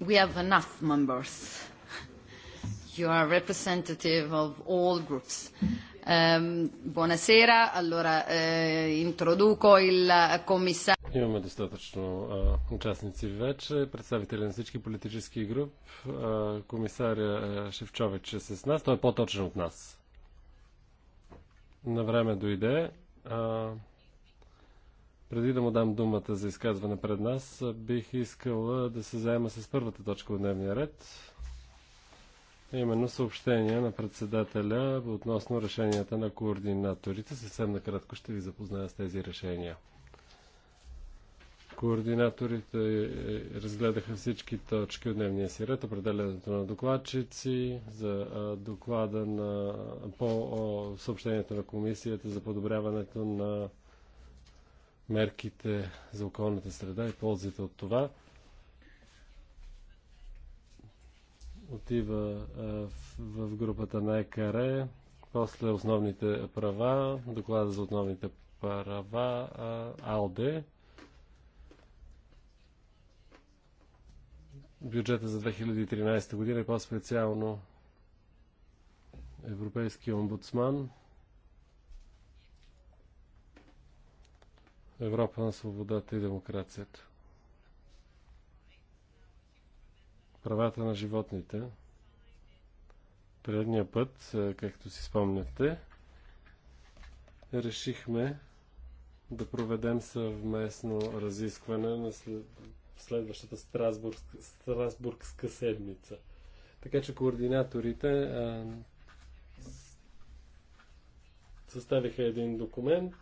We have enough members. You are representative of all groups. Um, buonasera, allora eh, introduco il commissario. Имаме достатъчно а, участници вече, представители на всички политически групи. Комисаря Шевчович е с нас, той е по-точен от нас на време дойде. А, преди да му дам думата за изказване пред нас, бих искала да се заема с първата точка от дневния ред. Именно съобщение на председателя относно решенията на координаторите. Съвсем накратко ще ви запозная с тези решения. Координаторите е, е, разгледаха всички точки от дневния си ред, определенето на докладчици, за доклада на, по съобщението на комисията за подобряването на мерките за околната среда и ползите от това. Отива в групата на ЕКР, после основните права, доклада за основните права, АЛДЕ, бюджета за 2013 година и по-специално Европейския омбудсман, Европа на свободата и демокрацията, правата на животните. Предния път, е, както си спомняте, решихме да проведем съвместно разискване на след следващата Страсбург, Страсбургска седмица. Така че координаторите а, съставиха един документ.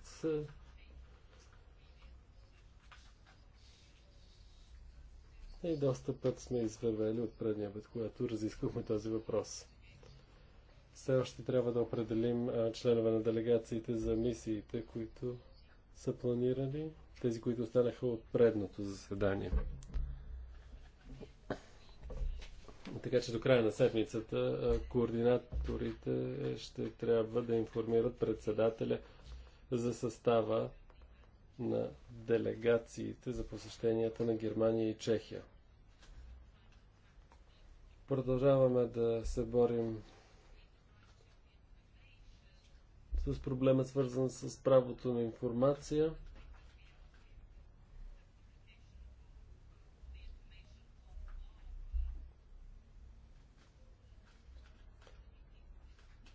И доста път сме извървели от предния път, когато разисквахме този въпрос. Все още трябва да определим а, членове на делегациите за мисиите, които са планирани тези, които останаха от предното заседание. Така че до края на седмицата координаторите ще трябва да информират председателя за състава на делегациите за посещенията на Германия и Чехия. Продължаваме да се борим с проблема, свързан с правото на информация.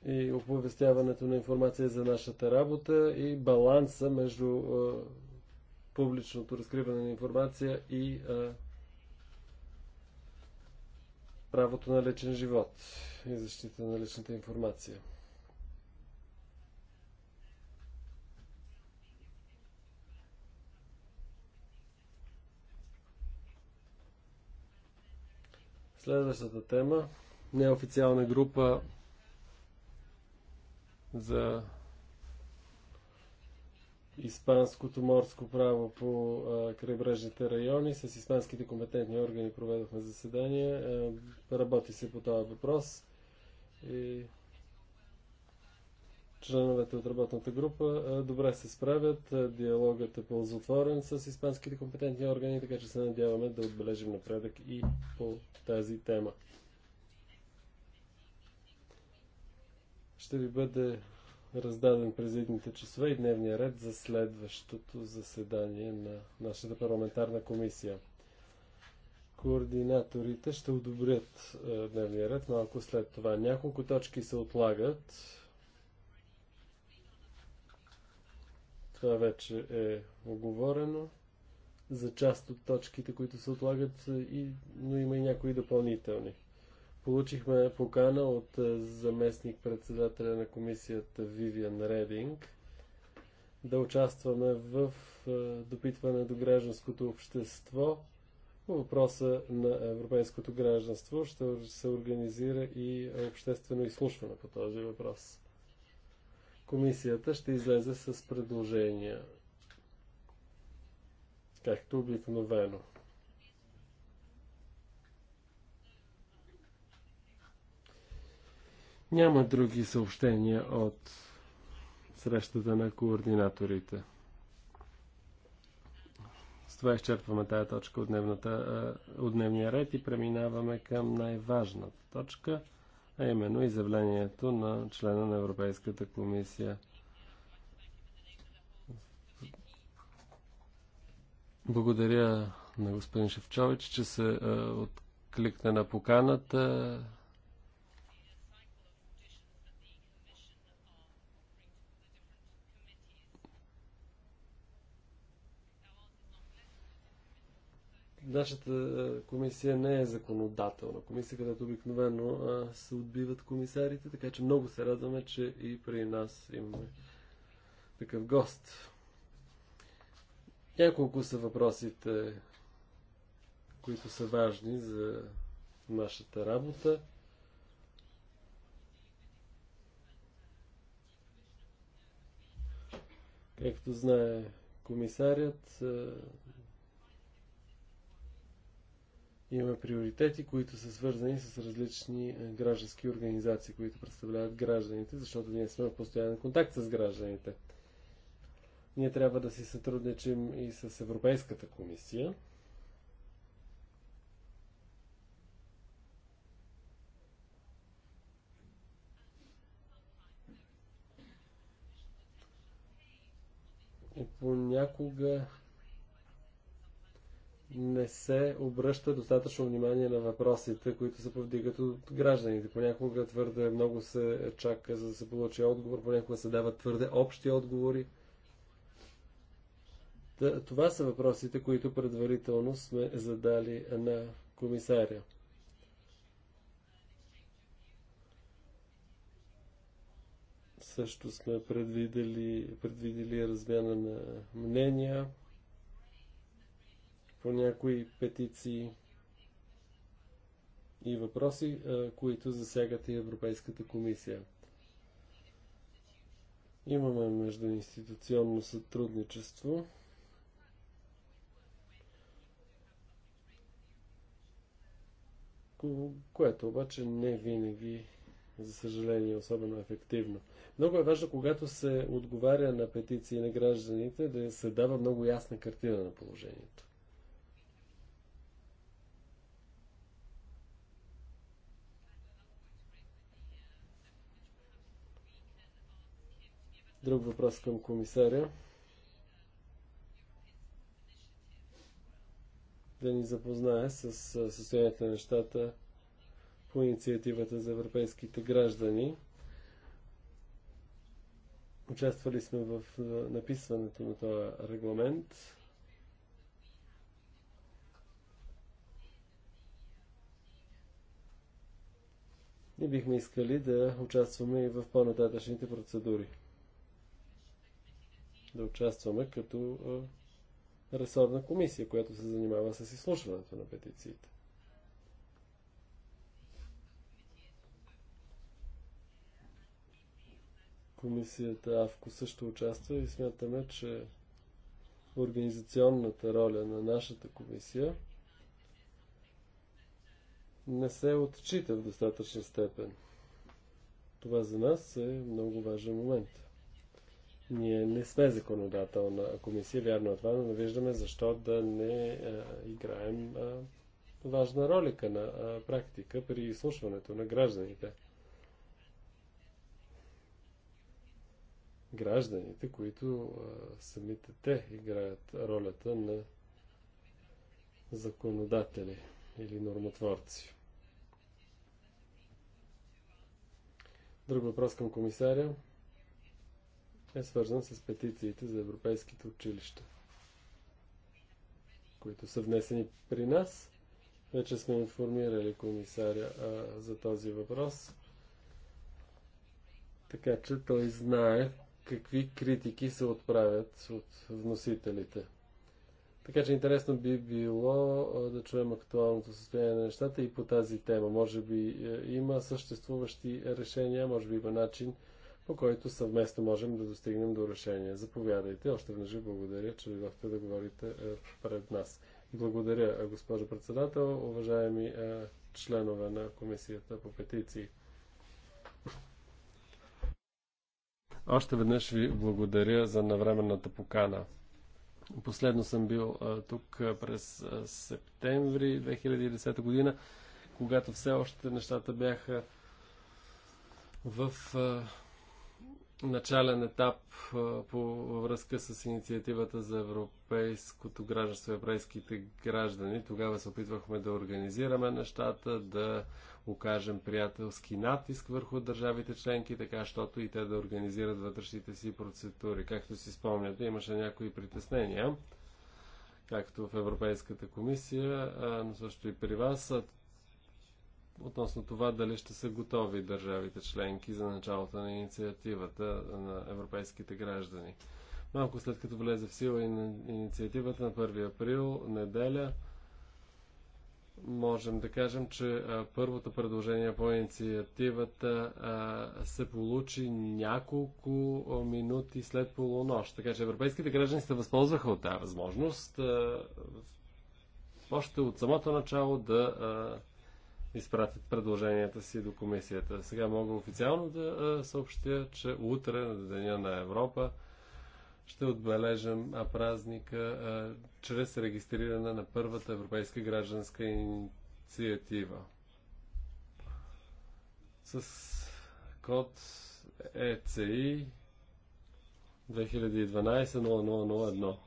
и оповестяването на информация за нашата работа и баланса между а, публичното разкриване на информация и а, правото на личен живот и защита на личната информация. Следващата тема неофициална група за испанското морско право по а, крайбрежните райони. С испанските компетентни органи проведохме заседание. А, е, работи се по този въпрос. И членовете от работната група а, е, добре се справят. Е, диалогът е ползотворен с испанските компетентни органи, така че се надяваме да отбележим напредък и по тази тема. ще ви бъде раздаден през едните часове и дневния ред за следващото заседание на нашата парламентарна комисия. Координаторите ще одобрят е, дневния ред малко след това. Няколко точки се отлагат. Това вече е оговорено за част от точките, които се отлагат, е, и, но има и някои допълнителни. Получихме покана от е, заместник председателя на комисията Вивиан Рединг да участваме в е, допитване до гражданското общество по въпроса на европейското гражданство. Ще се организира и обществено изслушване по този въпрос. Комисията ще излезе с предложения, както обикновено. Няма други съобщения от срещата на координаторите. С това изчерпваме тая точка от, дневната, от дневния ред и преминаваме към най-важната точка, а именно изявлението на члена на Европейската комисия. Благодаря на господин Шевчович, че се откликна на поканата. Нашата комисия не е законодателна комисия, където обикновено се отбиват комисарите, така че много се радваме, че и при нас имаме такъв гост. Няколко са въпросите, които са важни за нашата работа. Както знае комисарят, Имаме приоритети, които са свързани с различни е, граждански организации, които представляват гражданите, защото ние сме в постоянен контакт с гражданите. Ние трябва да си сътрудничим и с Европейската комисия. И понякога не се обръща достатъчно внимание на въпросите, които се повдигат от гражданите. Понякога твърде много се чака, за да се получи отговор, понякога се дават твърде общи отговори. Това са въпросите, които предварително сме задали на комисаря. Също сме предвидели, предвидели размяна на мнения по някои петиции и въпроси, които засягат и Европейската комисия. Имаме междуинституционно сътрудничество. което обаче не винаги, за съжаление, е особено ефективно. Много е важно, когато се отговаря на петиции на гражданите, да се дава много ясна картина на положението. Друг въпрос към комисаря. Да ни запознае с състоянието на нещата по инициативата за европейските граждани. Участвали сме в написването на този регламент. И бихме искали да участваме и в по-нататъчните процедури да участваме като ресорна комисия, която се занимава с изслушването на петициите. Комисията АВКО също участва и смятаме, че организационната роля на нашата комисия не се отчита в достатъчна степен. Това за нас е много важен момент. Ние не сме законодателна комисия, вярно е това, но не виждаме защо да не а, играем а, важна ролика на а, практика при изслушването на гражданите. Гражданите, които а, самите те играят ролята на законодатели или нормотворци. Друг въпрос към комисаря е свързан с петициите за европейските училища, които са внесени при нас. Вече сме информирали комисаря а, за този въпрос, така че той знае какви критики се отправят от вносителите. Така че интересно би било да чуем актуалното състояние на нещата и по тази тема. Може би е, има съществуващи решения, може би има начин по който съвместно можем да достигнем до решение. Заповядайте. Още веднъж благодаря, че дойдохте да говорите е, пред нас. Благодаря, е, госпожо председател, уважаеми е, членове на Комисията по петиции. Още веднъж ви благодаря за навременната покана. Последно съм бил тук през септември 2010 година, когато все още нещата бяха в начален етап по връзка с инициативата за европейското гражданство, европейските граждани. Тогава се опитвахме да организираме нещата, да окажем приятелски натиск върху държавите членки, така щото и те да организират вътрешните си процедури. Както си спомняте, имаше някои притеснения както в Европейската комисия, но също и при вас относно това дали ще са готови държавите членки за началото на инициативата на европейските граждани. Малко след като влезе в сила инициативата на 1 април, неделя, можем да кажем, че първото предложение по инициативата се получи няколко минути след полунощ. Така че европейските граждани се възползваха от тази възможност още от самото начало да изпратят предложенията си до комисията. Сега мога официално да съобщя, че утре на Деня на Европа ще отбележим празника чрез регистриране на първата европейска гражданска инициатива. С код ECI е 2012-0001.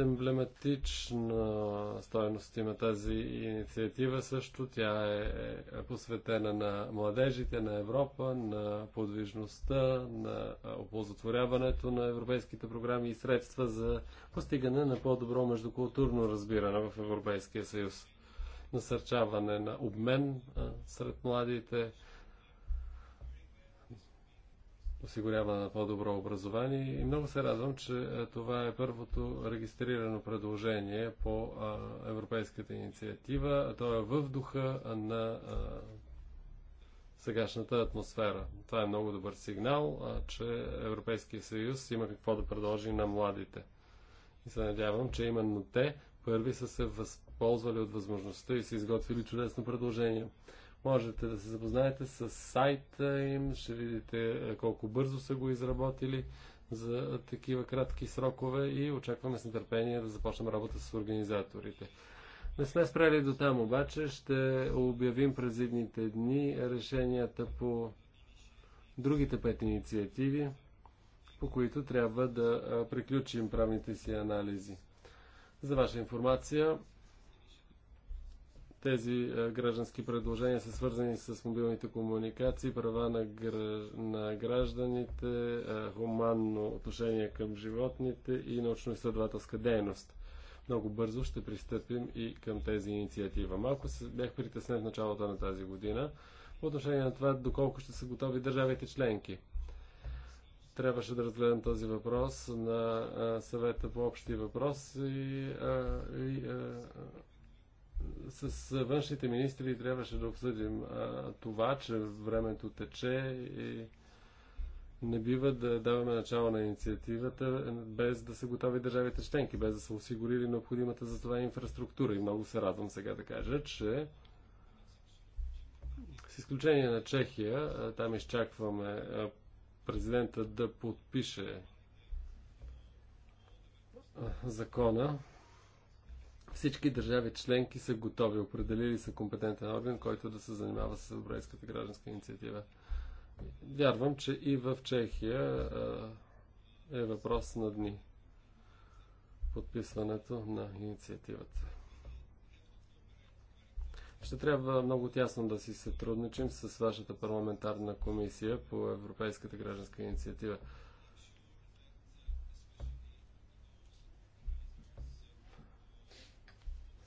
емблематична стоеност има тази инициатива. Също тя е, е, посветена на младежите, на Европа, на подвижността, на оползотворяването на европейските програми и средства за постигане на по-добро междукултурно разбиране в Европейския съюз. Насърчаване на обмен сред младите, осигуряване на по-добро образование. И много се радвам, че е, това е първото регистрирано предложение по европейската инициатива. То е в духа на сегашната атмосфера. Това е много добър сигнал, че Европейския съюз има какво да предложи на младите. И се надявам, че именно те първи са се възползвали от възможността и са изготвили чудесно предложение. Можете да се запознаете с сайта им, ще видите е, колко бързо са го изработили за е, такива кратки срокове и очакваме с нетърпение да започнем работа с организаторите. Не сме спрели до там обаче. Ще обявим през едните дни решенията по другите пет инициативи, по които трябва да е, приключим правните си анализи. За ваша информация, тези е, граждански предложения са свързани с мобилните комуникации, права на, гр... на гражданите, е, хуманно отношение към животните и научно-изследователска дейност много бързо ще пристъпим и към тези инициатива. Малко се бях притеснен в началото на тази година по отношение на това доколко ще са готови държавите членки. Трябваше да разгледам този въпрос на е, съвета по общи въпроси и, а, и а, с външните министри трябваше да обсъдим а, това, че времето тече и не бива да даваме начало на инициативата без да са готови държавите членки, без да са осигурили необходимата за това инфраструктура. И много се радвам сега да кажа, че с изключение на Чехия, там изчакваме президента да подпише закона. Всички държави членки са готови, определили са компетентен орган, който да се занимава с Европейската гражданска инициатива. Вярвам, че и в Чехия е въпрос на дни подписването на инициативата. Ще трябва много тясно да си сътрудничим с вашата парламентарна комисия по Европейската гражданска инициатива.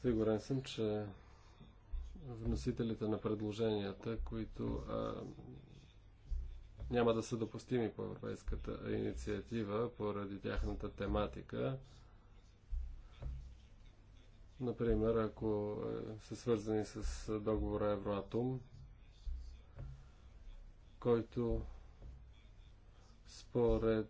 Сигурен съм, че вносителите на предложенията, които а, няма да са допустими по европейската инициатива поради тяхната тематика. Например, ако е, са свързани с договора Евроатом, който според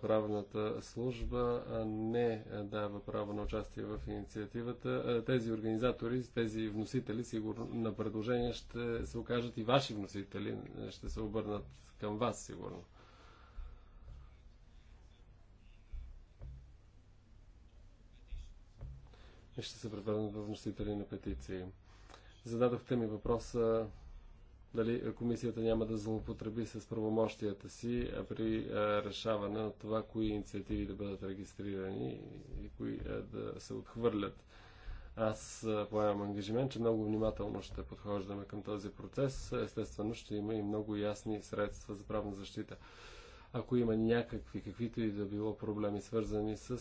правната служба не дава право на участие в инициативата. Тези организатори, тези вносители сигурно, на предложения ще се окажат и ваши вносители, ще се обърнат към вас сигурно. И ще се превърнат в вносители на петиции. Зададохте ми въпроса дали комисията няма да злоупотреби с правомощията си при е, решаване на това, кои инициативи да бъдат регистрирани и кои е, да се отхвърлят. Аз е, поемам ангажимент, че много внимателно ще подхождаме към този процес. Естествено, ще има и много ясни средства за правна защита. Ако има някакви, каквито и да било проблеми, свързани с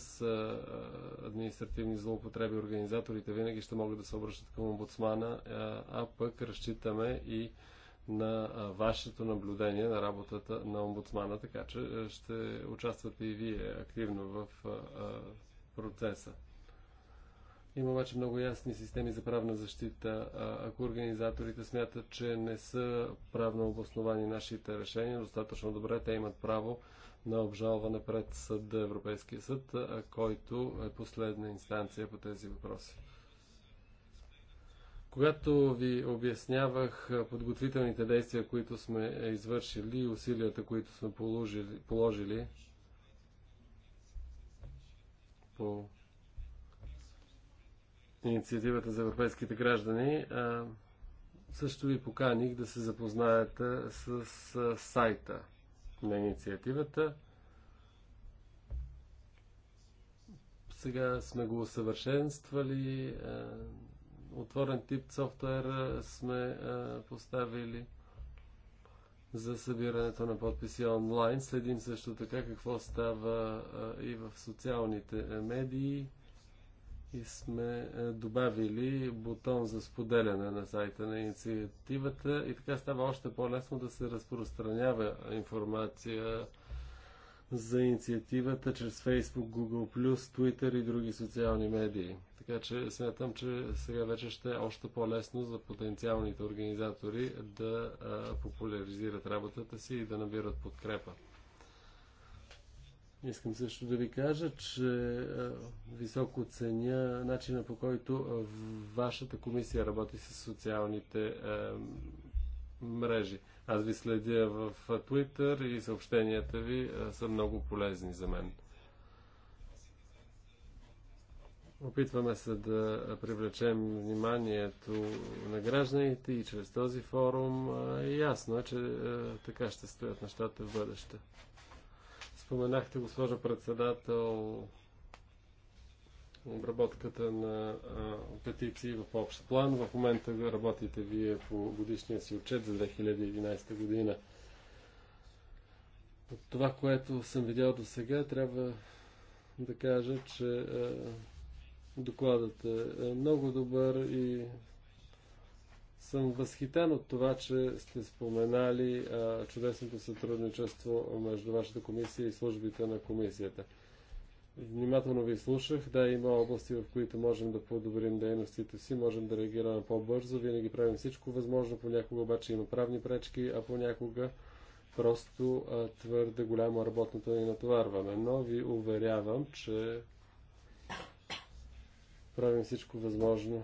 административни злоупотреби, организаторите винаги ще могат да се обръщат към омбудсмана, а пък разчитаме и на вашето наблюдение на работата на омбудсмана, така че ще участвате и вие активно в процеса. Има обаче много ясни системи за правна защита. Ако организаторите смятат, че не са правно обосновани нашите решения, достатъчно добре те имат право на обжалване пред съд Европейския съд, който е последна инстанция по тези въпроси. Когато ви обяснявах подготвителните действия, които сме извършили и усилията, които сме положили, положили по инициативата за европейските граждани, също ви поканих да се запознаете с сайта на инициативата. Сега сме го усъвършенствали отворен тип софтуер сме поставили за събирането на подписи онлайн. Следим също така какво става и в социалните медии и сме добавили бутон за споделяне на сайта на инициативата и така става още по-лесно да се разпространява информация за инициативата чрез Facebook, Google+, Twitter и други социални медии. Така че смятам, че сега вече ще е още по-лесно за потенциалните организатори да а, популяризират работата си и да набират подкрепа. Искам също да ви кажа, че а, високо ценя начина по който а, вашата комисия работи с социалните мрежи. Аз ви следя в Twitter и съобщенията ви са много полезни за мен. Опитваме се да привлечем вниманието на гражданите и чрез този форум. Е ясно е, че така ще стоят нещата в бъдеще. Споменахте, госпожа председател, обработката на петиции в общ план. В момента работите вие по годишния си отчет за 2011 година. От това, което съм видял до сега, трябва да кажа, че е, Докладът е, е много добър и съм възхитен от това, че сте споменали а, е, чудесното сътрудничество между вашата комисия и службите на комисията. Внимателно ви слушах. Да, има области, в които можем да подобрим дейностите си, можем да реагираме по-бързо. Винаги правим всичко възможно. Понякога обаче има правни пречки, а понякога просто а, е, твърде голямо работното ни натоварване. Но ви уверявам, че правим всичко възможно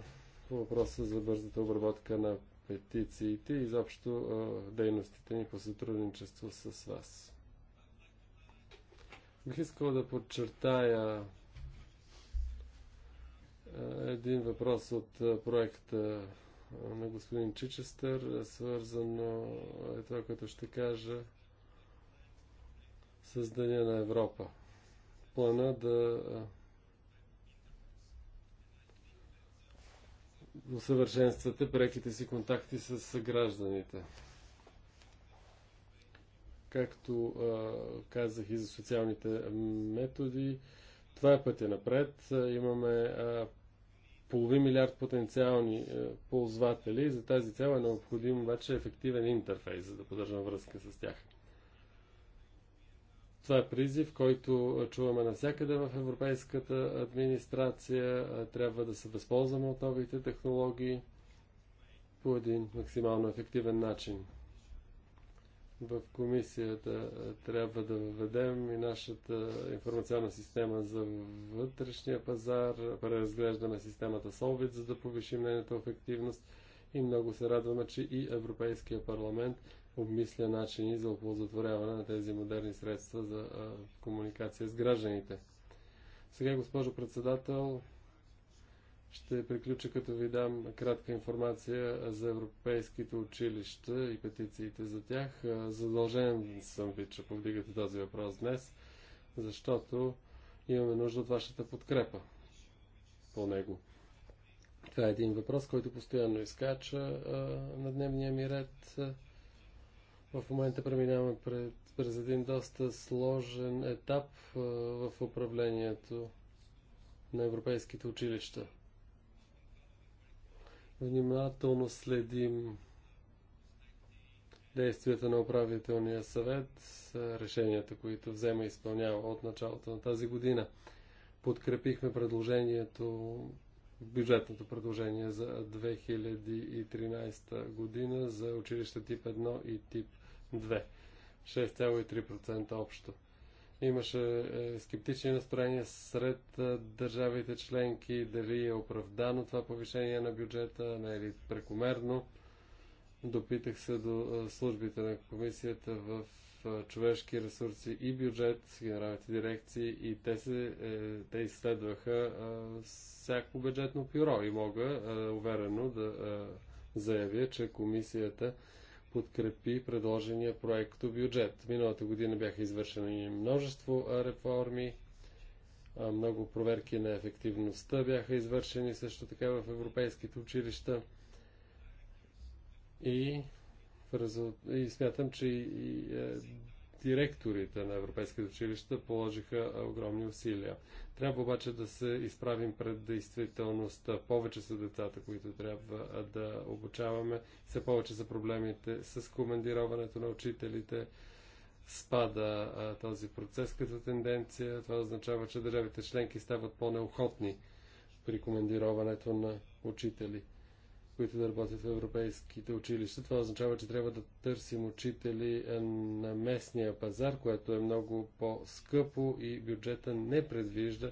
по въпроса за бързата обработка на петициите и изобщо дейностите ни по сътрудничество с вас. Бих искал да подчертая един въпрос от проекта на господин Чичестър, свързано е това, което ще кажа с Деня на Европа. Плана да усъвършенствате преките си контакти с гражданите. Както а, казах и за социалните методи, това е пътя напред. Имаме а, половин милиард потенциални а, ползватели за тази цел е необходим обаче ефективен интерфейс, за да поддържам връзка с тях. Това е призив, който чуваме навсякъде в европейската администрация. Трябва да се възползваме от новите технологии по един максимално ефективен начин. В комисията трябва да въведем и нашата информационна система за вътрешния пазар, преразглеждаме системата Solvit, за да повишим нейната ефективност и много се радваме, че и Европейския парламент – обмисля начини за оползотворяване на тези модерни средства за а, комуникация с гражданите. Сега, госпожо председател, ще приключа като ви дам кратка информация за европейските училища и петициите за тях. Задължен съм ви, че повдигате този въпрос днес, защото имаме нужда от вашата подкрепа по него. Това е един въпрос, който постоянно изкача а, на дневния ми ред. В момента преминаваме пред, през един доста сложен етап в управлението на европейските училища. Внимателно следим действията на управителния съвет, решенията, които взема и изпълнява от началото на тази година. Подкрепихме предложението, бюджетното предложение за 2013 година за училища тип 1 и тип 2. 6,3% общо. Имаше е, скептични настроения сред е, държавите членки, дали е оправдано това повишение на бюджета, не е ли прекомерно. Допитах се до е, службите на комисията в е, човешки ресурси и бюджет, с генералните дирекции и те, се, е, те изследваха е, всяко бюджетно пюро и мога уверено да заявя, че комисията подкрепи предложения проекто бюджет. Миналата година бяха извършени множество реформи, много проверки на ефективността бяха извършени също така в европейските училища и, и смятам, че и е, директорите на европейските училища положиха огромни усилия. Трябва обаче да се изправим пред действителността. Повече са децата, които трябва да обучаваме, все повече са проблемите с командироването на учителите. Спада а, този процес като тенденция. Това означава, че държавите членки стават по-неохотни при командироването на учители които да работят в европейските училища. Това означава, че трябва да търсим учители е, на местния пазар, което е много по-скъпо и бюджета не предвижда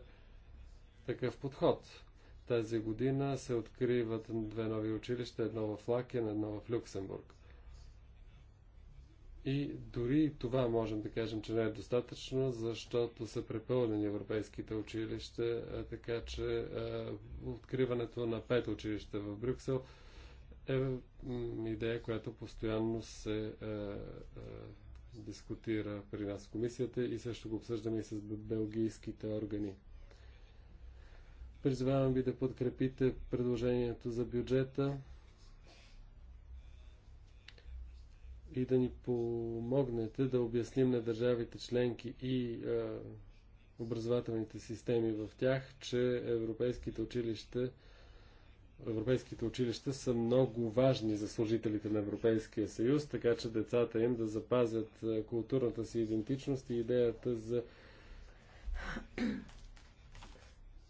такъв подход. Тази година се откриват две нови училища, едно в Лакен, едно в Люксембург. И дори това можем да кажем, че не е достатъчно, защото са препълнени европейските училища, така че откриването на пет училища в Брюксел е идея, която постоянно се дискутира при нас в комисията и също го обсъждаме и с белгийските органи. Призвавам ви да подкрепите предложението за бюджета. и да ни помогнете да обясним на държавите членки и а, образователните системи в тях, че европейските училища Европейските училища са много важни за служителите на Европейския съюз, така че децата им да запазят културната си идентичност и идеята за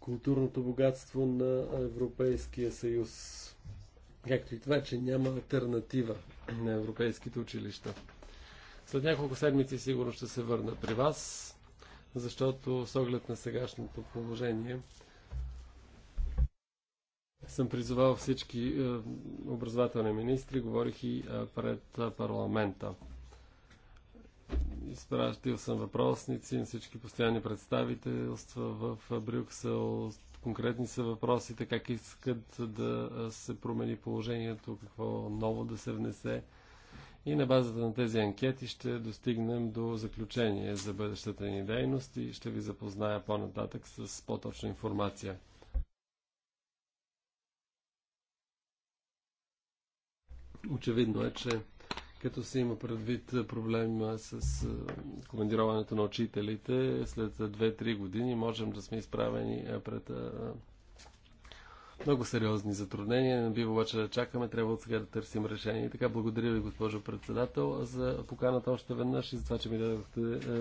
културното богатство на Европейския съюз както и това, че няма альтернатива на европейските училища. След няколко седмици сигурно ще се върна при вас, защото с оглед на сегашното положение съм призовал всички е, образователни министри, говорих и е, пред парламента. Изпращил съм въпросници на всички постоянни представителства в Брюксел, конкретни са въпросите, как искат да се промени положението, какво ново да се внесе. И на базата на тези анкети ще достигнем до заключение за бъдещата ни дейност и ще ви запозная по-нататък с по-точна информация. Очевидно е, че като се има предвид проблема с командироването на учителите, след 2-3 години можем да сме изправени пред много сериозни затруднения. Не бива обаче да чакаме, трябва от сега да търсим решение. И така, благодаря ви, госпожо председател, за поканата още веднъж и за това, че ми дадохте е,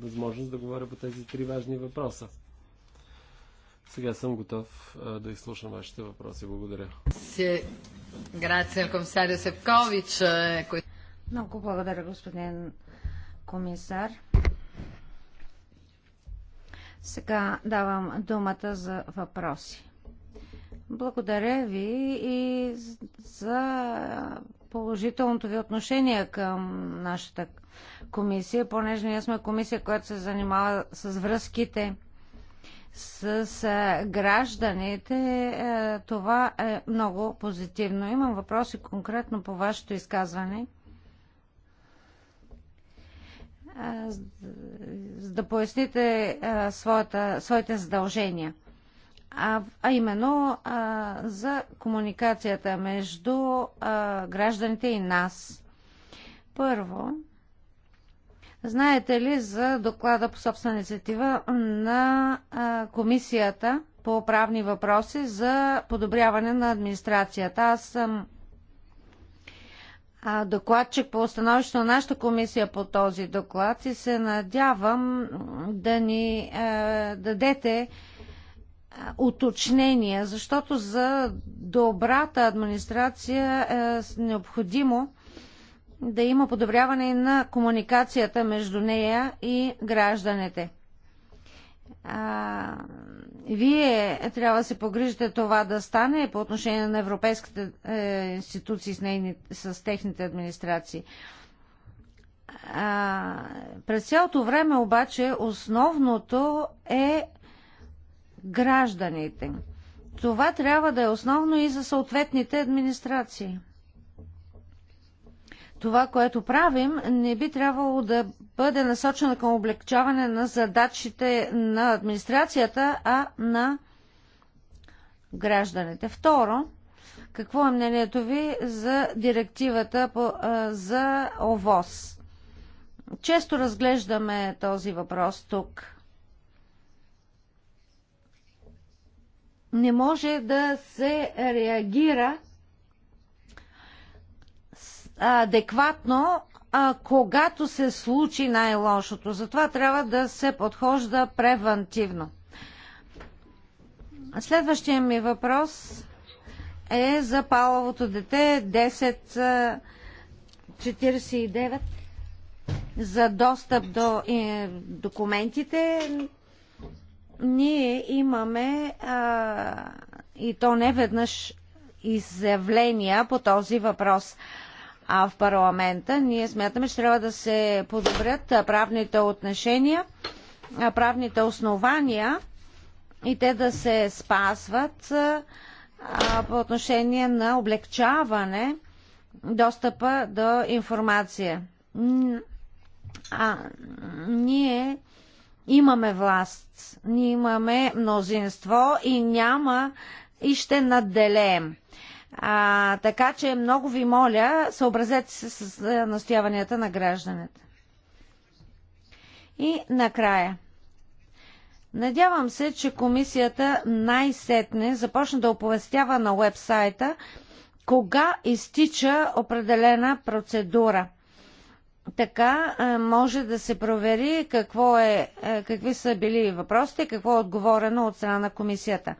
възможност да говоря по тези три важни въпроса. Сега съм готов е, да изслушам вашите въпроси. Благодаря. Грация, много благодаря, господин комисар. Сега давам думата за въпроси. Благодаря ви и за положителното ви отношение към нашата комисия, понеже ние сме комисия, която се занимава с връзките с гражданите. Е, това е много позитивно. Имам въпроси конкретно по вашето изказване – да поясните своята, своите задължения. А, а именно а, за комуникацията между а, гражданите и нас. Първо, знаете ли за доклада по собствена инициатива на а, комисията по правни въпроси за подобряване на администрацията? Аз съм докладчик по установището на нашата комисия по този доклад и се надявам да ни е, дадете е, уточнения, защото за добрата администрация е необходимо да има подобряване на комуникацията между нея и гражданите. Вие трябва да се погрижите това да стане по отношение на европейските е, институции с, нейни, с техните администрации. А, през цялото време обаче основното е гражданите. Това трябва да е основно и за съответните администрации това, което правим, не би трябвало да бъде насочено към облегчаване на задачите на администрацията, а на гражданите. Второ, какво е мнението ви за директивата по, а, за ОВОз? Често разглеждаме този въпрос тук. Не може да се реагира адекватно, а, когато се случи най-лошото. Затова трябва да се подхожда превантивно. Следващия ми въпрос е за паловото дете 1049 за достъп до е, документите. Ние имаме а, и то не веднъж изявления по този въпрос а в парламента. Ние смятаме, че трябва да се подобрят правните отношения, правните основания и те да се спазват по отношение на облегчаване достъпа до информация. А, ние имаме власт, ние имаме мнозинство и няма и ще надделеем. А, така че много ви моля, съобразете се с е, настояванията на гражданите. И накрая. Надявам се, че комисията най-сетне започна да оповестява на уебсайта кога изтича определена процедура. Така е, може да се провери какво е, е, какви са били въпросите, какво е отговорено от страна на комисията.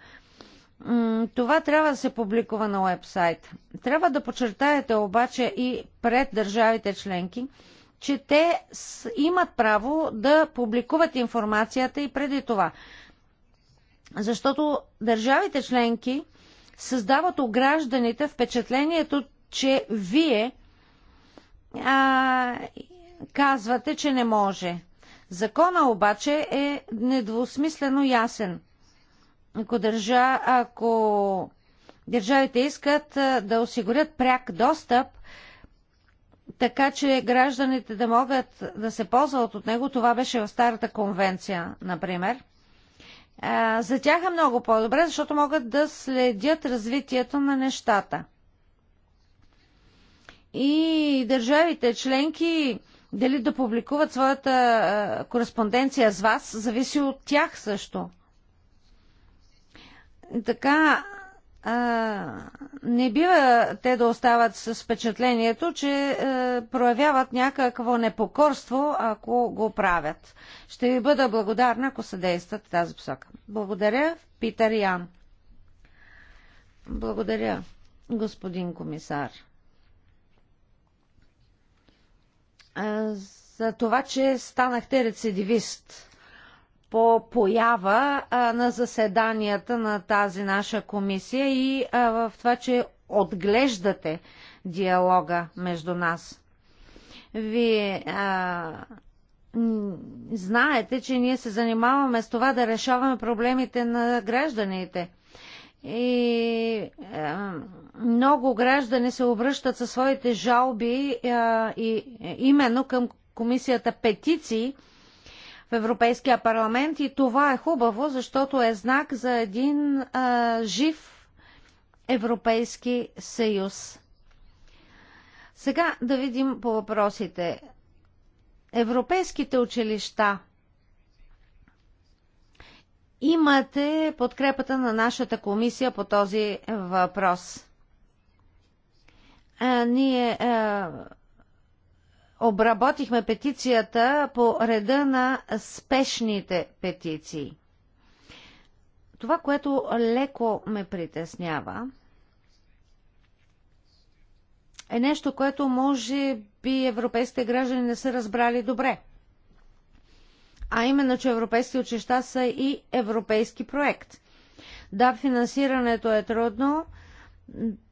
Това трябва да се публикува на уебсайт. Трябва да подчертаете обаче и пред държавите членки, че те имат право да публикуват информацията и преди това. Защото държавите членки създават у гражданите впечатлението, че вие а, казвате, че не може. Закона обаче е недвусмислено ясен ако, държа, ако държавите искат да осигурят пряк достъп, така че гражданите да могат да се ползват от него. Това беше в старата конвенция, например. За тях е много по-добре, защото могат да следят развитието на нещата. И държавите членки дали да публикуват своята кореспонденция с вас, зависи от тях също. Така а, не бива те да остават с впечатлението, че а, е, проявяват някакво непокорство, ако го правят. Ще ви бъда благодарна, ако съдействат тази посока. Благодаря, Питър Ян. Благодаря, господин комисар. А, за това, че станахте рецидивист по поява а, на заседанията на тази наша комисия и а, в това, че отглеждате диалога между нас. Вие а, знаете, че ние се занимаваме с това да решаваме проблемите на гражданите. И е, много граждани се обръщат със своите жалби е, и, именно към комисията петиции, в Европейския парламент и това е хубаво, защото е знак за един а, жив Европейски съюз. Сега да видим по въпросите. Европейските училища имате подкрепата на нашата комисия по този въпрос. А, ние а, обработихме петицията по реда на спешните петиции. Това, което леко ме притеснява, е нещо, което може би европейските граждани не са разбрали добре. А именно, че европейски учеща са и европейски проект. Да, финансирането е трудно,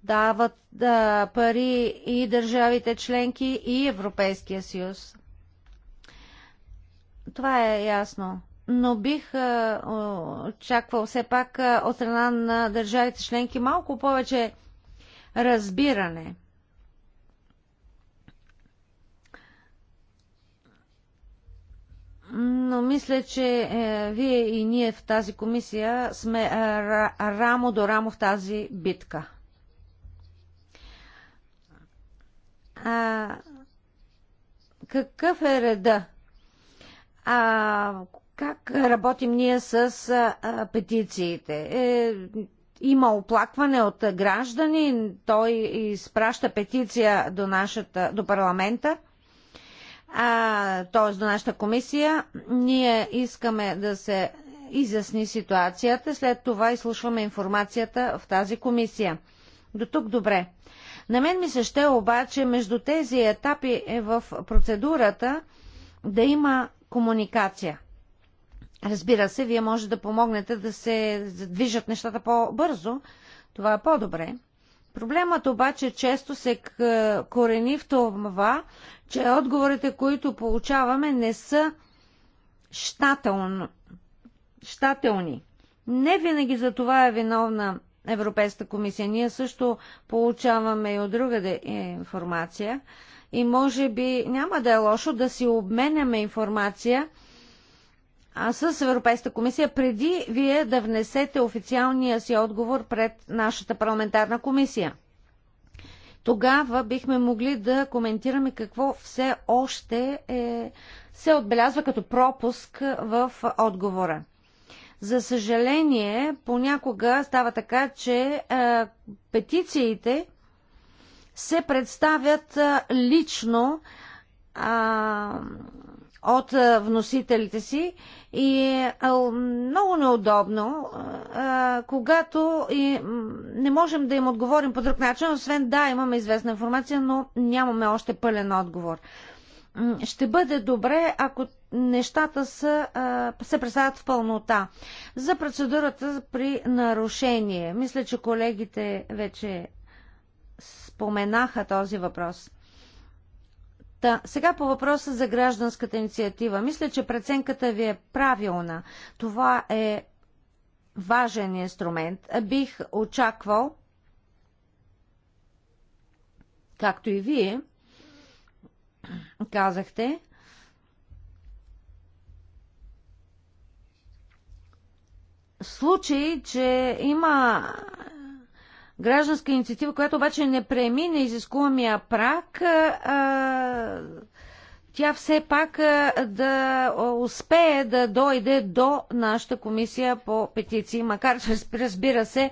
дават да, пари и държавите членки, и Европейския съюз. Това е ясно. Но бих а, очаквал все пак а, от страна на държавите членки малко повече разбиране. но мисля, че е, вие и ние в тази комисия сме е, рамо до рамо в тази битка. а, какъв е реда? А, как работим ние с а, петициите? Е, има оплакване от граждани, той изпраща петиция до, нашата, до парламента, т.е. до нашата комисия. Ние искаме да се изясни ситуацията, след това изслушваме информацията в тази комисия. До тук добре. На мен ми се ще обаче между тези етапи е в процедурата да има комуникация. Разбира се, вие може да помогнете да се движат нещата по-бързо. Това е по-добре. Проблемът обаче често се корени в това, че отговорите, които получаваме, не са щателни. Не винаги за това е виновна Европейската комисия. Ние също получаваме и от друга информация и може би няма да е лошо да си обменяме информация а с Европейската комисия, преди вие да внесете официалния си отговор пред нашата парламентарна комисия. Тогава бихме могли да коментираме какво все още е, се отбелязва като пропуск в отговора. За съжаление, понякога става така, че а, петициите се представят а, лично а, от а, вносителите си и е много неудобно, а, когато и, не можем да им отговорим по друг начин, освен да, имаме известна информация, но нямаме още пълен отговор ще бъде добре, ако нещата са, се представят в пълнота. За процедурата при нарушение. Мисля, че колегите вече споменаха този въпрос. Та, сега по въпроса за гражданската инициатива. Мисля, че преценката ви е правилна. Това е важен инструмент. Бих очаквал, както и вие, казахте. случай, че има гражданска инициатива, която обаче не премине изискуемия прак, тя все пак да успее да дойде до нашата комисия по петиции, макар че разбира се,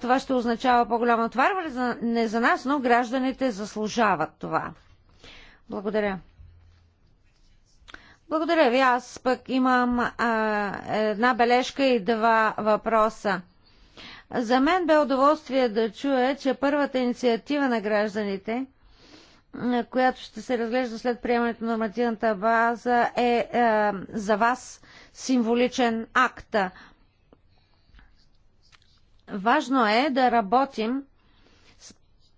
това ще означава по-голямо отварване не за нас, но гражданите заслужават това. Благодаря. Благодаря ви. Аз пък имам а, една бележка и два въпроса. За мен бе удоволствие да чуя, че първата инициатива на гражданите, която ще се разглежда след приемането на нормативната база, е, е за вас символичен акт. Важно е да работим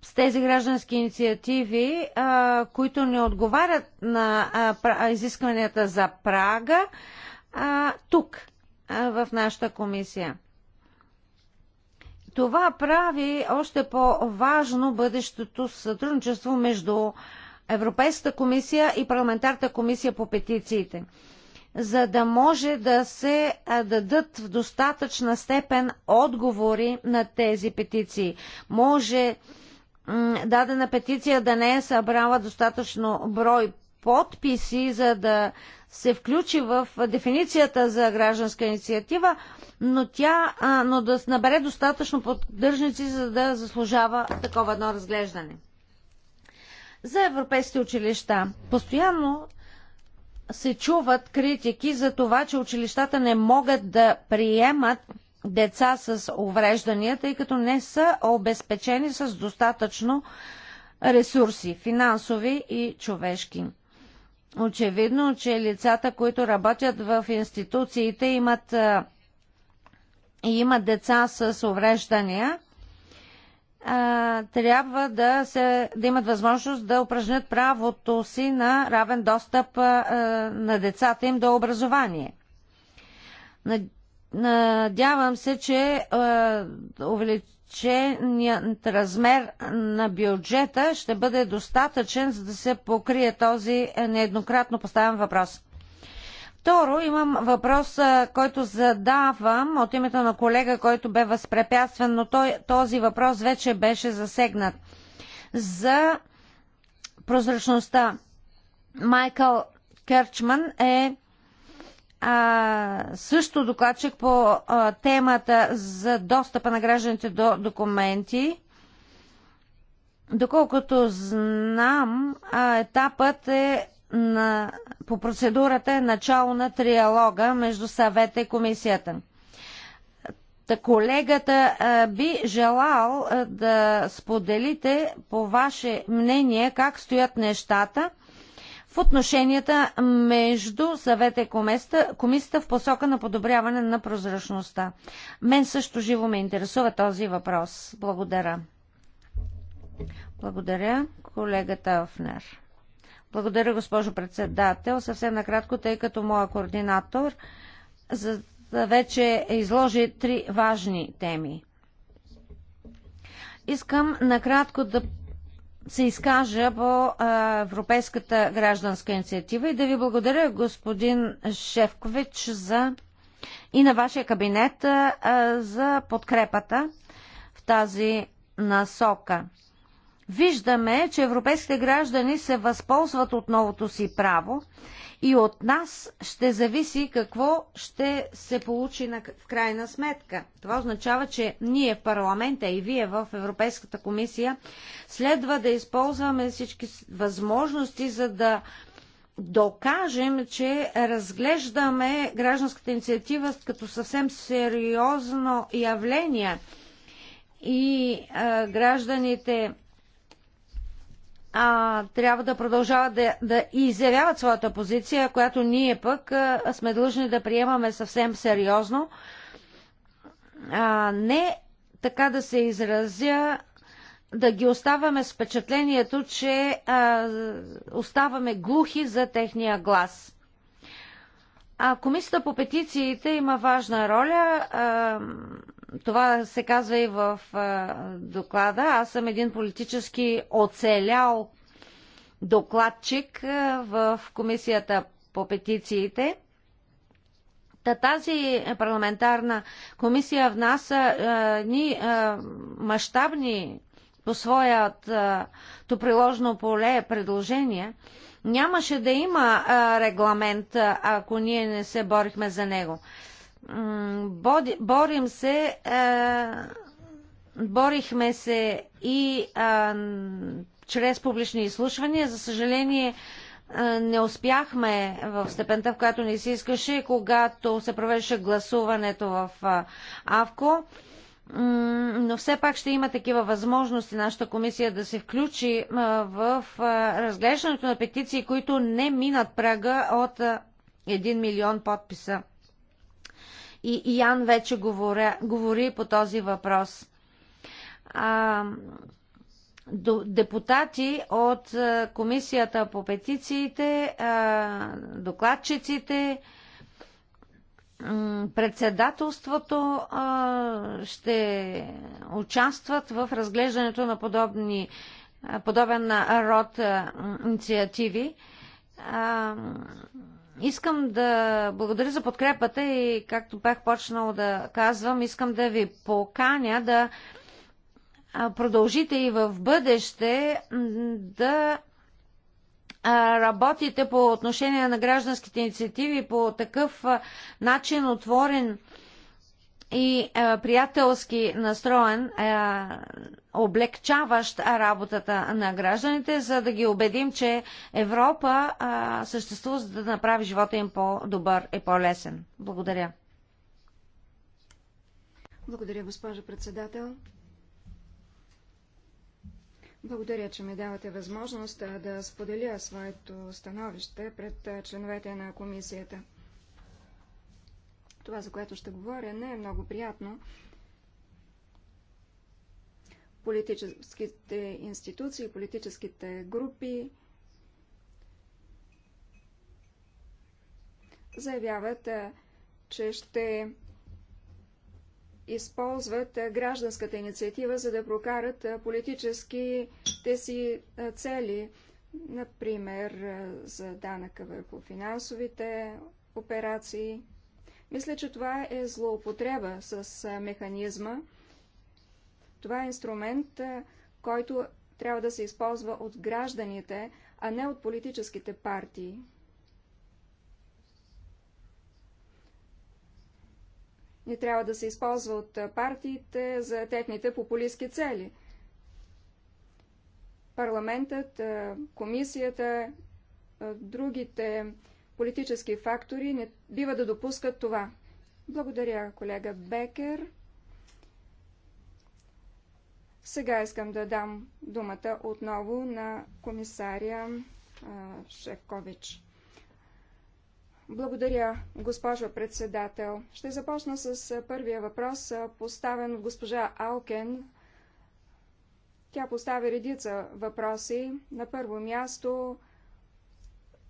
с тези граждански инициативи, а, които не отговарят на а, изискванията за прага а, тук, а, в нашата комисия. Това прави още по-важно бъдещото сътрудничество между Европейската комисия и Парламентарната комисия по петициите, за да може да се дадат в достатъчна степен отговори на тези петиции. Може дадена петиция да не е събрала достатъчно брой подписи, за да се включи в дефиницията за гражданска инициатива, но тя а, но да набере достатъчно поддържници, за да заслужава такова едно разглеждане. За европейските училища. Постоянно се чуват критики за това, че училищата не могат да приемат деца с увреждания, тъй като не са обезпечени с достатъчно ресурси, финансови и човешки. Очевидно, че лицата, които работят в институциите, имат, имат деца с увреждания, трябва да, се, да имат възможност да упражнят правото си на равен достъп на децата им до образование. Надявам се, че е, увеличеният размер на бюджета ще бъде достатъчен, за да се покрие този нееднократно поставен въпрос. Второ, имам въпрос, е, който задавам от името на колега, който бе възпрепятстван, но той, този въпрос вече беше засегнат. За прозрачността. Майкъл Кърчман е а, също докладчик по а, темата за достъпа на гражданите до документи. Доколкото знам, а, етапът е на, по процедурата е начало на триалога между съвета и комисията. Та колегата а, би желал а, да споделите по ваше мнение как стоят нещата – в отношенията между съвета и комисията, комисията в посока на подобряване на прозрачността. Мен също живо ме интересува този въпрос. Благодаря. Благодаря, колегата Офнер. Благодаря, госпожо председател. Съвсем накратко, тъй като моя координатор за да вече изложи три важни теми. Искам накратко да се изкажа по Европейската гражданска инициатива и да ви благодаря, господин Шевкович, за и на вашия кабинет за подкрепата в тази насока. Виждаме, че европейските граждани се възползват от новото си право и от нас ще зависи какво ще се получи на, в крайна сметка. Това означава, че ние в парламента и вие в Европейската комисия следва да използваме всички възможности, за да докажем, че разглеждаме гражданската инициатива като съвсем сериозно явление и а, гражданите а, трябва да продължават да, да изявяват своята позиция, която ние пък а, сме длъжни да приемаме съвсем сериозно. А, не така да се изразя, да ги оставаме с впечатлението, че а, оставаме глухи за техния глас. А комисията по петициите има важна роля. А, това се казва и в а, доклада. Аз съм един политически оцелял докладчик в комисията по петициите. Та тази парламентарна комисия внася ни мащабни по своято приложно поле предложения. Нямаше да има а, регламент, ако ние не се борихме за него борим се, е, борихме се и е, чрез публични изслушвания. За съжаление, е, не успяхме в степента, в която не се искаше, когато се провеждаше гласуването в АВКО. Но все пак ще има такива възможности нашата комисия да се включи в разглеждането на петиции, които не минат прага от 1 милион подписа и Ян вече говоря, говори по този въпрос. А, депутати от Комисията по петициите, докладчиците, председателството ще участват в разглеждането на подобни, подобен род инициативи Искам да благодаря за подкрепата и, както бях почнал да казвам, искам да ви поканя да продължите и в бъдеще да работите по отношение на гражданските инициативи по такъв начин отворен и а, е, приятелски настроен, а, е, облегчаващ работата на гражданите, за да ги убедим, че Европа а, е, съществува, за да направи живота им по-добър и по-лесен. Благодаря. Благодаря, госпожа председател. Благодаря, че ми давате възможност да споделя своето становище пред членовете на комисията. Това, за което ще говоря, не е много приятно. Политическите институции, политическите групи заявяват, че ще използват гражданската инициатива, за да прокарат политическите си цели, например за данъка върху финансовите операции – мисля, че това е злоупотреба с механизма. Това е инструмент, който трябва да се използва от гражданите, а не от политическите партии. Не трябва да се използва от партиите за техните популистски цели. Парламентът, комисията, другите политически фактори не бива да допускат това. Благодаря, колега Бекер. Сега искам да дам думата отново на комисаря Шевкович. Благодаря, госпожо председател. Ще започна с първия въпрос, поставен от госпожа Алкен. Тя поставя редица въпроси. На първо място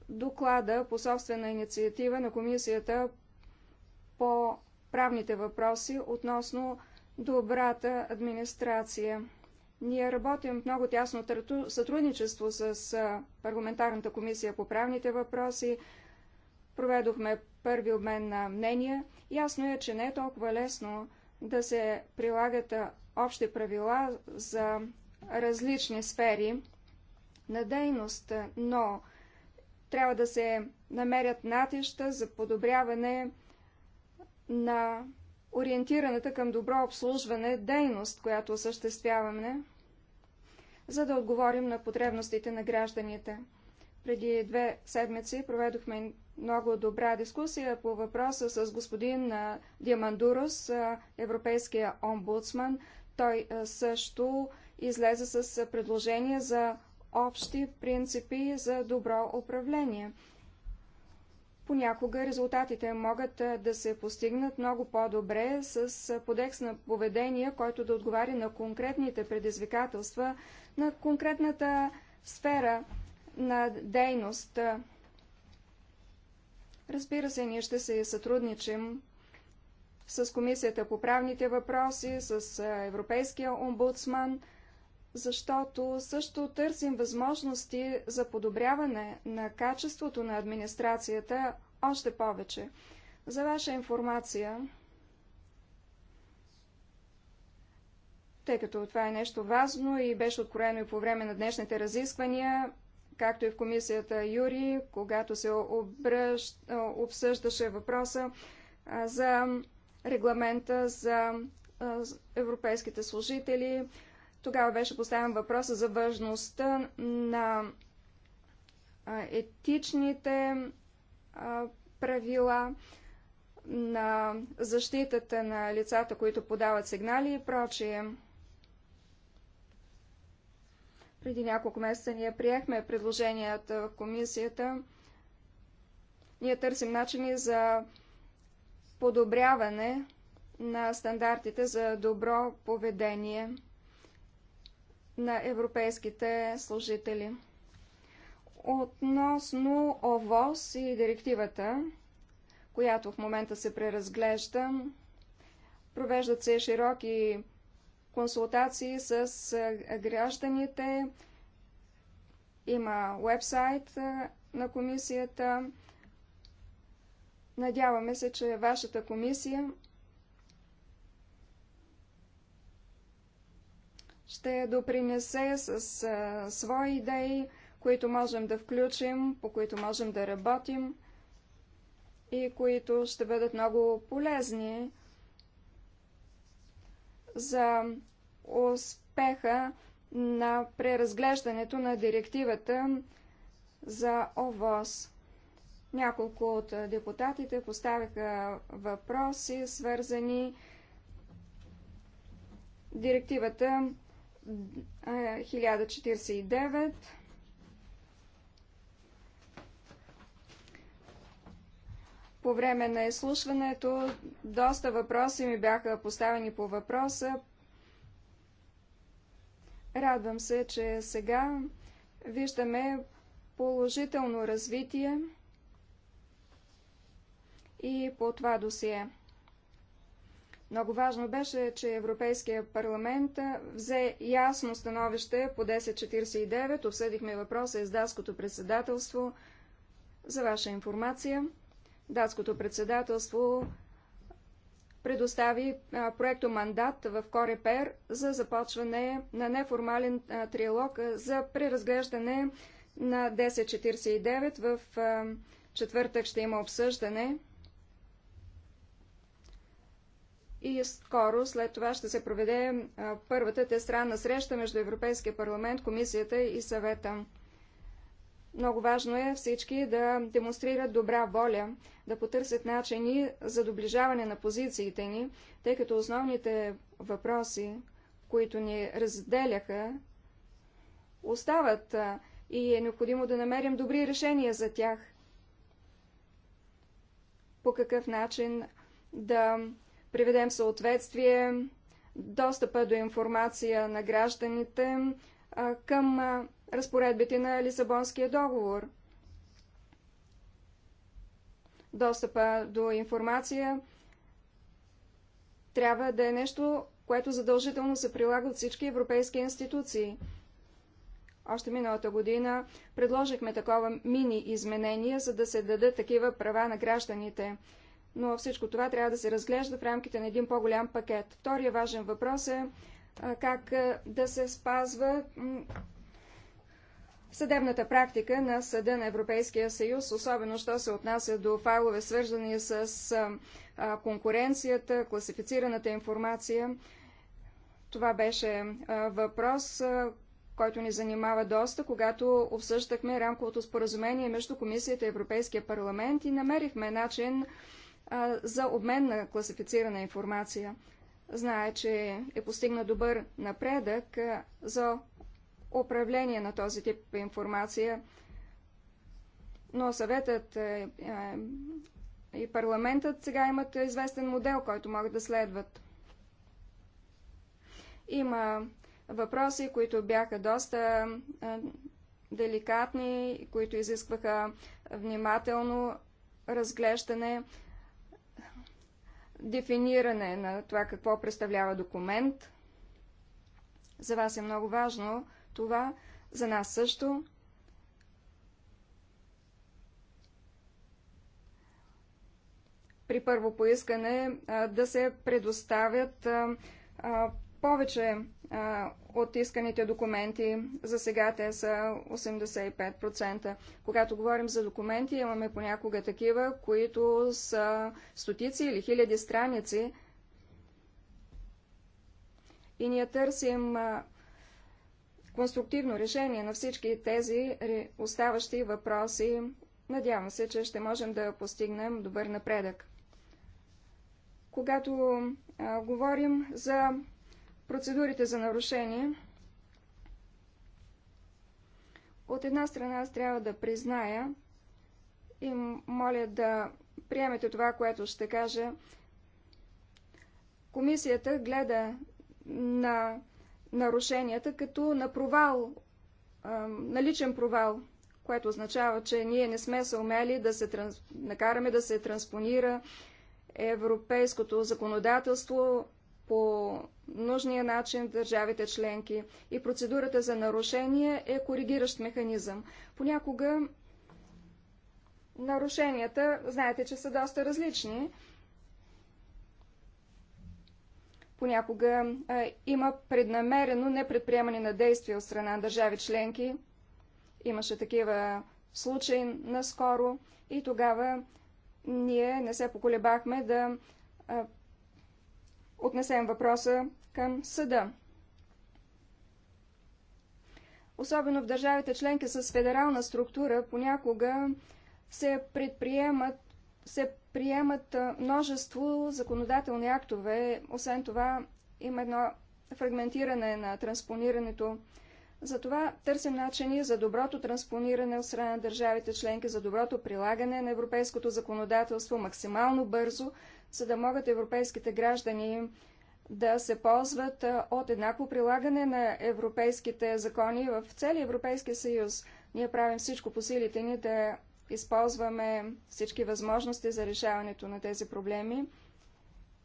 доклада по собствена инициатива на Комисията по правните въпроси относно добрата администрация. Ние работим в много тясно сътрудничество с Парламентарната комисия по правните въпроси. Проведохме първи обмен на мнения. Ясно е, че не е толкова лесно да се прилагат общи правила за различни сфери на дейност, но трябва да се намерят натища за подобряване на ориентираната към добро обслужване дейност, която осъществяваме, за да отговорим на потребностите на гражданите. Преди две седмици проведохме много добра дискусия по въпроса с господин Диамандурос, европейския омбудсман. Той също излезе с предложение за общи принципи за добро управление. Понякога резултатите могат да се постигнат много по-добре с подекс на поведение, който да отговаря на конкретните предизвикателства, на конкретната сфера на дейност. Разбира се, ние ще се сътрудничим с Комисията по правните въпроси, с Европейския омбудсман – защото също търсим възможности за подобряване на качеството на администрацията още повече. За ваша информация, тъй като това е нещо важно и беше откроено и по време на днешните разисквания, както и в комисията Юри, когато се обръщ, обсъждаше въпроса за регламента за европейските служители, тогава беше поставен въпроса за важността на етичните правила, на защитата на лицата, които подават сигнали и прочие. Преди няколко месеца ние приехме предложенията в комисията. Ние търсим начини за подобряване на стандартите за добро поведение на европейските служители. Относно ОВОС и директивата, която в момента се преразглежда, провеждат се широки консултации с гражданите, има вебсайт на комисията. Надяваме се, че вашата комисия ще допринесе с а, свои идеи, които можем да включим, по които можем да работим и които ще бъдат много полезни за успеха на преразглеждането на директивата за ОВОС. Няколко от депутатите поставиха въпроси, свързани директивата 1049. По време на изслушването доста въпроси ми бяха поставени по въпроса. Радвам се, че сега виждаме положително развитие и по това досие. Много важно беше, че Европейския парламент взе ясно становище по 1049. Обсъдихме въпроса с датското председателство. За ваша информация, датското председателство предостави проекто мандат в Корепер за започване на неформален триалог за преразглеждане на 1049. В четвъртък ще има обсъждане. И скоро след това ще се проведе първата тестранна среща между Европейския парламент, комисията и съвета. Много важно е всички да демонстрират добра воля, да потърсят начини за доближаване на позициите ни, тъй като основните въпроси, които ни разделяха, остават и е необходимо да намерим добри решения за тях. По какъв начин да приведем в съответствие достъпа до информация на гражданите към разпоредбите на Лисабонския договор. Достъпа до информация трябва да е нещо, което задължително се прилага от всички европейски институции. Още миналата година предложихме такова мини изменение, за да се дадат такива права на гражданите но всичко това трябва да се разглежда в рамките на един по-голям пакет. Втория важен въпрос е как да се спазва съдебната практика на Съда на Европейския съюз, особено що се отнася до файлове, свързани с конкуренцията, класифицираната информация. Това беше въпрос, който ни занимава доста, когато обсъждахме рамковото споразумение между Комисията и Европейския парламент и намерихме начин за обмен на класифицирана информация. Знае, че е постигна добър напредък за управление на този тип информация, но съветът е, е, и парламентът сега имат известен модел, който могат да следват. Има въпроси, които бяха доста е, деликатни, които изискваха внимателно разглеждане дефиниране на това какво представлява документ. За вас е много важно това, за нас също. При първо поискане да се предоставят повече а, от исканите документи. За сега те са 85%. Когато говорим за документи, имаме понякога такива, които са стотици или хиляди страници. И ние търсим а, конструктивно решение на всички тези оставащи въпроси. Надявам се, че ще можем да постигнем добър напредък. Когато а, говорим за Процедурите за нарушение. От една страна аз трябва да призная и моля да приемете това, което ще кажа. Комисията гледа на нарушенията като на провал, наличен провал, което означава, че ние не сме се умели да се транс... накараме да се транспонира европейското законодателство по нужния начин в държавите членки и процедурата за нарушение е коригиращ механизъм. Понякога нарушенията, знаете, че са доста различни. Понякога а, има преднамерено непредприемане на действия от страна на държави членки. Имаше такива случаи наскоро и тогава ние не се поколебахме да а, отнесем въпроса към съда. Особено в държавите членки с федерална структура понякога се предприемат се приемат множество законодателни актове. Освен това, има едно фрагментиране на транспонирането. Затова търсим начини за доброто транспониране от страна на държавите членки, за доброто прилагане на европейското законодателство максимално бързо, за да могат европейските граждани да се ползват от еднакво прилагане на европейските закони в целия Европейски съюз. Ние правим всичко по силите ни да използваме всички възможности за решаването на тези проблеми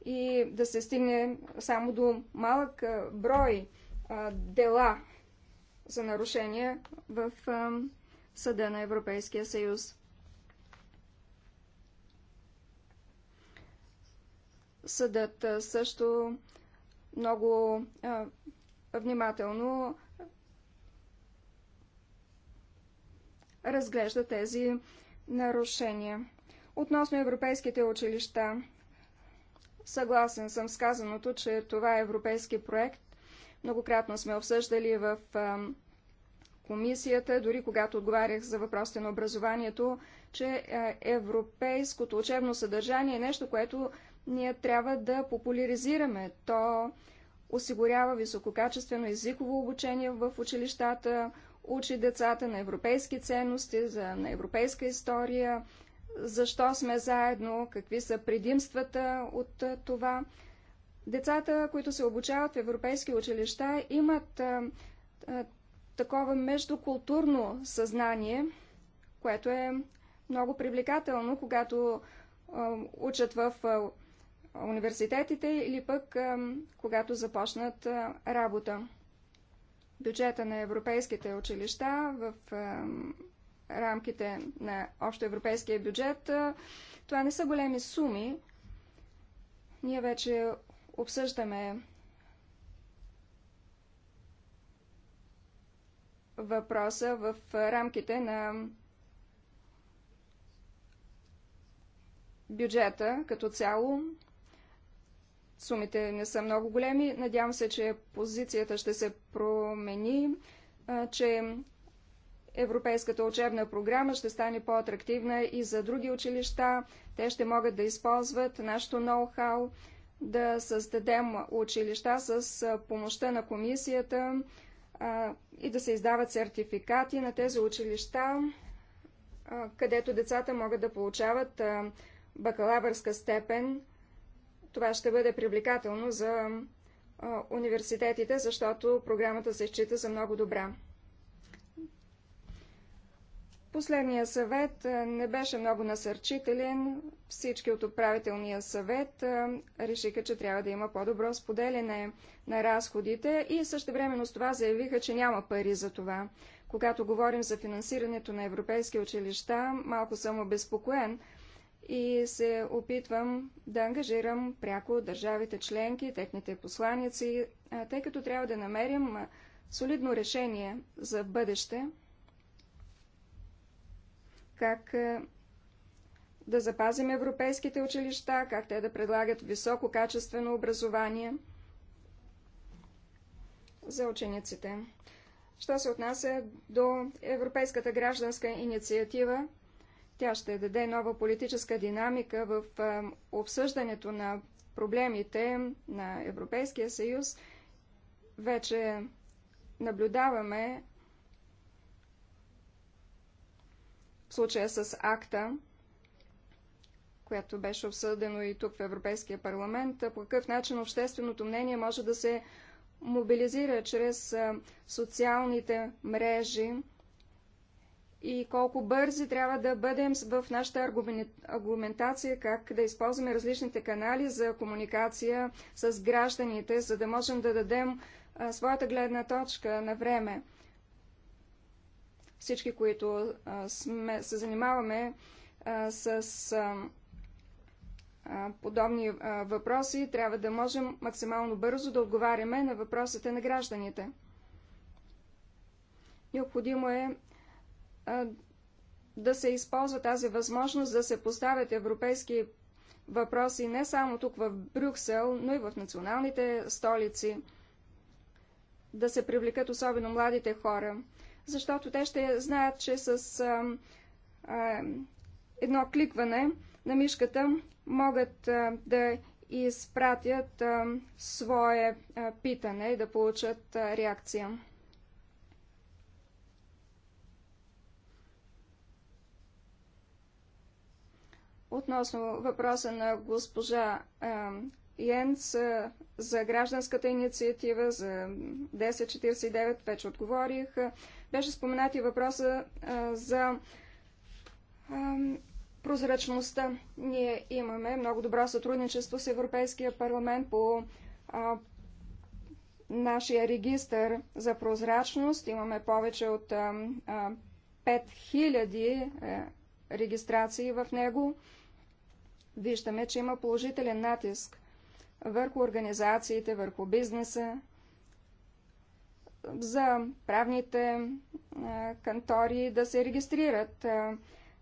и да се стигне само до малък брой дела за нарушения в съда на Европейския съюз. Съдът също много а, внимателно разглежда тези нарушения. Относно европейските училища, съгласен съм с казаното, че това е европейски проект. Многократно сме обсъждали в а, комисията, дори когато отговарях за въпросите на образованието, че а, европейското учебно съдържание е нещо, което ние трябва да популяризираме. То осигурява висококачествено езиково обучение в училищата, учи децата на европейски ценности, за, на европейска история, защо сме заедно, какви са предимствата от това. Децата, които се обучават в европейски училища, имат а, а, такова междукултурно съзнание, което е много привлекателно, когато а, учат в а, университетите или пък когато започнат работа. Бюджета на европейските училища в рамките на общоевропейския бюджет, това не са големи суми. Ние вече обсъждаме въпроса в рамките на бюджета като цяло Сумите не са много големи. Надявам се, че позицията ще се промени, че Европейската учебна програма ще стане по-атрактивна и за други училища. Те ще могат да използват нашото ноу-хау, да създадем училища с помощта на комисията и да се издават сертификати на тези училища, където децата могат да получават бакалавърска степен това ще бъде привлекателно за университетите, защото програмата се счита за много добра. Последният съвет не беше много насърчителен. Всички от управителния съвет решиха, че трябва да има по-добро споделяне на разходите и също времено с това заявиха, че няма пари за това. Когато говорим за финансирането на европейски училища, малко съм обезпокоен – и се опитвам да ангажирам пряко държавите членки, техните посланици, тъй като трябва да намерим солидно решение за бъдеще, как да запазим европейските училища, как те да предлагат високо качествено образование за учениците. Що се отнася до Европейската гражданска инициатива, тя ще даде нова политическа динамика в обсъждането на проблемите на Европейския съюз. Вече наблюдаваме в случая с акта, която беше обсъдено и тук в Европейския парламент, по какъв начин общественото мнение може да се мобилизира чрез социалните мрежи, и колко бързи трябва да бъдем в нашата аргументация, как да използваме различните канали за комуникация с гражданите, за да можем да дадем своята гледна точка на време. Всички, които сме, се занимаваме а, с подобни въпроси, трябва да можем максимално бързо да отговаряме на въпросите на гражданите. Необходимо е да се използва тази възможност да се поставят европейски въпроси не само тук в Брюксел, но и в националните столици, да се привлекат особено младите хора, защото те ще знаят, че с а, а, едно кликване на мишката могат а, да изпратят а, свое а, питане и да получат а, реакция. Относно въпроса на госпожа Йенц за гражданската инициатива, за 1049, вече отговорих. Беше споменат и въпроса за прозрачността. Ние имаме много добро сътрудничество с Европейския парламент по нашия регистър за прозрачност. Имаме повече от 5000 е, регистрации в него виждаме, че има положителен натиск върху организациите, върху бизнеса, за правните кантори да се регистрират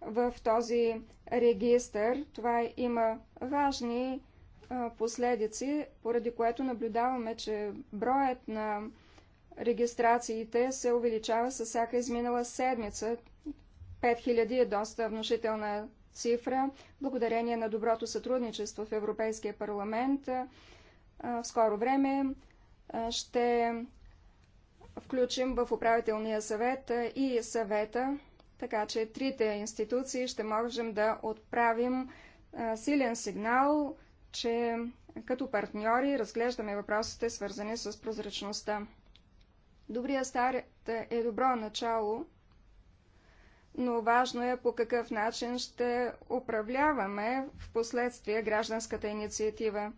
в този регистър. Това има важни последици, поради което наблюдаваме, че броят на регистрациите се увеличава с всяка изминала седмица. 5000 е доста внушителна цифра, благодарение на доброто сътрудничество в Европейския парламент. В скоро време ще включим в управителния съвет и съвета, така че трите институции ще можем да отправим силен сигнал, че като партньори разглеждаме въпросите, свързани с прозрачността. Добрия старт е добро начало – но важно е по какъв начин ще управляваме в последствие гражданската инициатива.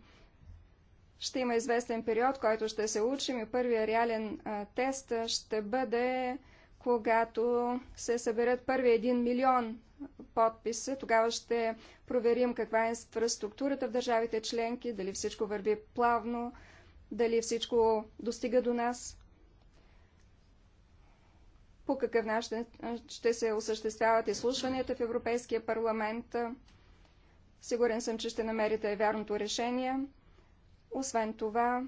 Ще има известен период, който ще се учим и първия реален а, тест ще бъде когато се съберат първи един милион подписа, тогава ще проверим каква е инфраструктурата в държавите членки, дали всичко върви плавно, дали всичко достига до нас по какъв начин ще се осъществяват изслушванията в Европейския парламент. Сигурен съм, че ще намерите вярното решение. Освен това,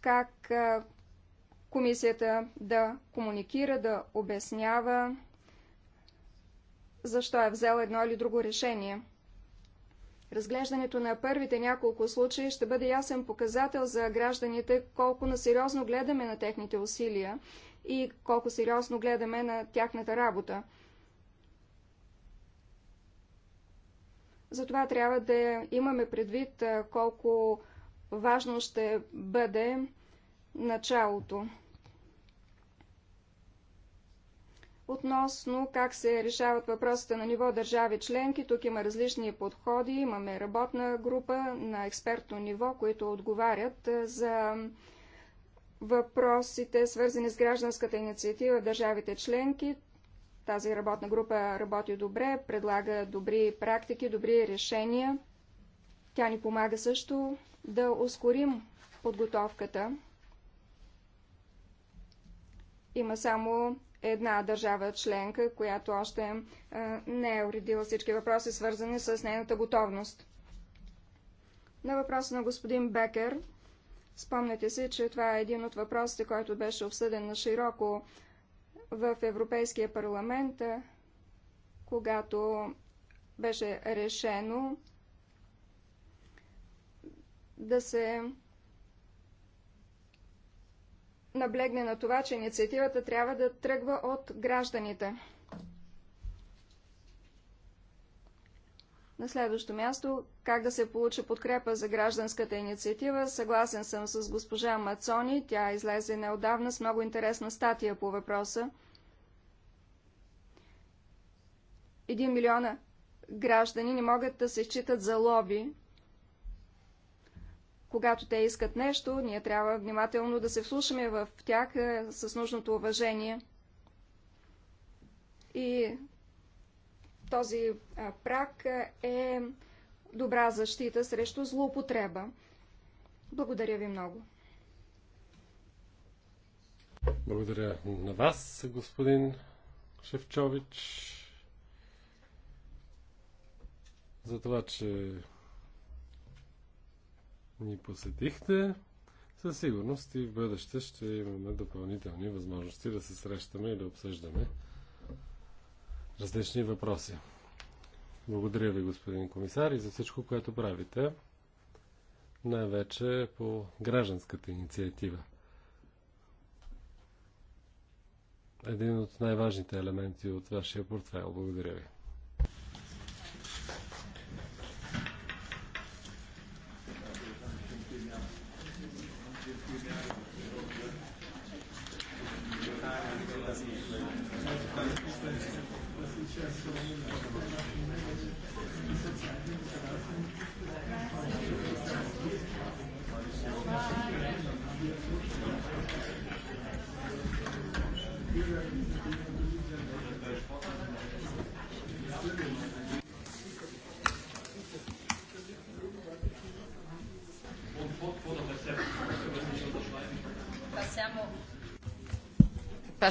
как комисията да комуникира, да обяснява защо е взела едно или друго решение. Разглеждането на първите няколко случаи ще бъде ясен показател за гражданите колко насериозно гледаме на техните усилия и колко сериозно гледаме на тяхната работа. Затова трябва да имаме предвид колко важно ще бъде началото. Относно как се решават въпросите на ниво държави членки, тук има различни подходи. Имаме работна група на експертно ниво, които отговарят за въпросите, свързани с гражданската инициатива в държавите членки. Тази работна група работи добре, предлага добри практики, добри решения. Тя ни помага също да ускорим подготовката. Има само една държава членка, която още не е уредила всички въпроси, свързани с нейната готовност. На въпроса на господин Бекер – Спомняте си, че това е един от въпросите, който беше обсъден на широко в Европейския парламент, когато беше решено да се наблегне на това, че инициативата трябва да тръгва от гражданите. На следващо място, как да се получи подкрепа за гражданската инициатива. Съгласен съм с госпожа Мацони, тя излезе неодавна с много интересна статия по въпроса. Един милиона граждани не могат да се считат за лоби. Когато те искат нещо, ние трябва внимателно да се вслушаме в тях е, с нужното уважение и този прак е добра защита срещу злоупотреба. Благодаря ви много. Благодаря на вас, господин Шевчович, за това, че ни посетихте. Със сигурност и в бъдеще ще имаме допълнителни възможности да се срещаме и да обсъждаме различни въпроси. Благодаря ви, господин комисар, и за всичко, което правите, най-вече по гражданската инициатива. Един от най-важните елементи от вашия портфел. Благодаря ви.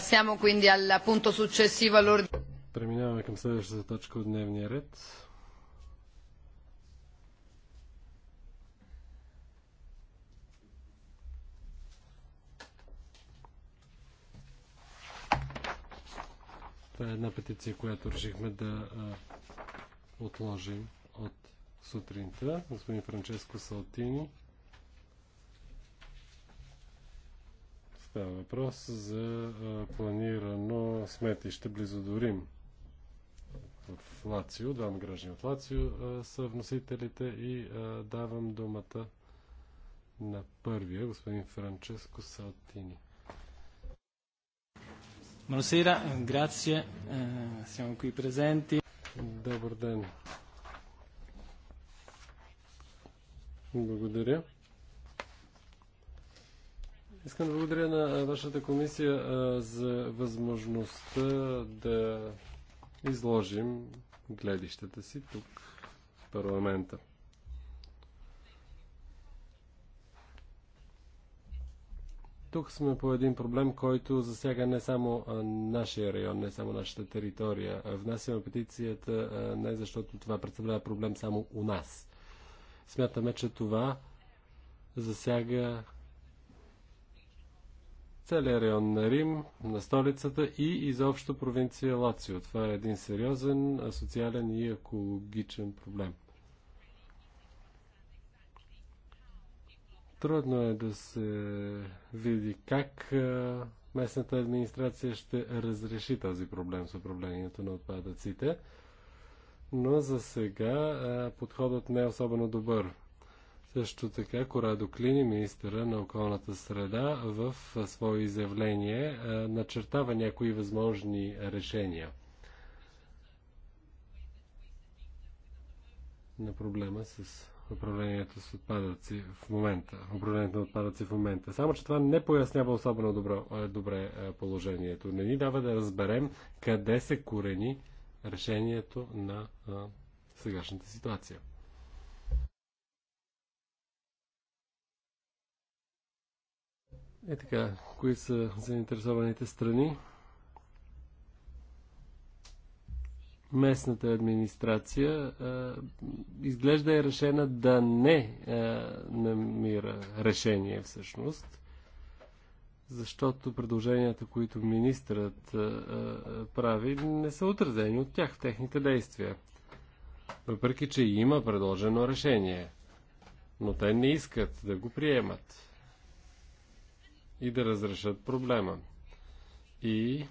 Passiamo quindi al punto successivo all'ordine. Преминаваме към следващата точка от дневния ред. Това е една петиция, която решихме да а, отложим от сутринта. Господин Франческо Салтини. Става въпрос за планирано сметище близо до Рим в Лацио. Двама граждани от Лацио са вносителите и давам думата на първия, господин Франческо Салтини. Buonasera, грация, eh, siamo кои презенти. Добър ден. Благодаря. Искам да благодаря на вашата комисия за възможността да изложим гледищата си тук в парламента. Тук сме по един проблем, който засяга не само нашия район, не само нашата територия. Внасяме петицията не защото това представлява проблем само у нас. Смятаме, че това засяга целият район на Рим, на столицата и изобщо провинция Лацио. Това е един сериозен социален и екологичен проблем. Трудно е да се види как местната администрация ще разреши този проблем с управлението на отпадъците, но за сега подходът не е особено добър. Също така Корадо Клини, министъра на околната среда, в свое изявление е, начертава някои възможни решения на проблема с управлението с отпадъци в момента, управлението на отпадъци в момента. Само, че това не пояснява особено добро, е, добре е, положението. Не ни дава да разберем къде се корени решението на а, сегашната ситуация. Е така, кои са заинтересованите страни? местната администрация а, изглежда е решена да не а, намира решение всъщност, защото предложенията, които министрът а, а, прави, не са отразени от тях в техните действия. Въпреки, че има предложено решение, но те не искат да го приемат и да разрешат проблема. И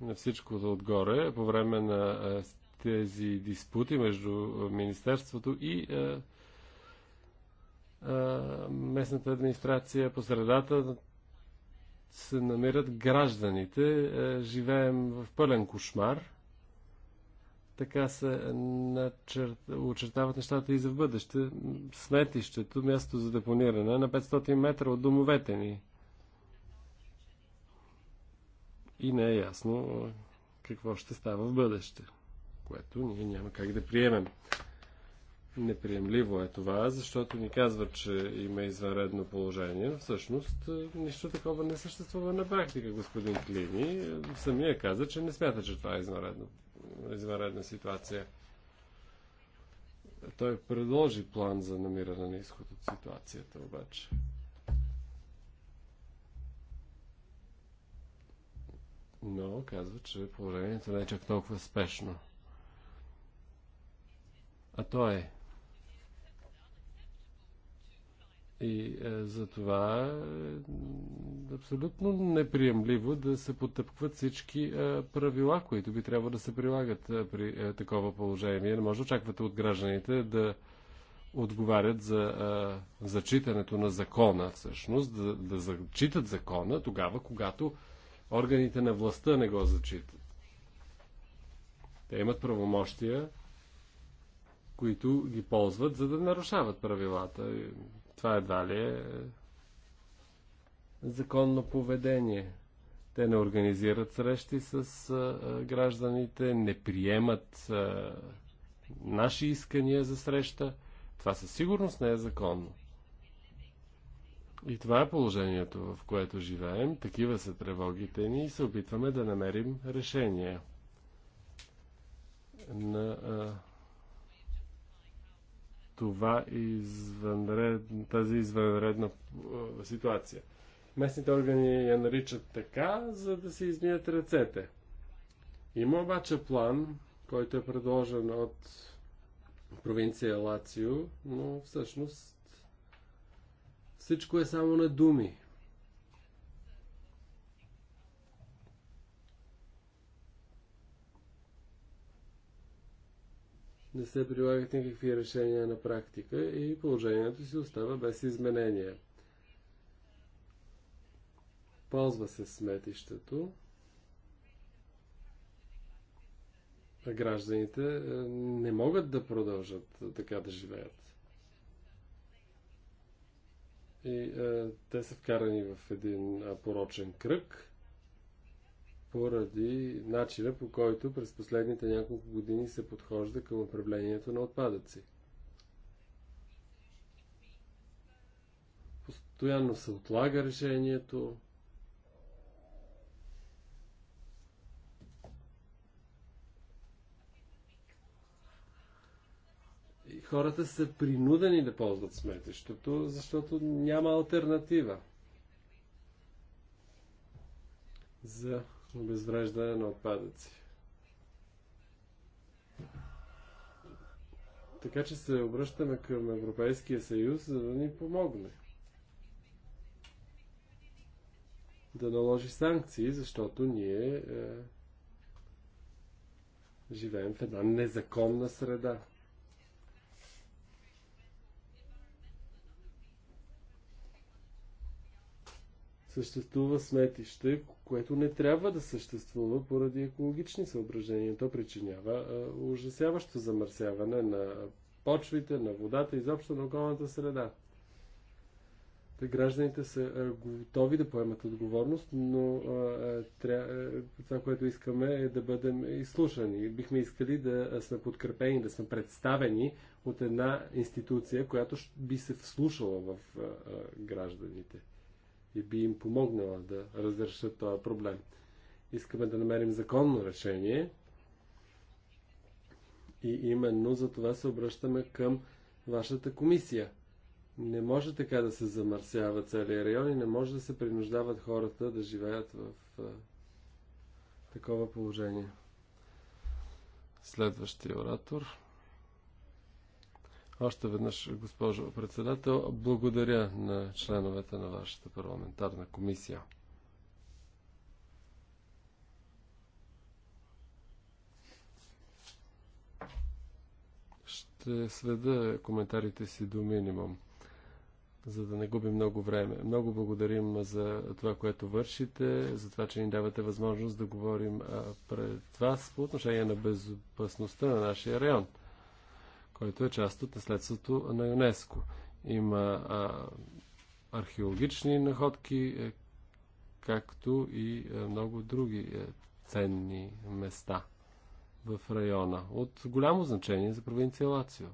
на всичкото отгоре, по време на тези диспути между Министерството и местната администрация, по средата се намират гражданите. живеем в пълен кошмар. Така се очертават нещата и за в бъдеще. Сметището, място за депониране е на 500 метра от домовете ни и не е ясно какво ще става в бъдеще, което ние няма как да приемем. Неприемливо е това, защото ни казват, че има извънредно положение. Всъщност, нищо такова не съществува на практика, господин Клини. Самия каза, че не смята, че това е извънредно, извънредна ситуация. Той предложи план за намиране на изход от ситуацията, обаче. но казва, че положението не е чак толкова спешно. А то е. И е, за това е абсолютно неприемливо да се потъпкват всички е, правила, които би трябвало да се прилагат е, при е, такова положение. Не може да очаквате от гражданите да отговарят за е, зачитането на закона, всъщност, да, да зачитат закона тогава, когато органите на властта не го зачитат. Те имат правомощия, които ги ползват, за да нарушават правилата. Това едва ли е законно поведение. Те не организират срещи с а, гражданите, не приемат а, наши искания за среща. Това със сигурност не е законно. И това е положението, в което живеем. Такива са тревогите ни и се опитваме да намерим решение на а, това извънред, тази извънредна а, ситуация. Местните органи я наричат така, за да се измият ръцете. Има обаче план, който е предложен от провинция Лацио, но всъщност всичко е само на думи. не се прилагат никакви решения на практика и положението си остава без изменения. Ползва се сметището, а гражданите е, не могат да продължат така да живеят. И а, е, те са вкарани в един а, порочен кръг поради начина по който през последните няколко години се подхожда към управлението на отпадъци. Постоянно се отлага решението, хората са принудени да ползват сметището, защото няма альтернатива за обезвреждане на отпадъци. Така че се обръщаме към Европейския съюз, за да ни помогне. Да наложи санкции, защото ние е, живеем в една незаконна среда. съществува сметище, което не трябва да съществува поради екологични съображения. То причинява а, ужасяващо замърсяване на почвите, на водата, изобщо на околната среда. Те гражданите са а, готови да поемат отговорност, но а, тря... това, което искаме е да бъдем изслушани. Бихме искали да сме подкрепени, да сме представени от една институция, която би се вслушала в а, гражданите и би им помогнала да разрешат този проблем. Искаме да намерим законно решение и именно за това се обръщаме към вашата комисия. Не може така да се замърсява целият район и не може да се принуждават хората да живеят в а, такова положение. Следващия оратор. Още веднъж, госпожо председател, благодаря на членовете на вашата парламентарна комисия. Ще сведа коментарите си до минимум, за да не губим много време. Много благодарим за това, което вършите, за това, че ни давате възможност да говорим пред вас по отношение на безопасността на нашия район – който е част от наследството на ЮНЕСКО. Има а, археологични находки, е, както и е, много други е, ценни места в района. От голямо значение за провинция Лацио.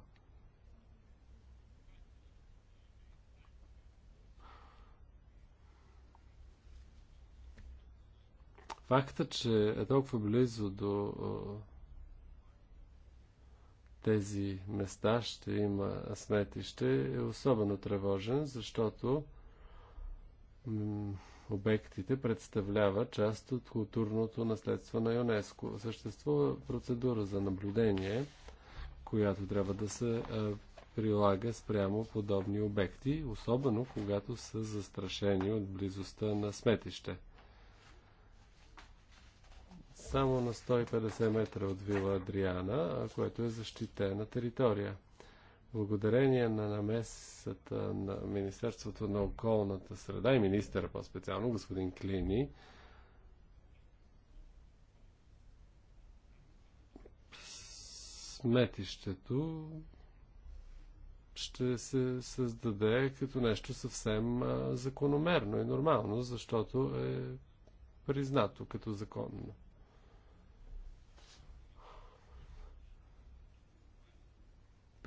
Факта, че е толкова близо до тези места ще има сметище е особено тревожен, защото обектите представляват част от културното наследство на ЮНЕСКО. Съществува процедура за наблюдение, която трябва да се прилага спрямо подобни обекти, особено когато са застрашени от близостта на сметище само на 150 метра от Вила Адриана, което е защитена територия. Благодарение на намесата на Министерството на околната среда и министъра по-специално, господин Клини, сметището ще се създаде като нещо съвсем закономерно и нормално, защото е признато като законно.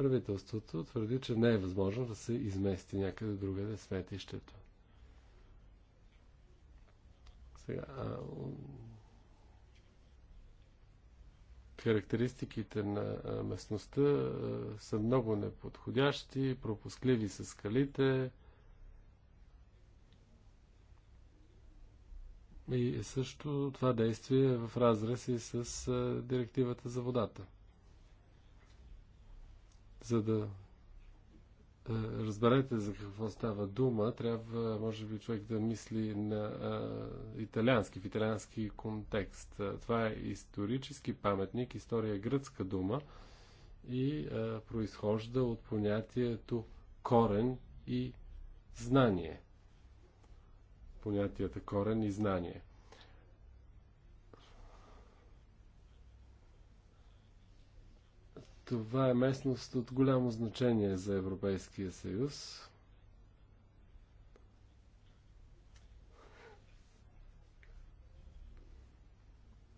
правителството твърди, че не е възможно да се измести някъде другаде сметището. Сега, а, характеристиките на местността а, са много неподходящи, пропускливи са скалите и също това действие е в разрез и с директивата за водата за да е, разберете за какво става дума, трябва, може би, човек да мисли на е, италиански, в италиански контекст. Е, това е исторически паметник, история е гръцка дума и произхожда от понятието корен и знание. Понятията корен и знание. Това е местност от голямо значение за Европейския съюз.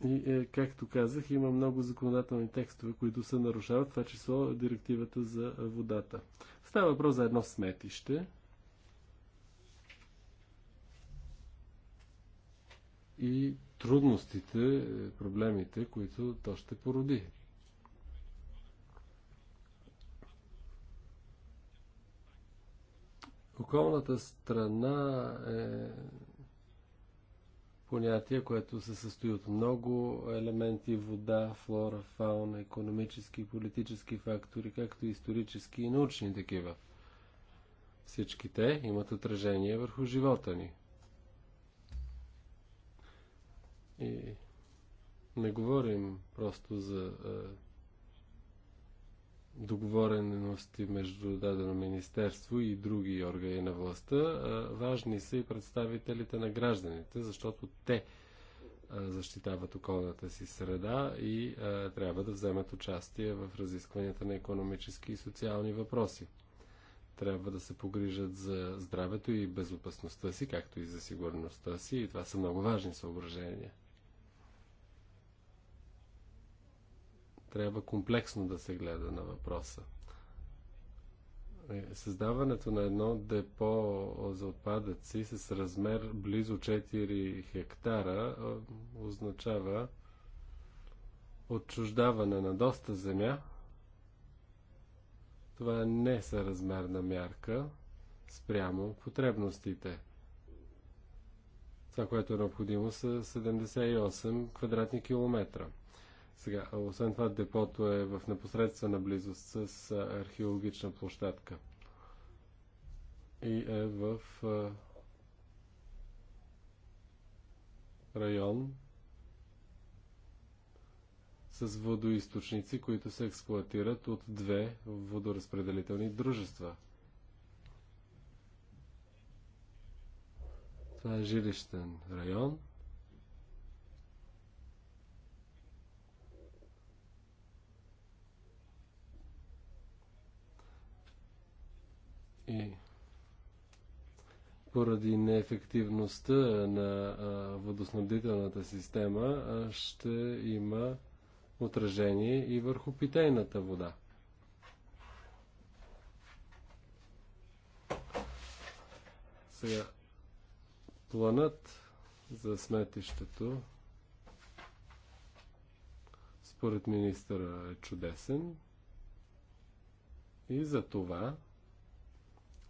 И, е, както казах, има много законодателни текстове, които се нарушават, това число директивата за водата. Става въпрос за едно сметище. И трудностите, е, проблемите, които то ще породи. Околната страна е понятие, което се състои от много елементи вода, флора, фауна, економически политически фактори, както и исторически и научни такива. Всички те имат отражение върху живота ни. И не говорим просто за е, договорености между дадено министерство и други органи на властта. Важни са и представителите на гражданите, защото те защитават околната си среда и трябва да вземат участие в разискванията на економически и социални въпроси. Трябва да се погрижат за здравето и безопасността си, както и за сигурността си и това са много важни съображения – Трябва комплексно да се гледа на въпроса. Е, създаването на едно депо за отпадъци с размер близо 4 хектара означава отчуждаване на доста земя. Това е несъразмерна мярка спрямо потребностите. Това, което е необходимо, са 78 квадратни километра. Сега, освен това, депото е в непосредствена близост с археологична площадка и е в район с водоисточници, които се експлуатират от две водоразпределителни дружества. Това е жилищен район И поради неефективността на водоснабдителната система ще има отражение и върху питейната вода. Сега, планът за сметището според министъра е чудесен и за това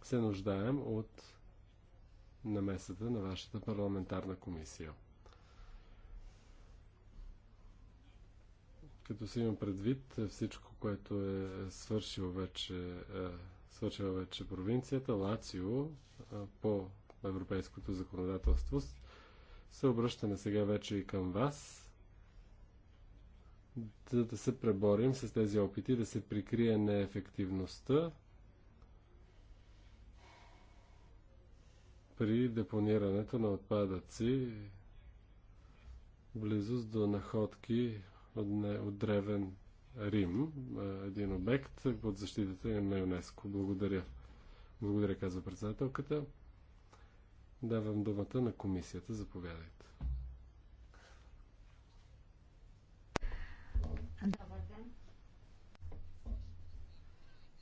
се нуждаем от намесата на вашата парламентарна комисия. Като си имам предвид всичко, което е свършило вече, е, свършила вече провинцията, Лацио е, по европейското законодателство, се обръщаме сега вече и към вас, за да се преборим с тези опити да се прикрие неефективността при депонирането на отпадъци близост до находки от, не, от древен Рим, един обект под защитата на ЮНЕСКО. Благодаря. Благодаря, казва председателката. Давам думата на комисията. Заповядайте. Добър ден.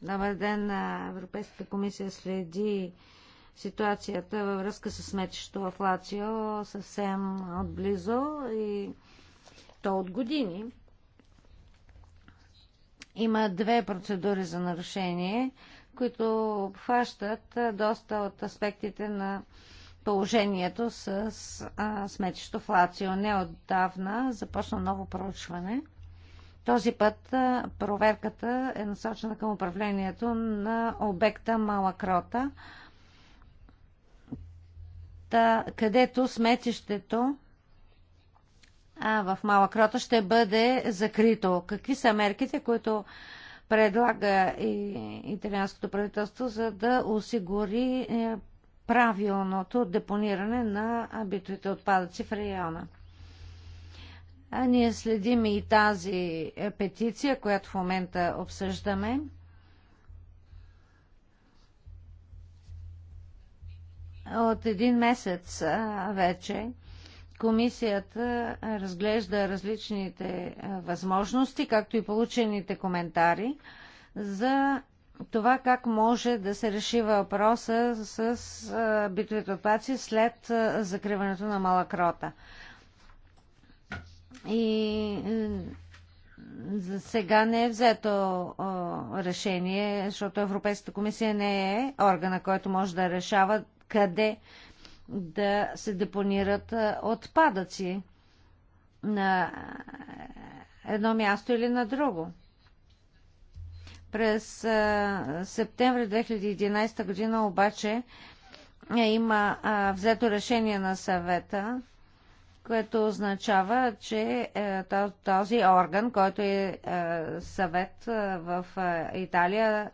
Добър ден. Европейската комисия следи ситуацията във връзка с сметището в Лацио съвсем отблизо и то от години. Има две процедури за нарушение, които обхващат доста от аспектите на положението с а, сметището в Лацио. Не отдавна започна ново проучване. Този път проверката е насочена към управлението на обекта Мала Крота та, където сметището а, в Малък Рота ще бъде закрито. Какви са мерките, които предлага и италианското правителство, за да осигури е, правилното депониране на битовите отпадъци в района? А ние следим и тази е, петиция, която в момента обсъждаме. От един месец вече комисията разглежда различните възможности, както и получените коментари за това как може да се реши въпроса с битовите отпадъци след закриването на Малакрота. И за сега не е взето решение, защото Европейската комисия не е органа, който може да решава къде да се депонират отпадъци на едно място или на друго. През септември 2011 година обаче има взето решение на съвета, което означава, че е, този орган, който е, е съвет е, в Италия,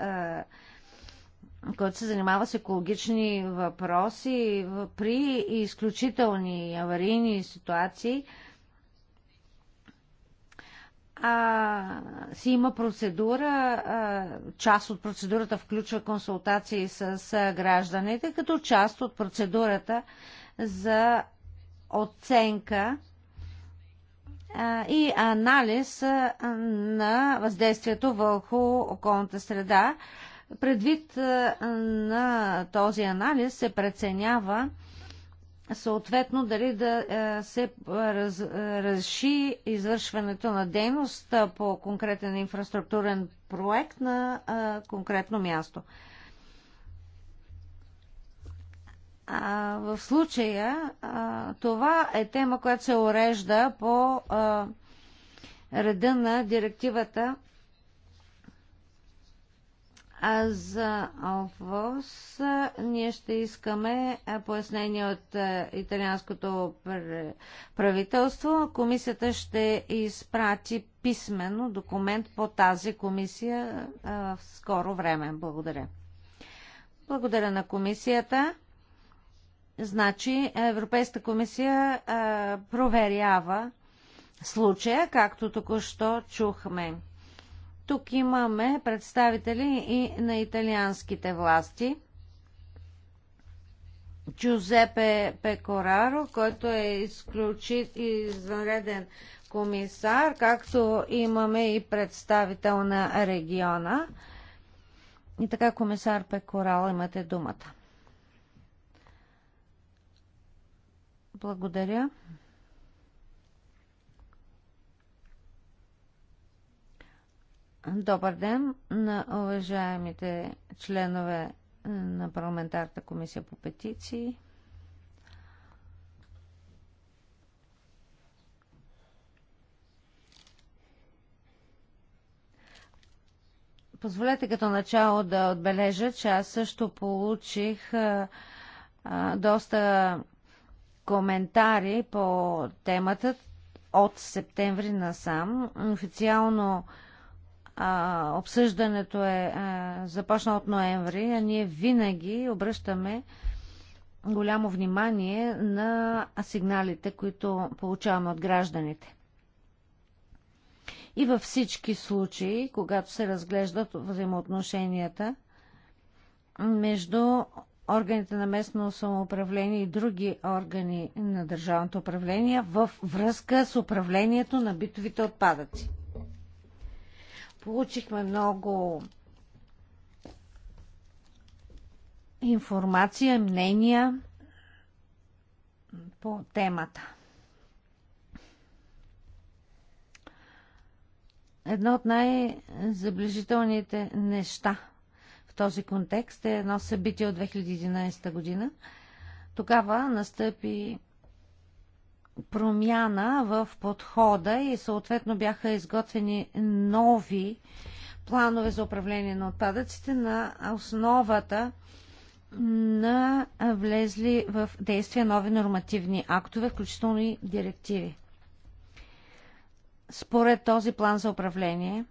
който се занимава с екологични въпроси при изключителни аварийни ситуации, а, си има процедура. А, част от процедурата включва консултации с, с гражданите, като част от процедурата за оценка а, и анализ а, на въздействието върху околната среда. А, Предвид на този анализ се преценява съответно дали да се разши извършването на дейност по конкретен инфраструктурен проект на конкретно място. А, в случая това е тема, която се урежда по реда на директивата а за ОВОС ние ще искаме пояснение от италианското правителство. Комисията ще изпрати писменно документ по тази комисия в скоро време. Благодаря. Благодаря на комисията. Значи Европейската комисия проверява случая, както току-що чухме. Тук имаме представители и на италианските власти. Джузепе Пекораро, който е изключит, извънреден комисар, както имаме и представител на региона. И така, комисар Пекорал, имате думата. Благодаря. Добър ден на уважаемите членове на парламентарната комисия по петиции. Позволете като начало да отбележа, че аз също получих а, а, доста коментари по темата от септември насам. Официално а, обсъждането е започна от ноември, а ние винаги обръщаме голямо внимание на сигналите, които получаваме от гражданите. И във всички случаи, когато се разглеждат взаимоотношенията между органите на местно самоуправление и други органи на държавното управление във връзка с управлението на битовите отпадъци. Получихме много информация, мнения по темата. Едно от най-заближителните неща в този контекст е едно събитие от 2011 година. Тогава настъпи промяна в подхода и съответно бяха изготвени нови планове за управление на отпадъците на основата на влезли в действие нови нормативни актове, включително и директиви. Според този план за управление,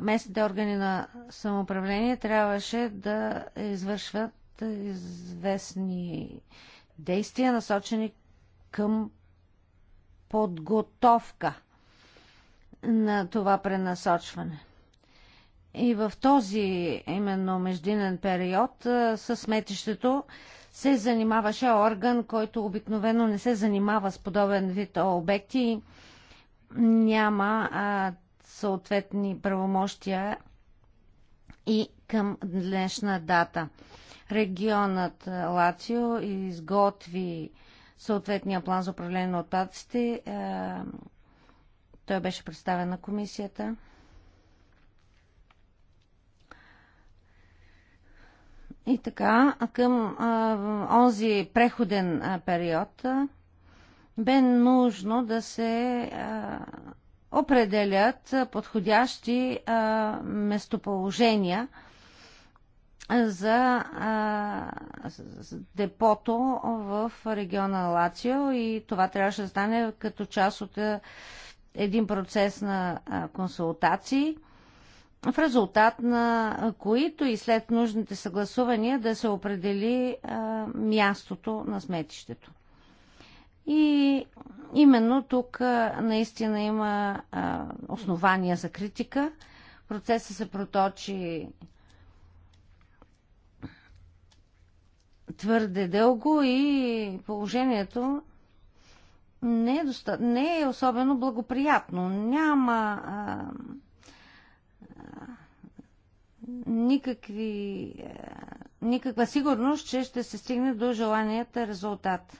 местните органи на самоуправление трябваше да извършват известни действия, насочени към подготовка на това пренасочване. И в този именно междинен период с сметището се занимаваше орган, който обикновено не се занимава с подобен вид обекти и няма а, съответни правомощия и към днешна дата. Регионът е, Лацио изготви съответния план за управление на отпадците. Е, той беше представен на комисията. И така, към е, онзи преходен период бе нужно да се определят подходящи местоположения за а, депото в региона Лацио и това трябваше да стане като част от един процес на консултации, в резултат на които и след нужните съгласувания да се определи а, мястото на сметището. И именно тук а, наистина има а, основания за критика. Процесът се проточи твърде дълго и положението не е, доста... не е особено благоприятно. Няма а... а никакви, а, никаква сигурност, че ще се стигне до желанията резултат.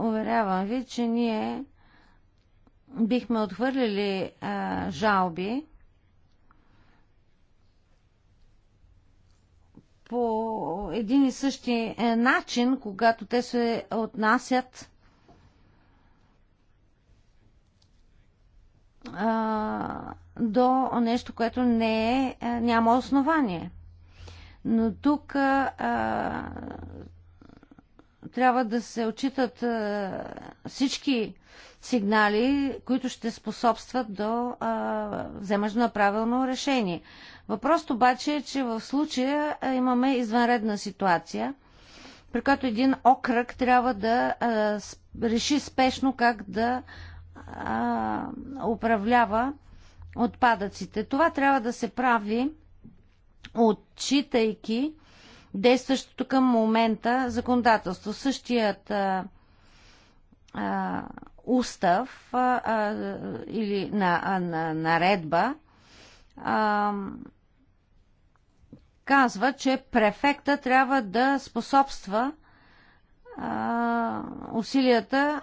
Уверявам ви, че ние бихме отхвърлили а, жалби, по един и същи е, начин, когато те се отнасят а, до нещо, което не е, е няма основание. Но тук а, трябва да се отчитат а, всички сигнали, които ще способстват до вземаш на правилно решение. Въпросът обаче е, че в случая имаме извънредна ситуация, при която един окръг трябва да а, реши спешно как да а, управлява отпадъците. Това трябва да се прави, отчитайки действащото към момента законодателство. Същият а, а, устав а, а, или на, а, на наредба а, казва, че префекта трябва да способства а, усилията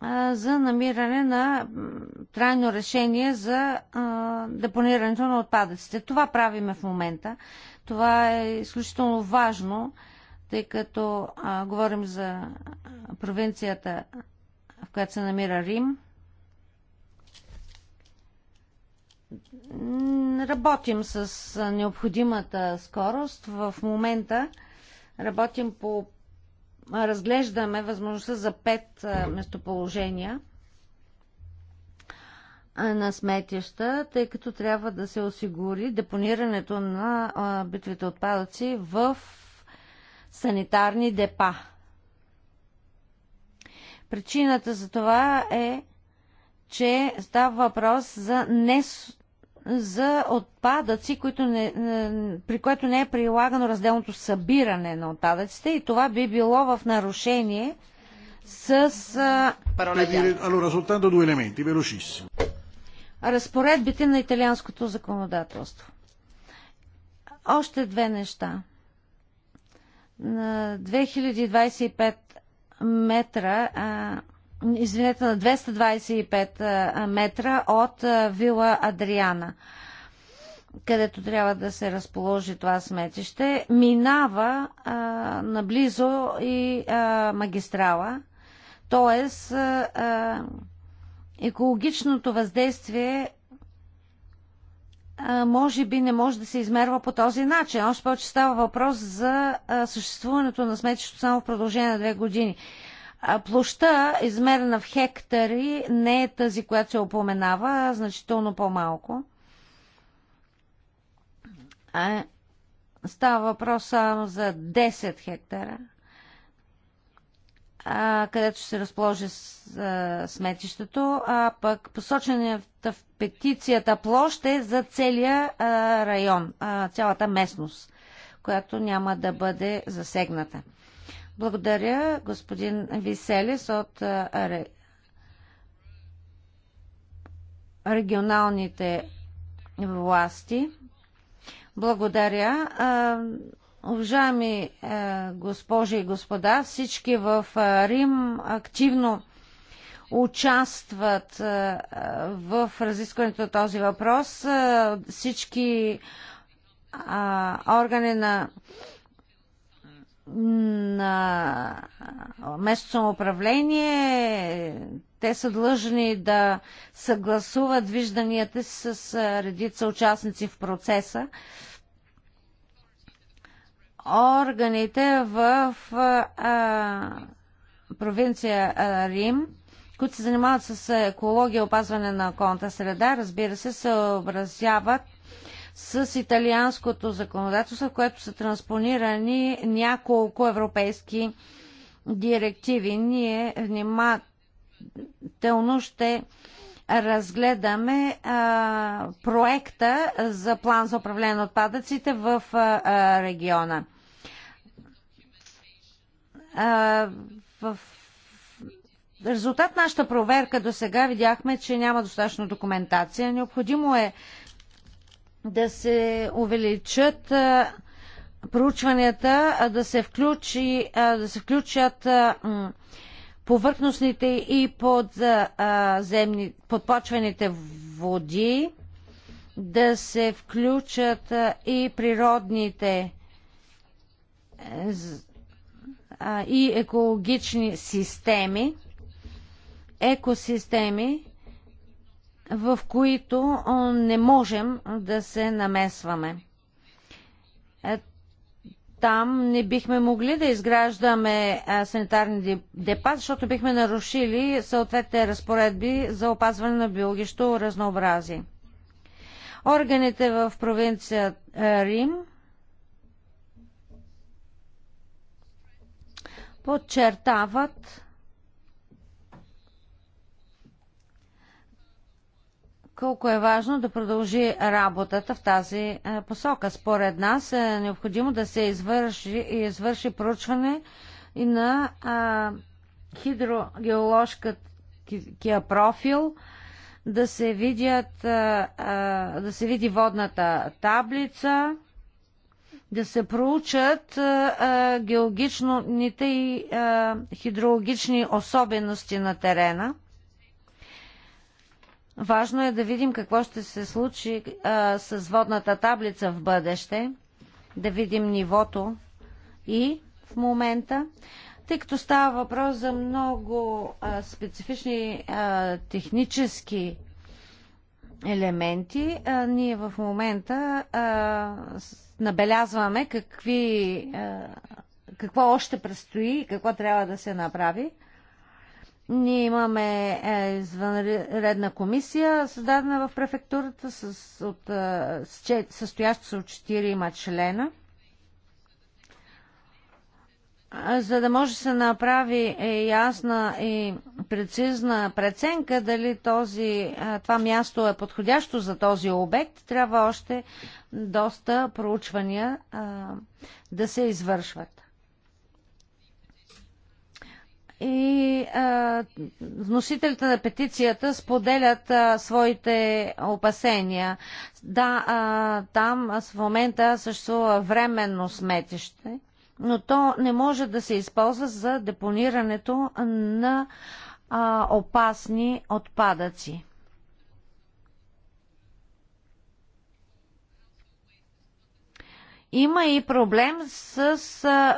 а, за намиране на трайно решение за а, депонирането на отпадъците. Това правиме в момента. Това е изключително важно. А, тъй като а, говорим за провинцията, в която се намира Рим. Работим с необходимата скорост. В момента работим по. Разглеждаме възможността за пет местоположения на сметища, тъй като трябва да се осигури депонирането на битвите отпадъци в санитарни депа. Причината за това е, че става въпрос за, не, за отпадъци, които не, е, при което не е прилагано разделното събиране на отпадъците и това би било в нарушение с... Разпоредбите на италианското законодателство. Още две неща на 2025 метра, извинете, на 225 метра от вила Адриана, където трябва да се разположи това сметище, минава наблизо и магистрала, т.е. екологичното въздействие може би не може да се измерва по този начин. Още повече става въпрос за съществуването на сметището само в продължение на две години. Площта, измерена в хектари, не е тази, която се опоменава, значително по-малко. Става въпрос само за 10 хектара – където ще се разположи сметището, а пък посочената в петицията площ е за целия район, цялата местност, която няма да бъде засегната. Благодаря, господин Виселис от регионалните власти. Благодаря. Уважаеми е, госпожи и господа, всички в е, Рим активно участват е, в разискването на този въпрос. Всички органи на на местно самоуправление, те са длъжни да съгласуват вижданията си с редица участници в процеса органите в а, провинция Рим, които се занимават с екология и опазване на околната среда, разбира се, се образяват с италианското законодателство, в което са транспонирани няколко европейски директиви. Ние внимателно ще разгледаме а, проекта за план за управление на отпадъците в а, региона. А, в резултат нашата проверка до сега видяхме, че няма достатъчно документация. Необходимо е да се увеличат а, проучванията, да се, включи, а, да се включат а, повърхностните и подземни, подпочвените води, да се включат и природните е, и екологични системи, екосистеми, в които не можем да се намесваме. Е, там не бихме могли да изграждаме санитарни депа, защото бихме нарушили съответните разпоредби за опазване на биологичното разнообразие. Органите в провинция Рим подчертават колко е важно да продължи работата в тази е, посока. Според нас е необходимо да се извърши, извърши проучване и на а, хидрогеоложкия профил, да се, видят, а, да се види водната таблица, да се проучат а, геологичните и а, хидрологични особености на терена – Важно е да видим какво ще се случи а, с водната таблица в бъдеще, да видим нивото и в момента, тъй като става въпрос за много а, специфични а, технически елементи, а, ние в момента а, набелязваме какви, а, какво още предстои и какво трябва да се направи. Ние имаме е, извънредна комисия, създадена в префектурата, с, от, е, състояща се от 4 члена – за да може да се направи е, ясна и прецизна преценка дали този, това място е подходящо за този обект, трябва още доста проучвания да се извършват и а, вносителите на петицията споделят а, своите опасения. Да, а, там в момента съществува временно сметище, но то не може да се използва за депонирането на а, опасни отпадъци. Има и проблем с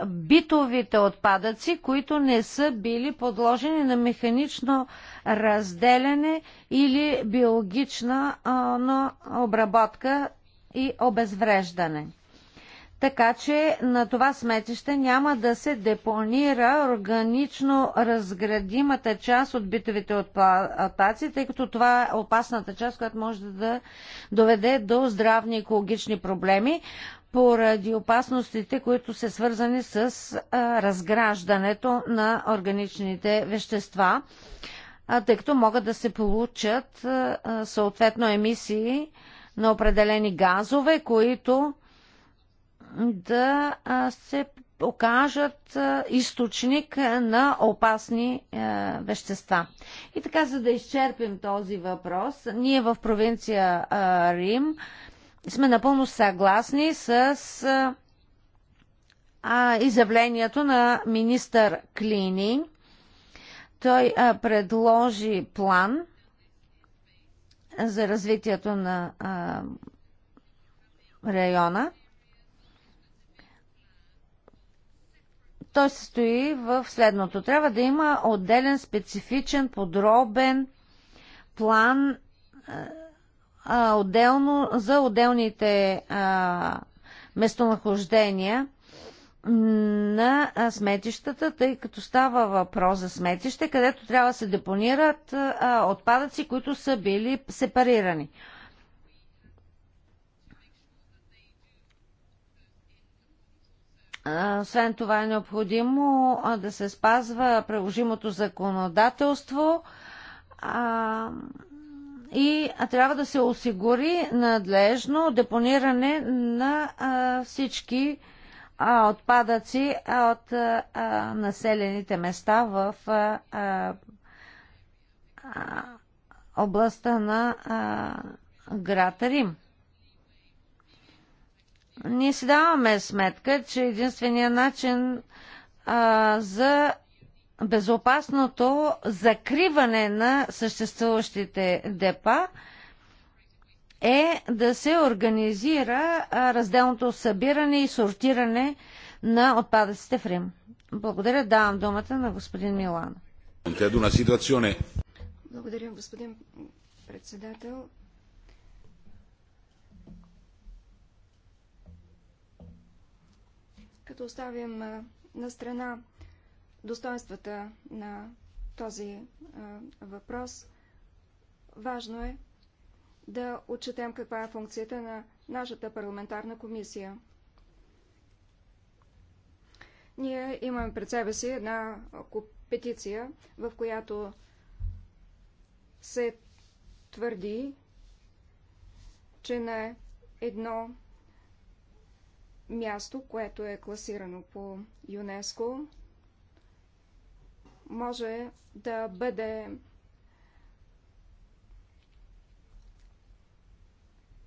битовите отпадъци, които не са били подложени на механично разделяне или биологична а, обработка и обезвреждане. Така че на това сметище няма да се депонира органично разградимата част от битовите отпадъци, тъй като това е опасната част, която може да доведе до здравни екологични проблеми поради опасностите, които са свързани с а, разграждането на органичните вещества, а, тъй като могат да се получат а, съответно емисии на определени газове, които да се окажат източник на опасни вещества. И така, за да изчерпим този въпрос, ние в провинция Рим сме напълно съгласни с а, изявлението на министър Клини. Той а, предложи план за развитието на а, района. Той се стои в следното. Трябва да има отделен, специфичен, подробен план а, отделно за отделните а, местонахождения на сметищата, тъй като става въпрос за сметище, където трябва да се депонират а, отпадъци, които са били сепарирани. Освен това е необходимо да се спазва приложимото законодателство. А, и трябва да се осигури надлежно депониране на всички отпадъци от населените места в областта на град Рим. Ние си даваме сметка, че единственият начин за безопасното закриване на съществуващите депа е да се организира разделното събиране и сортиране на отпадъците в Рим. Благодаря, давам думата на господин Милан. Е, Благодаря, господин председател. Като оставим на страна достоинствата на този а, въпрос. Важно е да отчетем каква е функцията на нашата парламентарна комисия. Ние имаме пред себе си една петиция, в която се твърди, че на едно място, което е класирано по ЮНЕСКО, може да бъде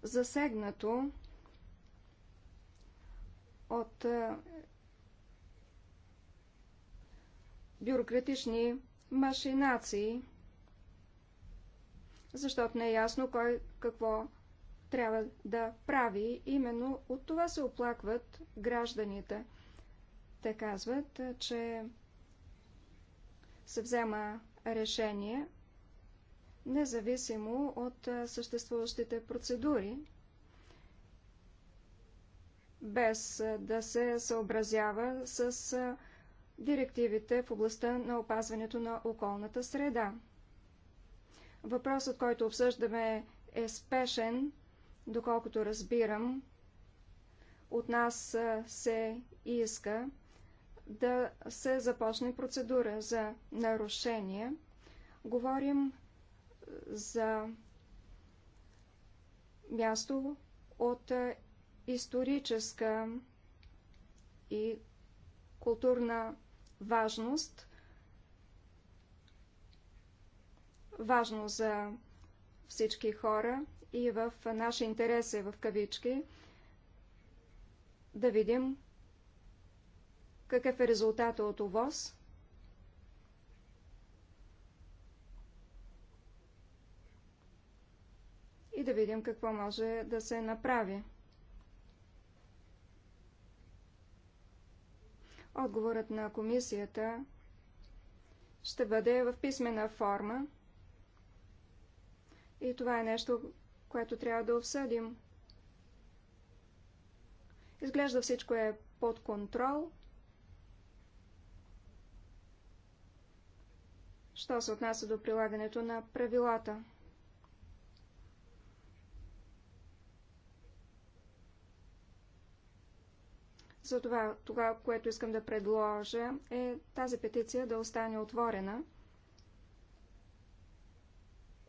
засегнато от бюрократични машинации, защото не е ясно кой какво трябва да прави. Именно от това се оплакват гражданите. Те казват, че се взема решение, независимо от съществуващите процедури, без да се съобразява с директивите в областта на опазването на околната среда. Въпросът, който обсъждаме, е спешен, доколкото разбирам. От нас се иска да се започне процедура за нарушение. Говорим е, за място от е, историческа и културна важност, важно за всички хора и в наши интереси в кавички да видим какъв е резултата от ОВОз? И да видим какво може да се направи. Отговорът на комисията ще бъде в писмена форма. И това е нещо, което трябва да обсъдим. Изглежда всичко е под контрол – що се отнася до прилагането на правилата. Затова това, което искам да предложа, е тази петиция да остане отворена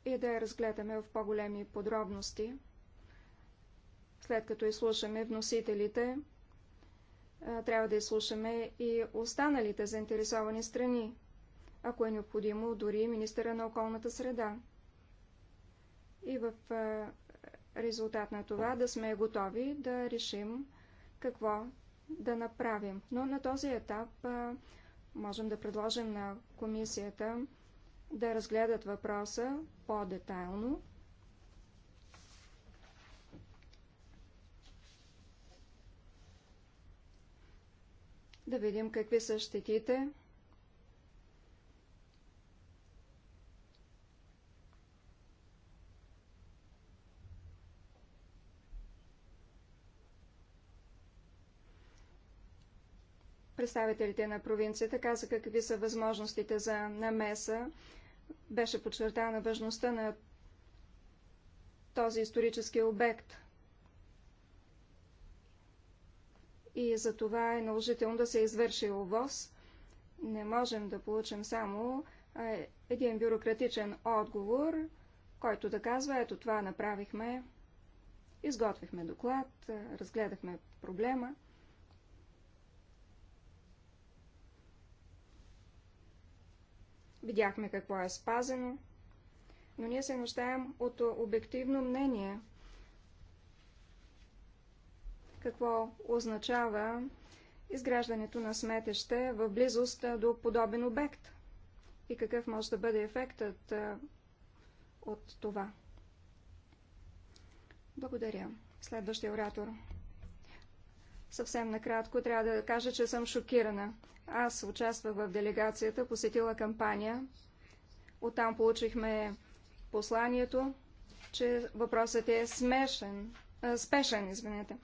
и да я разгледаме в по-големи подробности, след като изслушаме вносителите трябва да изслушаме и останалите заинтересовани страни ако е необходимо, дори министъра на околната среда. И в е, резултат на това да сме готови да решим какво да направим. Но на този етап е, можем да предложим на комисията да разгледат въпроса по-детайлно. Да видим какви са щетите, Представителите на провинцията казаха какви са възможностите за намеса. Беше подчертана важността на този исторически обект. И за това е наложително да се извърши ОВОз. Не можем да получим само един бюрократичен отговор, който да казва, ето това направихме, изготвихме доклад, разгледахме проблема. Видяхме какво е спазено, но ние се нуждаем от обективно мнение. Какво означава изграждането на сметеще в близост до подобен обект и какъв може да бъде ефектът от това. Благодаря. Следващия оратор. Съвсем накратко трябва да кажа, че съм шокирана. Аз участвах в делегацията, посетила кампания. Оттам получихме посланието, че въпросът е смешен, а, спешен, извинете.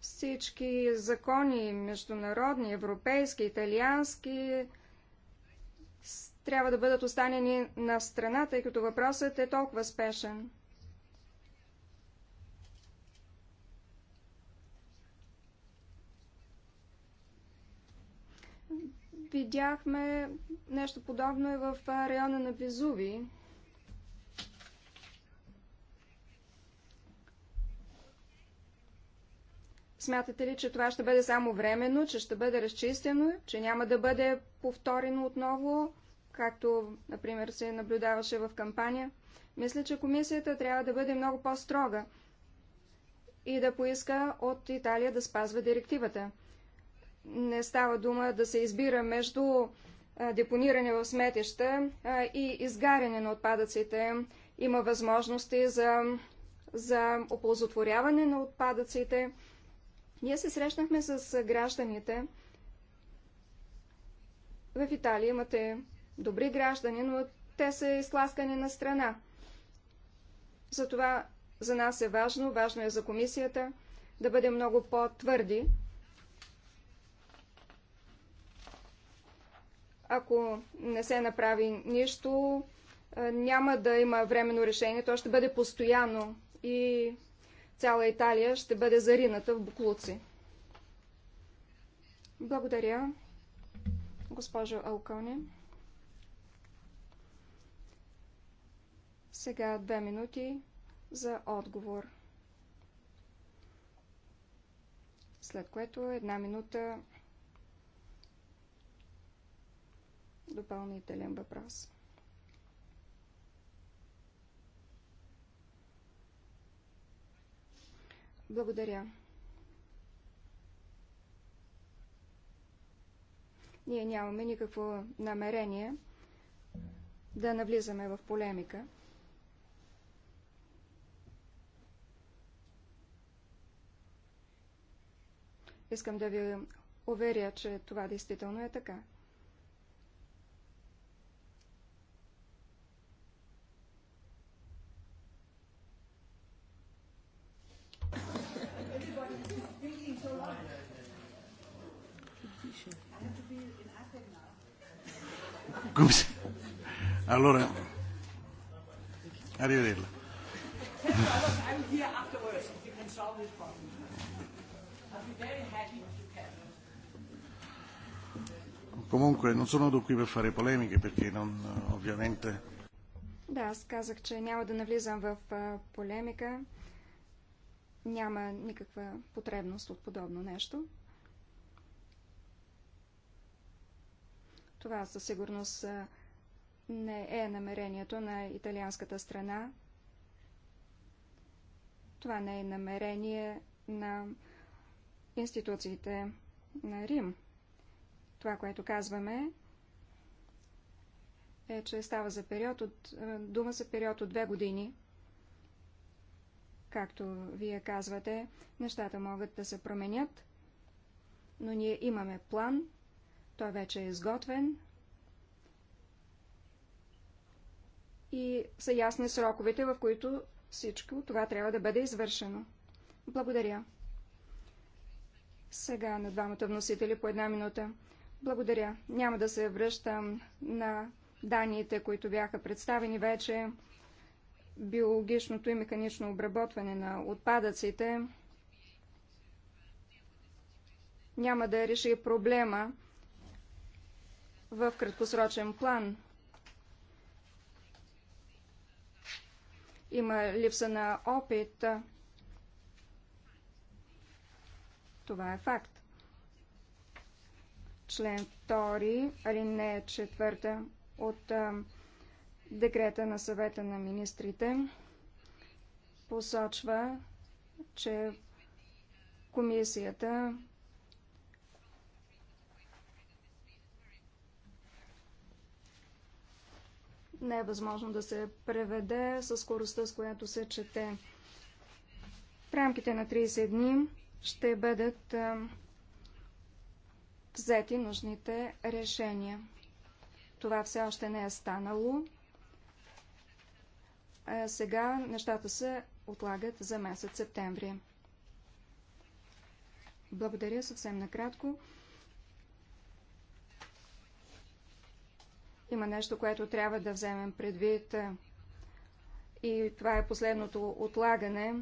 Всички закони, международни, европейски, италиански, трябва да бъдат останени на страна, тъй като въпросът е толкова спешен. Видяхме нещо подобно и в района на Везуви. Смятате ли, че това ще бъде само временно, че ще бъде разчистено, че няма да бъде повторено отново, както, например, се наблюдаваше в кампания? Мисля, че комисията трябва да бъде много по-строга и да поиска от Италия да спазва директивата не става дума да се избира между депониране в сметища и изгаряне на отпадъците. Има възможности за, за оползотворяване на отпадъците. Ние се срещнахме с гражданите. В Италия имате добри граждани, но те са изтласкани на страна. Затова за нас е важно, важно е за комисията да бъде много по-твърди Ако не се направи нищо, няма да има временно решение, то ще бъде постоянно и цяла Италия ще бъде зарината в буклуци. Благодаря, госпожо Алкони. Сега две минути за отговор. След което една минута допълнителен въпрос. Благодаря. Ние нямаме никакво намерение да навлизаме в полемика. Искам да ви уверя, че това действително е така. Come si... Allora, arrivederla. Comunque non sono qui per fare polemiche perché non ovviamente... Да, аз казах, че няма да навлизам в полемика няма никаква потребност от подобно нещо. Това със сигурност не е намерението на италианската страна. Това не е намерение на институциите на Рим. Това, което казваме, е, че става за период от, дума за период от две години – Както вие казвате, нещата могат да се променят, но ние имаме план, той вече е изготвен и са ясни сроковете, в които всичко това трябва да бъде извършено. Благодаря. Сега на двамата вносители по една минута. Благодаря. Няма да се връщам на данните, които бяха представени вече биологичното и механично обработване на отпадъците няма да реши проблема в краткосрочен план. Има липса на опит. Това е факт. Член 2, алинея 4 от Декрета на съвета на министрите посочва, че комисията не е възможно да се преведе със скоростта, с която се чете. В рамките на 30 дни ще бъдат взети нужните решения. Това все още не е станало сега нещата се отлагат за месец септември. Благодаря съвсем накратко. Има нещо, което трябва да вземем предвид. И това е последното отлагане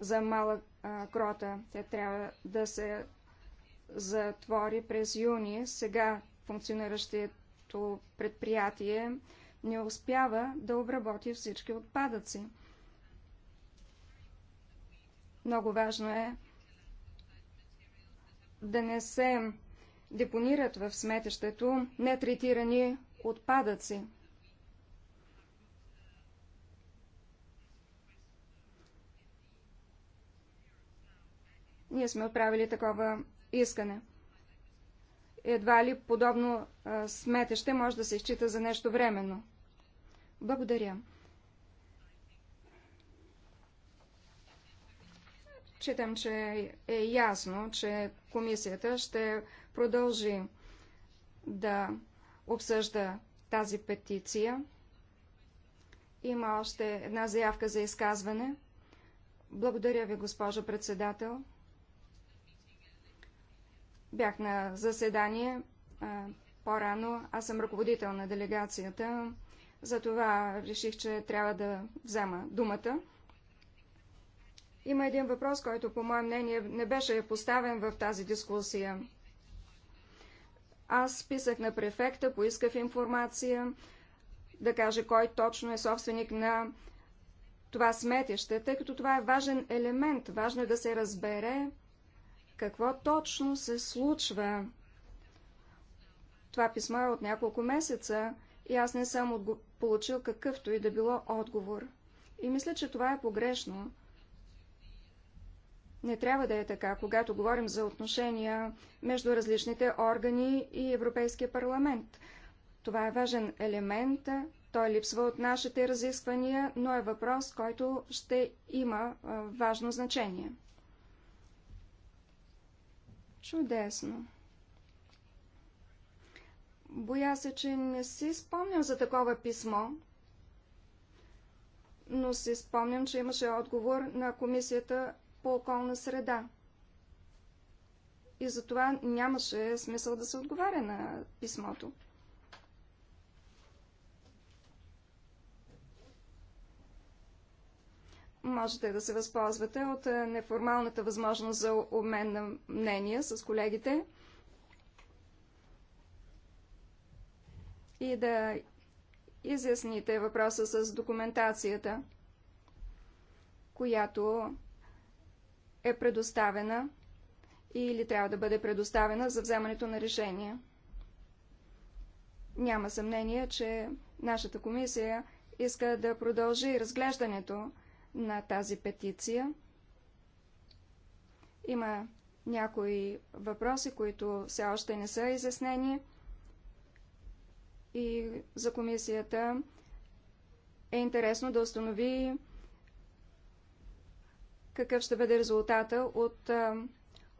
за мала а, крота. Тя трябва да се затвори през юни. Сега функциониращото предприятие не успява да обработи всички отпадъци. Много важно е да не се депонират в сметещето нетретирани отпадъци. Ние сме отправили такова искане едва ли подобно а, сметеще може да се изчита за нещо временно. Благодаря. Читам, че е ясно, че комисията ще продължи да обсъжда тази петиция. Има още една заявка за изказване. Благодаря ви, госпожо председател. Бях на заседание по-рано. Аз съм ръководител на делегацията. Затова реших, че трябва да взема думата. Има един въпрос, който, по мое мнение, не беше поставен в тази дискусия. Аз писах на префекта, поисках информация, да каже кой точно е собственик на това сметище, тъй като това е важен елемент. Важно е да се разбере какво точно се случва. Това писмо е от няколко месеца и аз не съм получил какъвто и да било отговор. И мисля, че това е погрешно. Не трябва да е така, когато говорим за отношения между различните органи и Европейския парламент. Това е важен елемент. Той липсва от нашите разисквания, но е въпрос, който ще има важно значение. Чудесно. Боя се, че не си спомням за такова писмо, но си спомням, че имаше отговор на Комисията по околна среда. И затова нямаше смисъл да се отговаря на писмото. можете да се възползвате от е, неформалната възможност за обмен на мнения с колегите и да изясните въпроса с документацията, която е предоставена или трябва да бъде предоставена за вземането на решение. Няма съмнение, че нашата комисия иска да продължи разглеждането на тази петиция. Има някои въпроси, които все още не са изяснени и за комисията е интересно да установи какъв ще бъде резултата от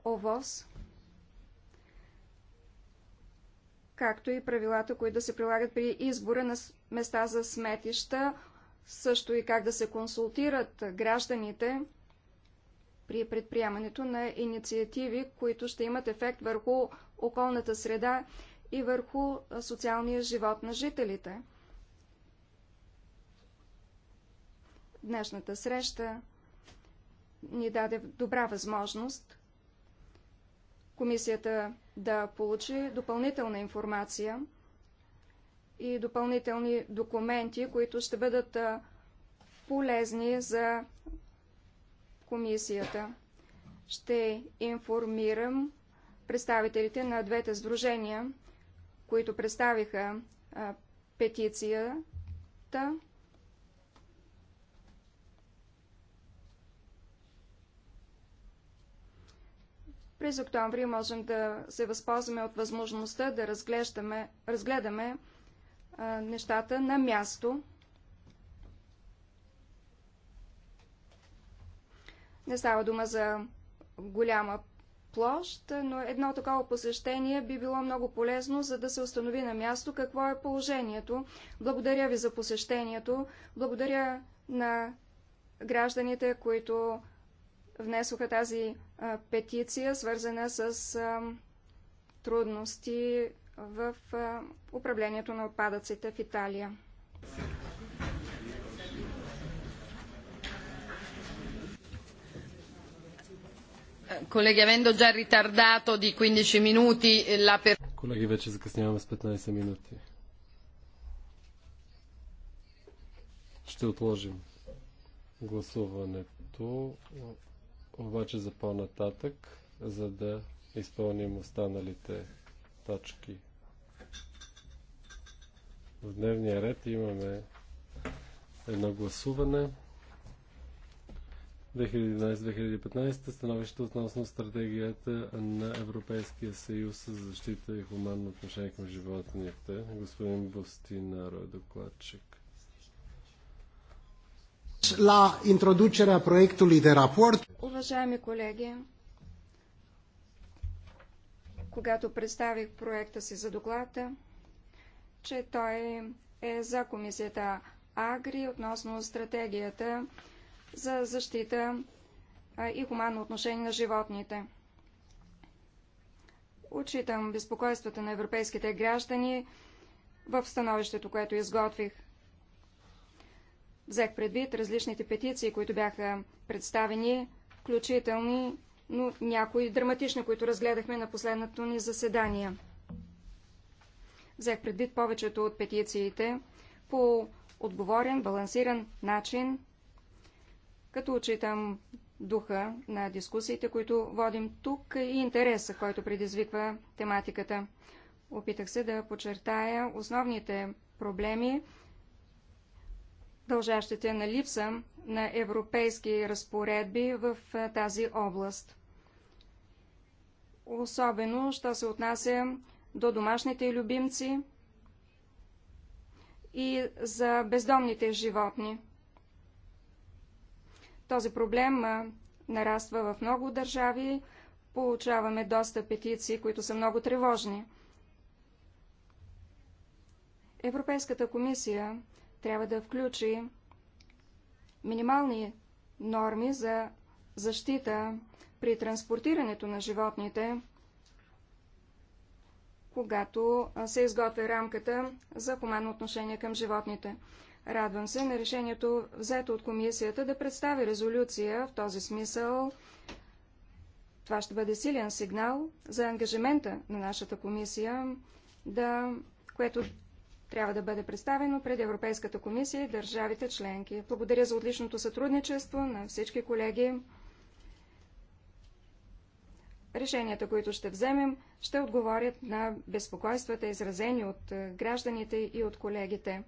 ОВОС, както и правилата, които да се прилагат при избора на места за сметища също и как да се консултират гражданите при предприемането на инициативи, които ще имат ефект върху околната среда и върху социалния живот на жителите. Днешната среща ни даде добра възможност комисията да получи допълнителна информация и допълнителни документи, които ще бъдат полезни за комисията. Ще информирам представителите на двете сдружения, които представиха петицията. През октомври можем да се възползваме от възможността да разглеждаме, разгледаме нещата на място. Не става дума за голяма площ, но едно такова посещение би било много полезно, за да се установи на място какво е положението. Благодаря ви за посещението. Благодаря на гражданите, които внесоха тази а, петиция, свързана с а, трудности в управлението на отпадъците в Италия. Колеги, avendo già ritardato di 15 minuti eh, la per... Колеги, вече закъсняваме с 15 минути. Ще отложим гласуването, обаче за по-нататък, за да изпълним останалите точки в дневния ред имаме едно гласуване. 2011-2015 становище относно стратегията на Европейския съюз за защита и хуманно отношение към животните. Господин Бостина е докладчик. La introducerea proiectului de raport. Уважаеми колеги, когато представих проекта си за доклада, че той е за комисията Агри относно стратегията за защита и хуманно отношение на животните. Отчитам безпокойствата на европейските граждани в становището, което изготвих. Взех предвид различните петиции, които бяха представени, включителни, но някои драматични, които разгледахме на последното ни заседание. Взех предвид повечето от петициите по отговорен, балансиран начин, като отчитам духа на дискусиите, които водим тук и интереса, който предизвиква тематиката. Опитах се да подчертая основните проблеми, дължащите на липса на европейски разпоредби в тази област. Особено, що се отнася до домашните и любимци и за бездомните животни. Този проблем нараства в много държави. Получаваме доста петиции, които са много тревожни. Европейската комисия трябва да включи минимални норми за защита при транспортирането на животните, когато се изготвя рамката за хуманно отношение към животните. Радвам се на решението взето от комисията да представи резолюция в този смисъл. Това ще бъде силен сигнал за ангажимента на нашата комисия, да, което трябва да бъде представено пред Европейската комисия и държавите членки. Благодаря за отличното сътрудничество на всички колеги решенията, които ще вземем, ще отговорят на безпокойствата, изразени от е, гражданите и от колегите.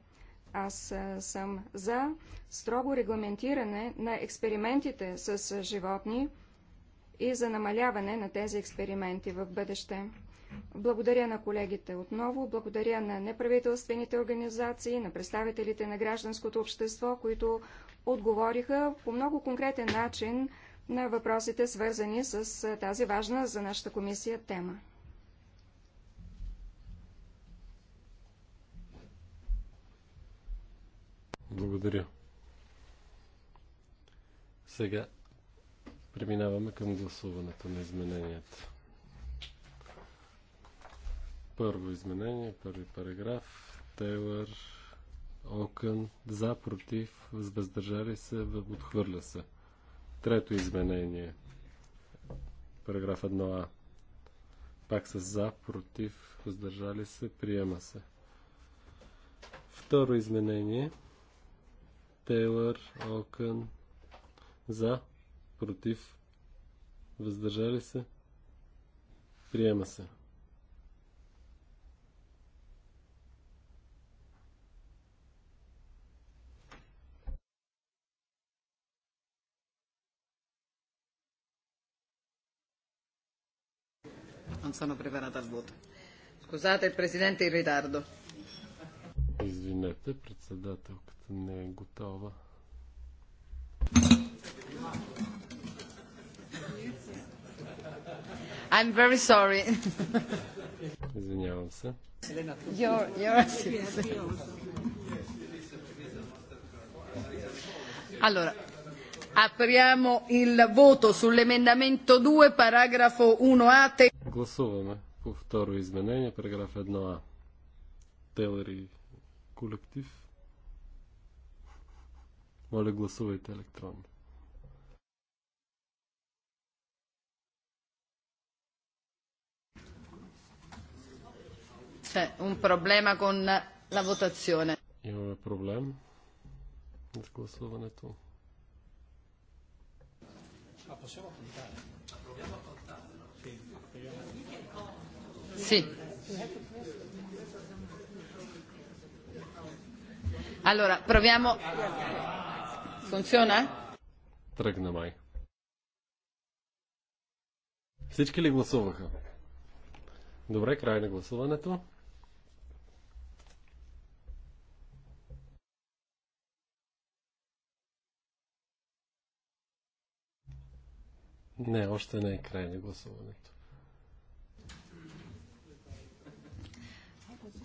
Аз е, съм за строго регламентиране на експериментите с е, животни и за намаляване на тези експерименти в бъдеще. Благодаря на колегите отново, благодаря на неправителствените организации, на представителите на гражданското общество, които отговориха по много конкретен начин на въпросите, свързани с тази важна за нашата комисия тема. Благодаря. Сега преминаваме към гласуването на измененията. Първо изменение, първи параграф, Тейлър, Окън, за, против, въздържали се, отхвърля се. Трето изменение. Параграф 1а. Пак с за, против, въздържали се, приема се. Второ изменение. Тейлър, Окън, за, против, въздържали се, приема се. non sono preparata al voto. Scusate il Presidente in ritardo. Извинете, председателката не е готова. I'm very sorry. Извинявам се. Your, your allora, apriamo il voto sull'emendamento 2, paragrafo 1A. te. Гласуваме по второ изменение, параграф 1а. Тейлър и колектив. Моля, гласувайте електронно. C'è un problema con la votazione. Имаме проблем с гласуването. А possiamo contare? Proviamo a Sí. Allora, proviamo. Funziona? Тръгна май. Всички ли гласуваха? Добре, край на гласуването. Не, още не е край на гласуването.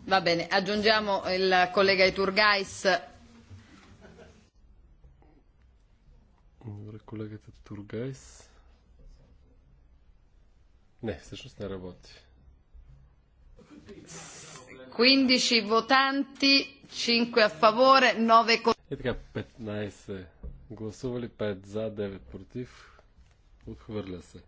Va bene, aggiungiamo il collega Iturgais. Добре, колегата Тургайс. Не, всъщност не работи. 15 votanti, 5 a favore, 9 contro. И така, 15 гласували, 5 за, 9 против. Отхвърля се.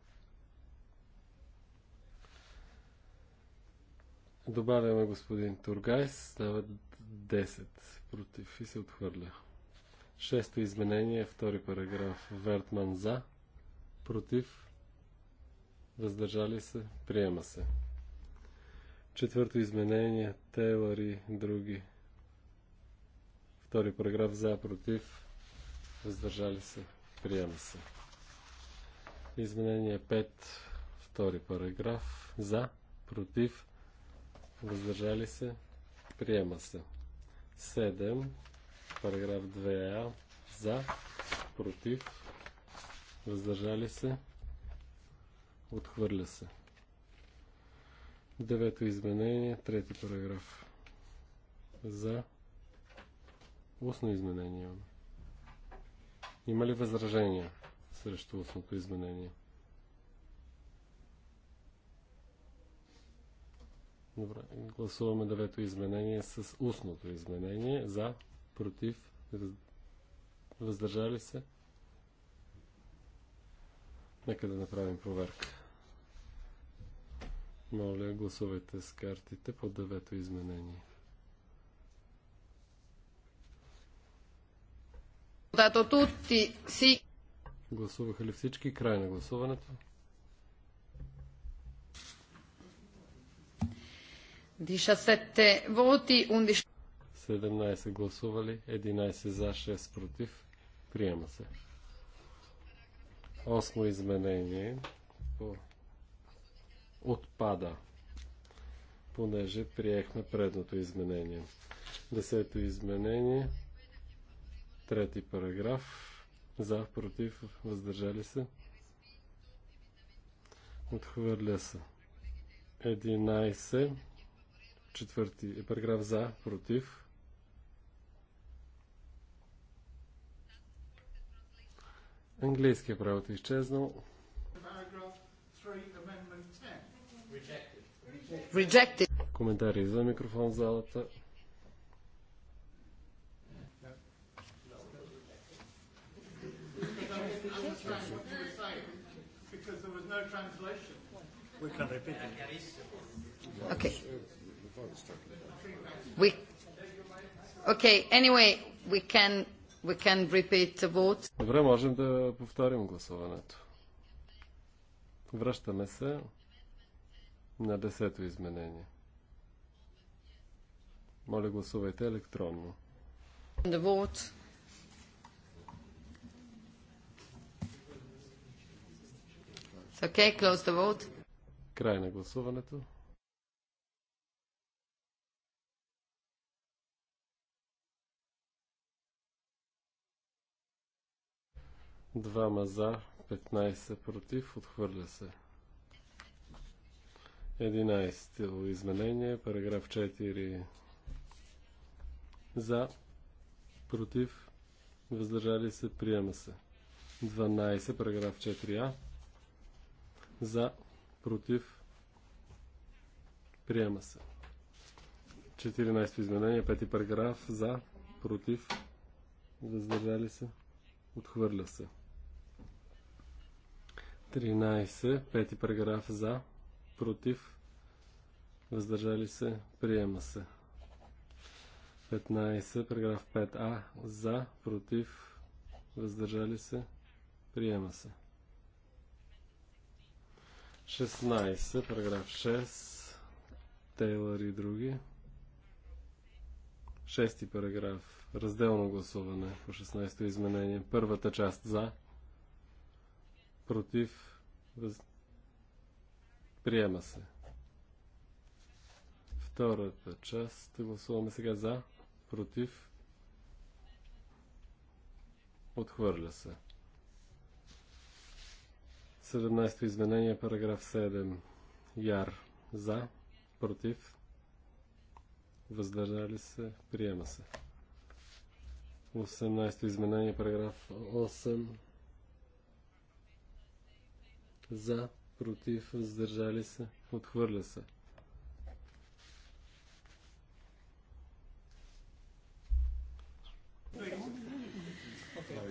Добавяме господин Тургайс, става 10 против и се отхвърля. Шесто изменение, втори параграф. Вертман за, против, въздържали се, приема се. Четвърто изменение, Тейлър и други. Втори параграф за, против, въздържали се, приема се. Изменение 5, втори параграф за, против, въздържали се, приема се. 7, параграф 2а, за, против, въздържали се, отхвърля се. Девето изменение, трети параграф. За устно изменение. Има ли възражения срещу устното изменение? Добре, гласуваме девето изменение с устното изменение. За, против, раз... въздържали се. Нека да направим проверка. Моля, гласувайте с картите по девето изменение. Гласуваха ли всички край на гласуването? 17 voti, 11... гласували, 11 за, 6 против. Приема се. Осмо изменение отпада, понеже приехме предното изменение. Десето изменение, трети параграф, за, против, въздържали се. Отхвърля се. 11 четвърти е, параграф за, против. Английския правил е изчезнал. Rejected. Коментари за микрофон в залата. Okay. We, okay, anyway, we can, we can repeat the vote. Добре, можем да повторим гласуването. Връщаме се на десето изменение. Моля, гласувайте електронно. The vote. Okay, close the vote. Край на гласуването. Двама за, 15 против, отхвърля се. 11 изменение, параграф 4 за, против, въздържали се, приема се. 12, параграф 4а за, против, приема се. 14 изменение, 5 параграф за, против, въздържали се, отхвърля се. 13, пети параграф за, против, въздържали се, приема се. 15, параграф 5а, за, против, въздържали се, приема се. 16, параграф 6, Тейлър и други. 6 параграф, разделно гласуване по 16 изменение. Първата част за, против, въз... приема се. Втората част гласуваме сега за, против, отхвърля се. 17-то изменение, параграф 7. Яр. За. Против. Въздържали се. Приема се. 18-то изменение, параграф 8 за, против, въздържали се, отхвърля се.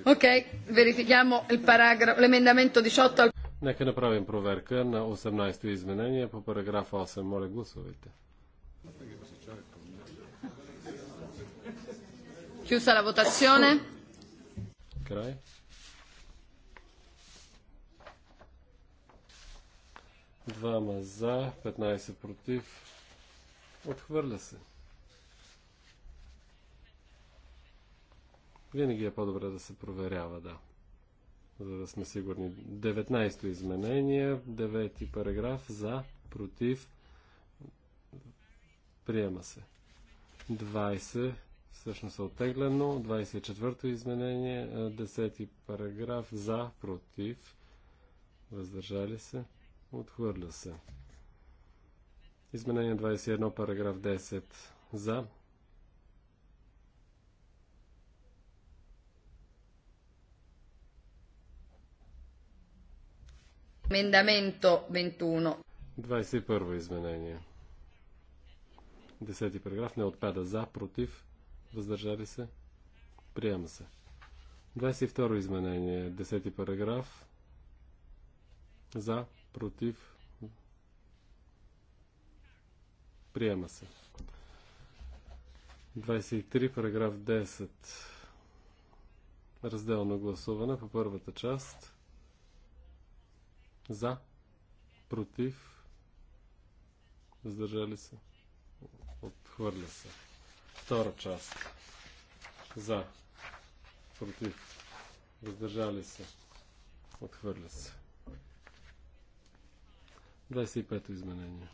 Окей, verifichiamo il paragrafo, l'emendamento 18 al... Нека направим проверка на 18-то изменение по параграф 8. Моля, гласувайте. Chiusa la votazione. Край. Двама за, 15 против. Отхвърля се. Винаги е по-добре да се проверява, да. За да сме сигурни. 19-то изменение, 9-ти параграф за, против. Приема се. 20 всъщност е оттеглено. 24-то изменение, 10-ти параграф за, против. Въздържали се. Отхвърля се. Изменение 21, параграф 10. За. Мендаменто 21. 21 изменение. 10 параграф не отпада за, против, въздържали се, приема се. 22 изменение, 10 параграф, за, против, приема се. 23, параграф 10. Разделно гласуване по първата част. За, против, въздържали се, отхвърля се. Втора част. За, против, въздържали се, отхвърля се. 25-то изменение.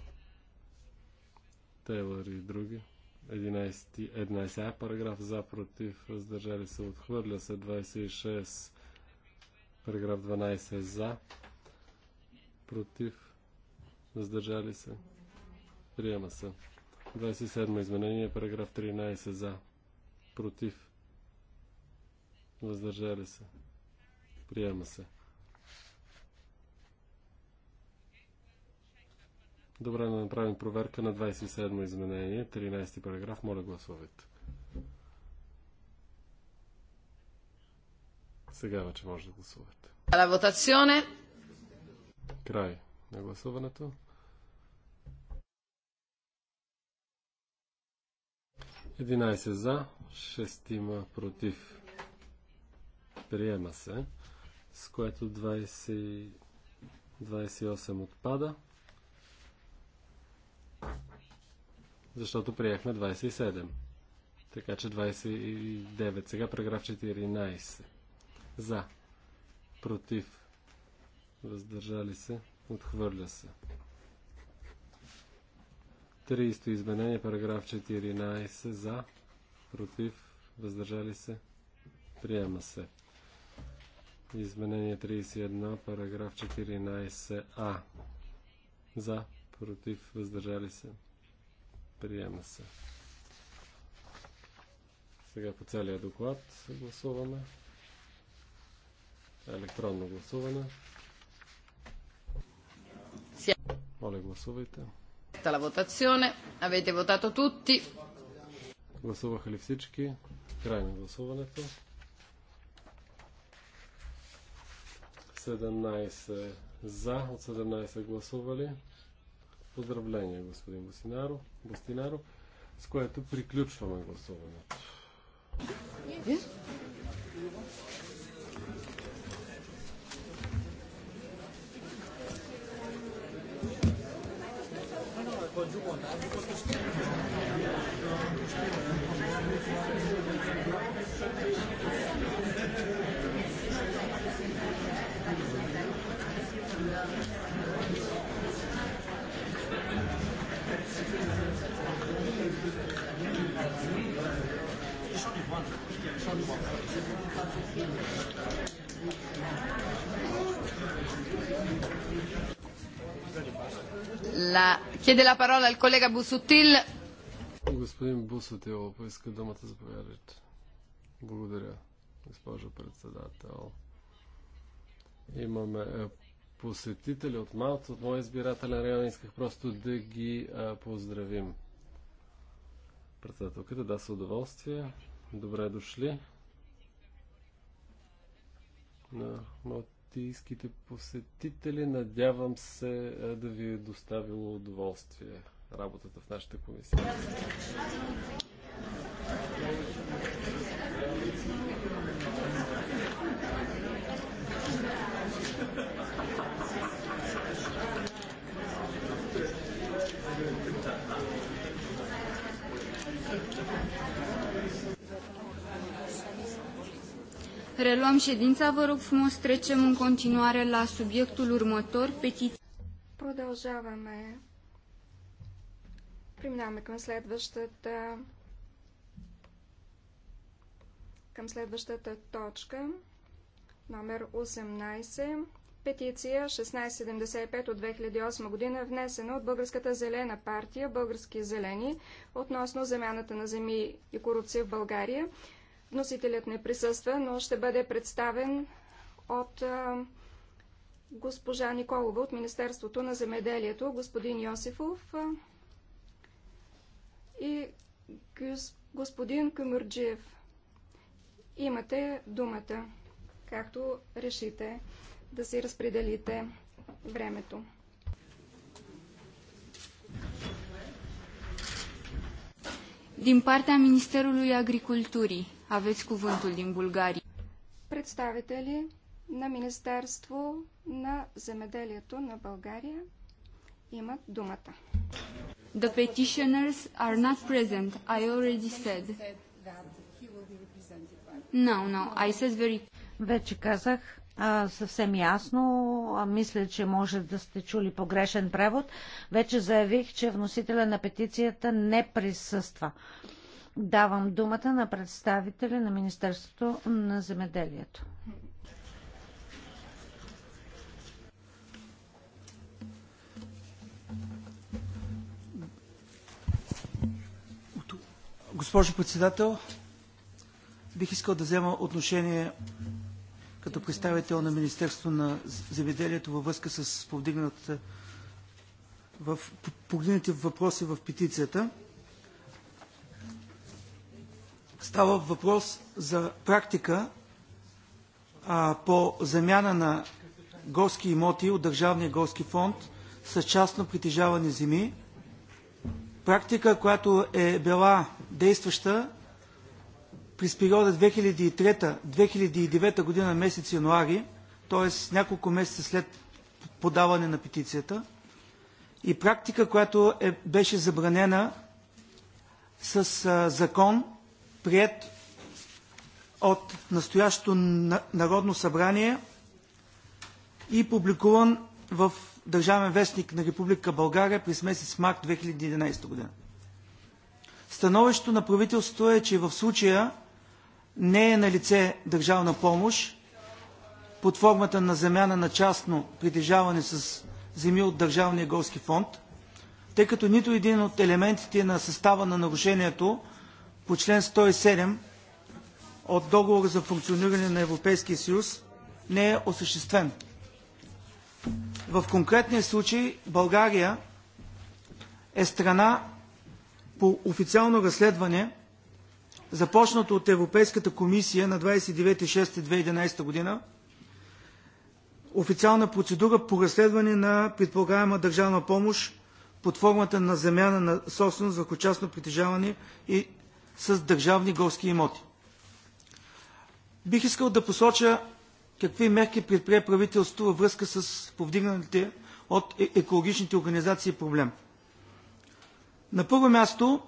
Тейлор и други. 11, а параграф за против въздържали се отхвърля се 26 параграф 12 е за против въздържали се приема се 27 изменение параграф 13 за против въздържали се приема се Добре, да направим проверка на 27 изменение, 13 параграф. Моля гласувайте. Сега вече може да гласувате. La votazione. Край на гласуването. Единайсе за, шестима против. Приема се, с което 20, 28 отпада. защото приехме 27. Така че 29. Сега параграф 14. За. Против. Въздържали се. Отхвърля се. 30 изменение, параграф 14. За. Против. Въздържали се. Приема се. Изменение 31, параграф 14а. За. Против. Въздържали се. Приема се. Сега по целия доклад гласуваме. Електронно гласуване. Моля, гласувайте. La votazione. Avete вотато tutti. Гласуваха ли всички? Край на гласуването. 17 за, от 17 гласували. Поздравление, господин Бастинаро, Бастинаро с което приключваме гласуването. Yeah. La... Chiede la parola il collega Busuttil. Господин Бусотил поиска думата, заповядайте. Благодаря, госпожо председател. Имаме е, посетители от Малта, от моя избирателен район. Исках просто да ги е, поздравим. Председателката, да, с удоволствие. Добре дошли на малтийските посетители. Надявам се е, да ви е доставило удоволствие работата в нашата комисия. Reluăm ședința. Vă rog frumos, trecem în continuare la subiectul următor, petiții. Продължаваме. Преминаваме към следващата към следващата точка, номер Петиция 1675 от 2008 година е внесена от Българската зелена партия Български зелени относно замяната на земи и корупция в България. Вносителят не присъства, но ще бъде представен от а, госпожа Николова от Министерството на земеделието, господин Йосифов а, и господин Камърджиев. Имате думата, както решите да си разпределите времето. Din partea Ministerului Agriculturii, aveți cuvântul din Bulgaria. Представители на Министерство на земеделието на България имат думата. The petitioners are not present. I already said. No, no, I said very... Вече казах, а, съвсем ясно, а, мисля, че може да сте чули погрешен превод, вече заявих, че вносителя на петицията не присъства. Давам думата на представителя на Министерството на земеделието. Госпожо председател, бих искал да взема отношение като представител на Министерство на земеделието във връзка с повдигнатата е, в въпроси в петицията. Става въпрос за практика а, по замяна на горски имоти от Държавния горски фонд с частно притежавани земи. Практика, която е била действаща през периода 2003-2009 година месец януари, т.е. няколко месеца след подаване на петицията, и практика, която е, беше забранена с а, закон, прият от настоящото на, Народно събрание и публикуван в Държавен вестник на Република България през месец март 2011 година. Становището на правителството е, че в случая не е на лице държавна помощ под формата на замяна на частно притежаване с земи от Държавния горски фонд, тъй като нито един от елементите на състава на нарушението по чл. 107 от Договора за функциониране на Европейския съюз не е осъществен. В конкретния случай България е страна по официално разследване започнато от Европейската комисия на 29.6.2011 година официална процедура по разследване на предполагаема държавна помощ под формата на замяна на собственост върху частно притежаване и с държавни горски имоти. Бих искал да посоча какви мерки предприе правителството във връзка с повдигнатите от е-, екологичните организации проблем. На първо място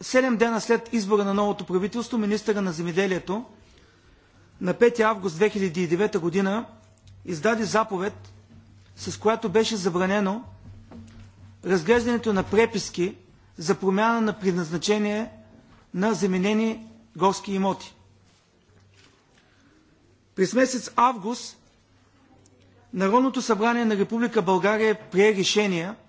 Седем дена след избора на новото правителство, министъра на земеделието на 5 август 2009 година издаде заповед, с която беше забранено разглеждането на преписки за промяна на предназначение на заменени горски имоти. През месец август Народното събрание на Република България прие решения –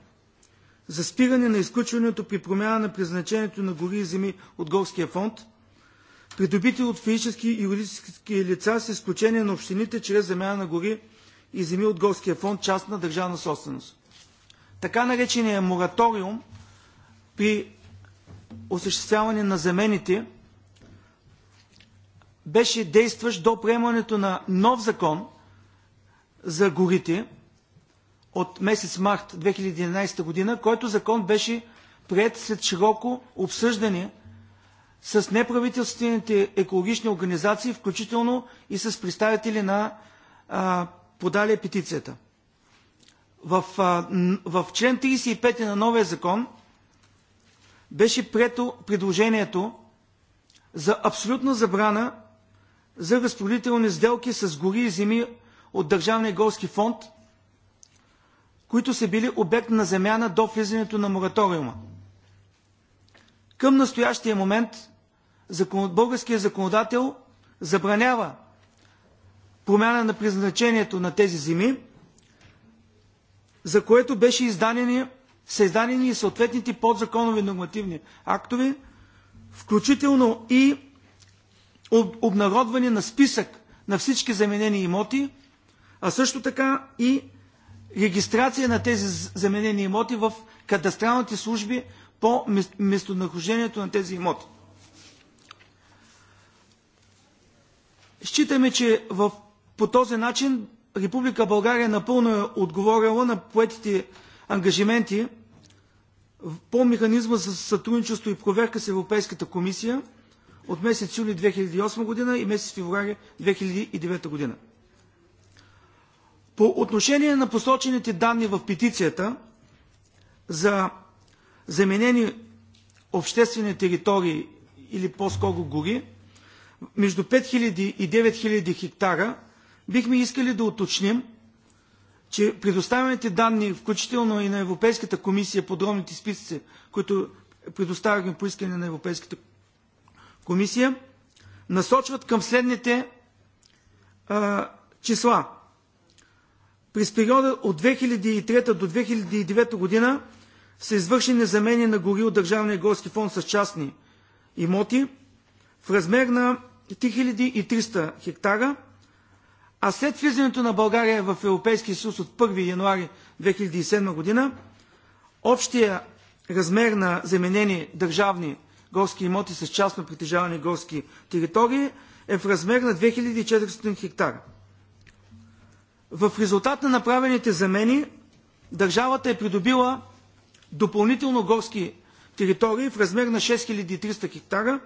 за спиране на изключването при промяна на предназначението на гори и земи от горския фонд, придобити от физически и юридически лица с изключение на общините чрез замяна на гори и земи от горския фонд част на държавна собственост. Така наречения мораториум при осъществяване на замените беше действащ до приемането на нов закон за горите – от месец март 2011 година, който закон беше прият след широко обсъждане с неправителствените екологични организации, включително и с представители на а, подали петицията. В, а, в член 35 на новия закон беше прието предложението за абсолютна забрана за разпределителни сделки с гори и земи от Държавния горски фонд – които са били обект на замяна до влизането на мораториума. Към настоящия момент българският законодател забранява промяна на призначението на тези земи, за което беше издадени, са издадени и съответните подзаконови нормативни актове, включително и обнародване на списък на всички заменени имоти, а също така и регистрация на тези заменени имоти в кадастралните служби по местонахождението на тези имоти. Считаме, че в, по този начин Република България напълно е отговорила на поетите ангажименти по механизма за сътрудничество и проверка с Европейската комисия от месец юли 2008 година и месец февруари 2009 година. По отношение на посочените данни в петицията за заменени обществени територии или по-скоро гори, между 5000 и 9000 хектара, бихме искали да уточним, че предоставените данни, включително и на Европейската комисия, подробните списъци, които предоставяхме по искане на Европейската комисия, насочват към следните а, числа. През периода от 2003 до 2009 година са извършени замени на гори от Държавния горски фонд с частни имоти в размер на 3300 хектара, а след влизането на България в Европейския съюз от 1 януари 2007 година, общия размер на заменени държавни горски имоти с частно притежавани горски територии е в размер на 2400 хектара. В резултат на направените замени държавата е придобила допълнително горски територии в размер на 6300 хектара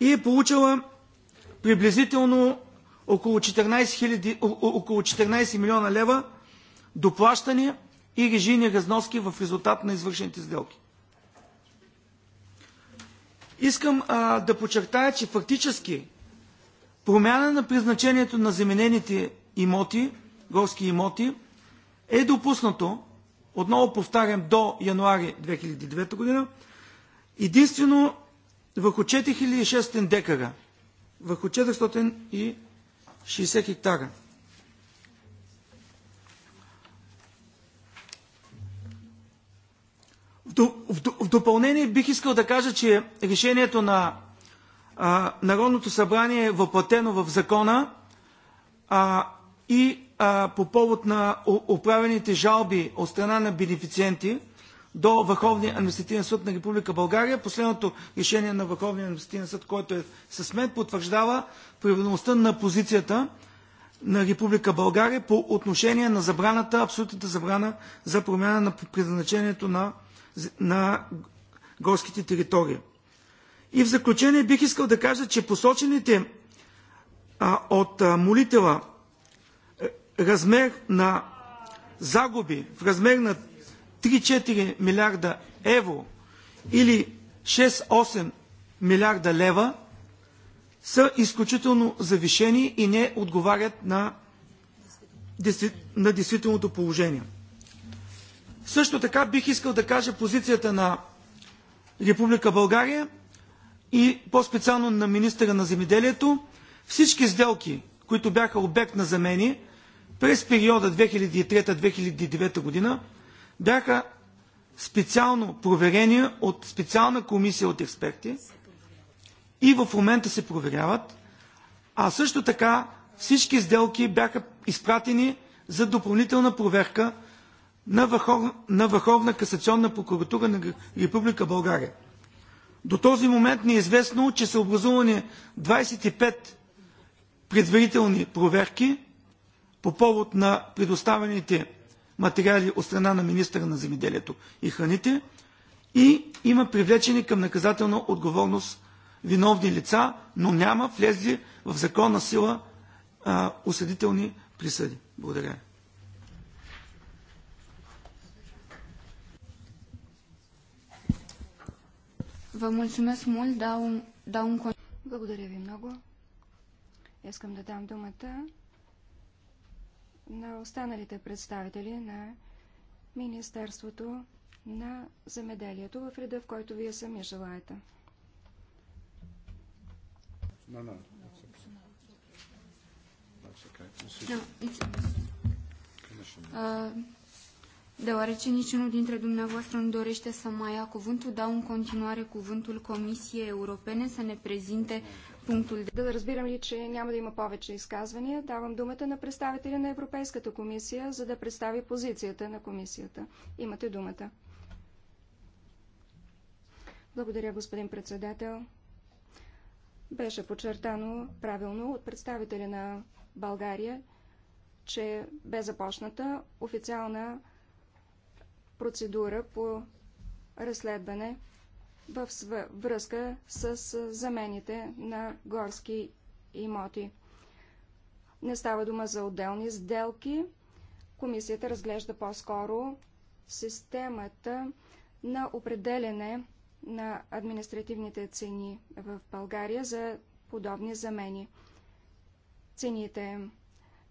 и е получила приблизително около 14, 000, около 14 милиона лева доплащания и режийни разноски в резултат на извършените сделки. Искам а, да подчертая, че фактически промяна на призначението на заменените имоти, горски имоти, е допуснато, отново повтарям, до януари 2009 година, единствено върху 4600 декара, върху 460 хектара. В допълнение бих искал да кажа, че решението на а, Народното събрание е въплатено в закона, а, и а, по повод на оправените жалби от страна на бенефициенти до Върховния административен съд на Република България. Последното решение на Върховния административен съд, който е с мен, потвърждава правилността на позицията на Република България по отношение на забраната, абсолютната забрана за промяна на предназначението на, на горските територии. И в заключение бих искал да кажа, че посочените а, от а, молитела размер на загуби в размер на 3-4 милиарда евро или 6-8 милиарда лева са изключително завишени и не отговарят на, на действителното положение. Също така бих искал да кажа позицията на Република България и по-специално на министра на земеделието. Всички сделки, които бяха обект на замени, през периода 2003-2009 година бяха специално проверени от специална комисия от експерти и в момента се проверяват, а също така всички сделки бяха изпратени за допълнителна проверка на, Върхов... на Върховна касационна прокуратура на Република България. До този момент ни е известно, че са образувани 25 предварителни проверки по повод на предоставените материали от страна на министъра на земеделието и храните и има привлечени към наказателна отговорност виновни лица, но няма влезли в законна сила а, осъдителни присъди. Благодаря. Благодаря ви много. Искам да дам думата на останалите представители на Министерството на земеделието в реда, в който вие сами желаете. No, no. That's deoarece niciunul dintre dumneavoastră nu dorește să mai ia cuvântul, dau în continuare cuvântul Comisiei Europene să ne prezinte да разбирам ли, че няма да има повече изказвания, давам думата на представителя на Европейската комисия, за да представи позицията на комисията. Имате думата. Благодаря, господин председател. Беше подчертано правилно от представителя на България, че бе започната официална процедура по разследване в връзка с замените на горски имоти. Не става дума за отделни сделки. Комисията разглежда по-скоро системата на определене на административните цени в България за подобни замени. Цените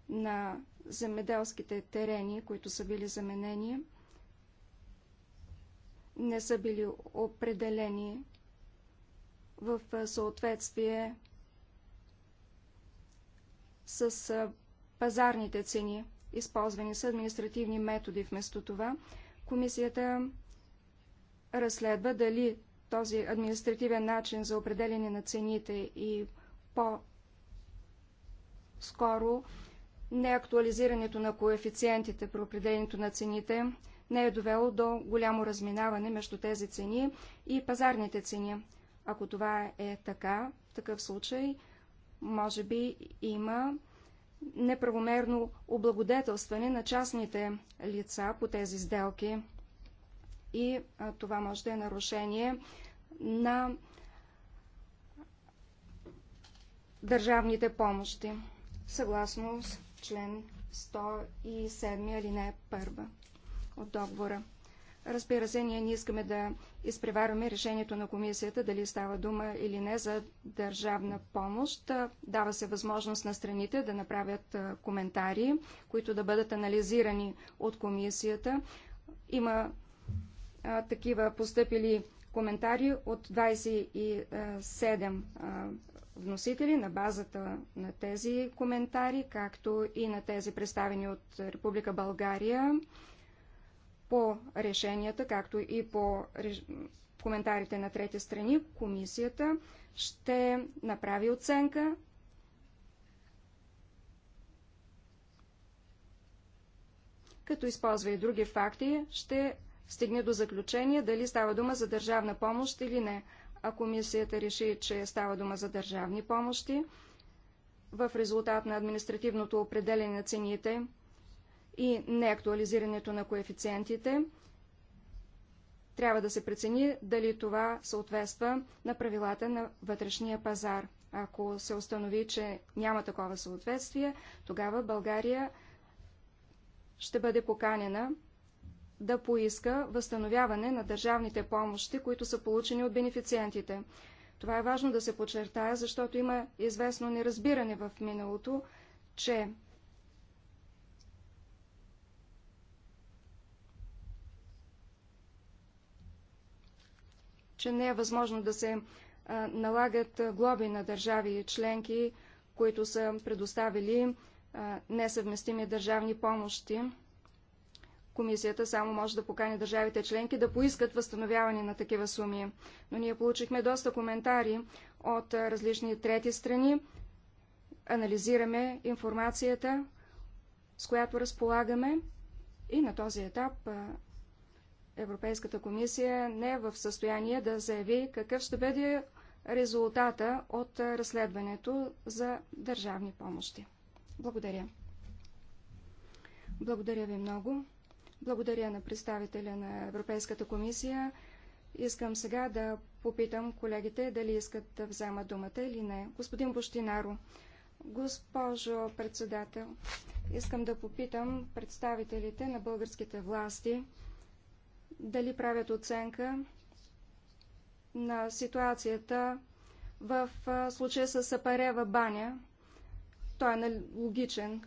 на земеделските терени, които са били заменени, не са били определени в съответствие с пазарните цени. Използвани са административни методи вместо това. Комисията разследва дали този административен начин за определение на цените и по-скоро неактуализирането на коефициентите при определението на цените не е довело до голямо разминаване между тези цени и пазарните цени. Ако това е така, в такъв случай може би има неправомерно облагодетелстване на частните лица по тези сделки. И а, това може да е нарушение на държавните помощи, съгласно член 107 алинея 1 от договора. Разбира се, ние не искаме да изпреварваме решението на комисията, дали става дума или не за държавна помощ. Дава се възможност на страните да направят коментари, които да бъдат анализирани от комисията. Има а, такива постъпили коментари от 27 а, вносители на базата на тези коментари, както и на тези представени от Република България по решенията, както и по коментарите на трети страни, комисията ще направи оценка като използва и други факти, ще стигне до заключение дали става дума за държавна помощ или не. А комисията реши, че става дума за държавни помощи, в резултат на административното определение на цените – и неактуализирането на коефициентите, трябва да се прецени дали това съответства на правилата на вътрешния пазар. Ако се установи, че няма такова съответствие, тогава България ще бъде поканена да поиска възстановяване на държавните помощи, които са получени от бенефициентите. Това е важно да се подчертая, защото има известно неразбиране в миналото, че че не е възможно да се налагат глоби на държави и членки, които са предоставили несъвместими държавни помощи. Комисията само може да покани държавите членки да поискат възстановяване на такива суми. Но ние получихме доста коментари от различни трети страни. Анализираме информацията, с която разполагаме и на този етап Европейската комисия не е в състояние да заяви какъв ще бъде резултата от разследването за държавни помощи. Благодаря. Благодаря ви много. Благодаря на представителя на Европейската комисия. Искам сега да попитам колегите дали искат да вземат думата или не. Господин Бощинаро, госпожо председател, искам да попитам представителите на българските власти, дали правят оценка на ситуацията в случая с Апарева баня. Той е логичен.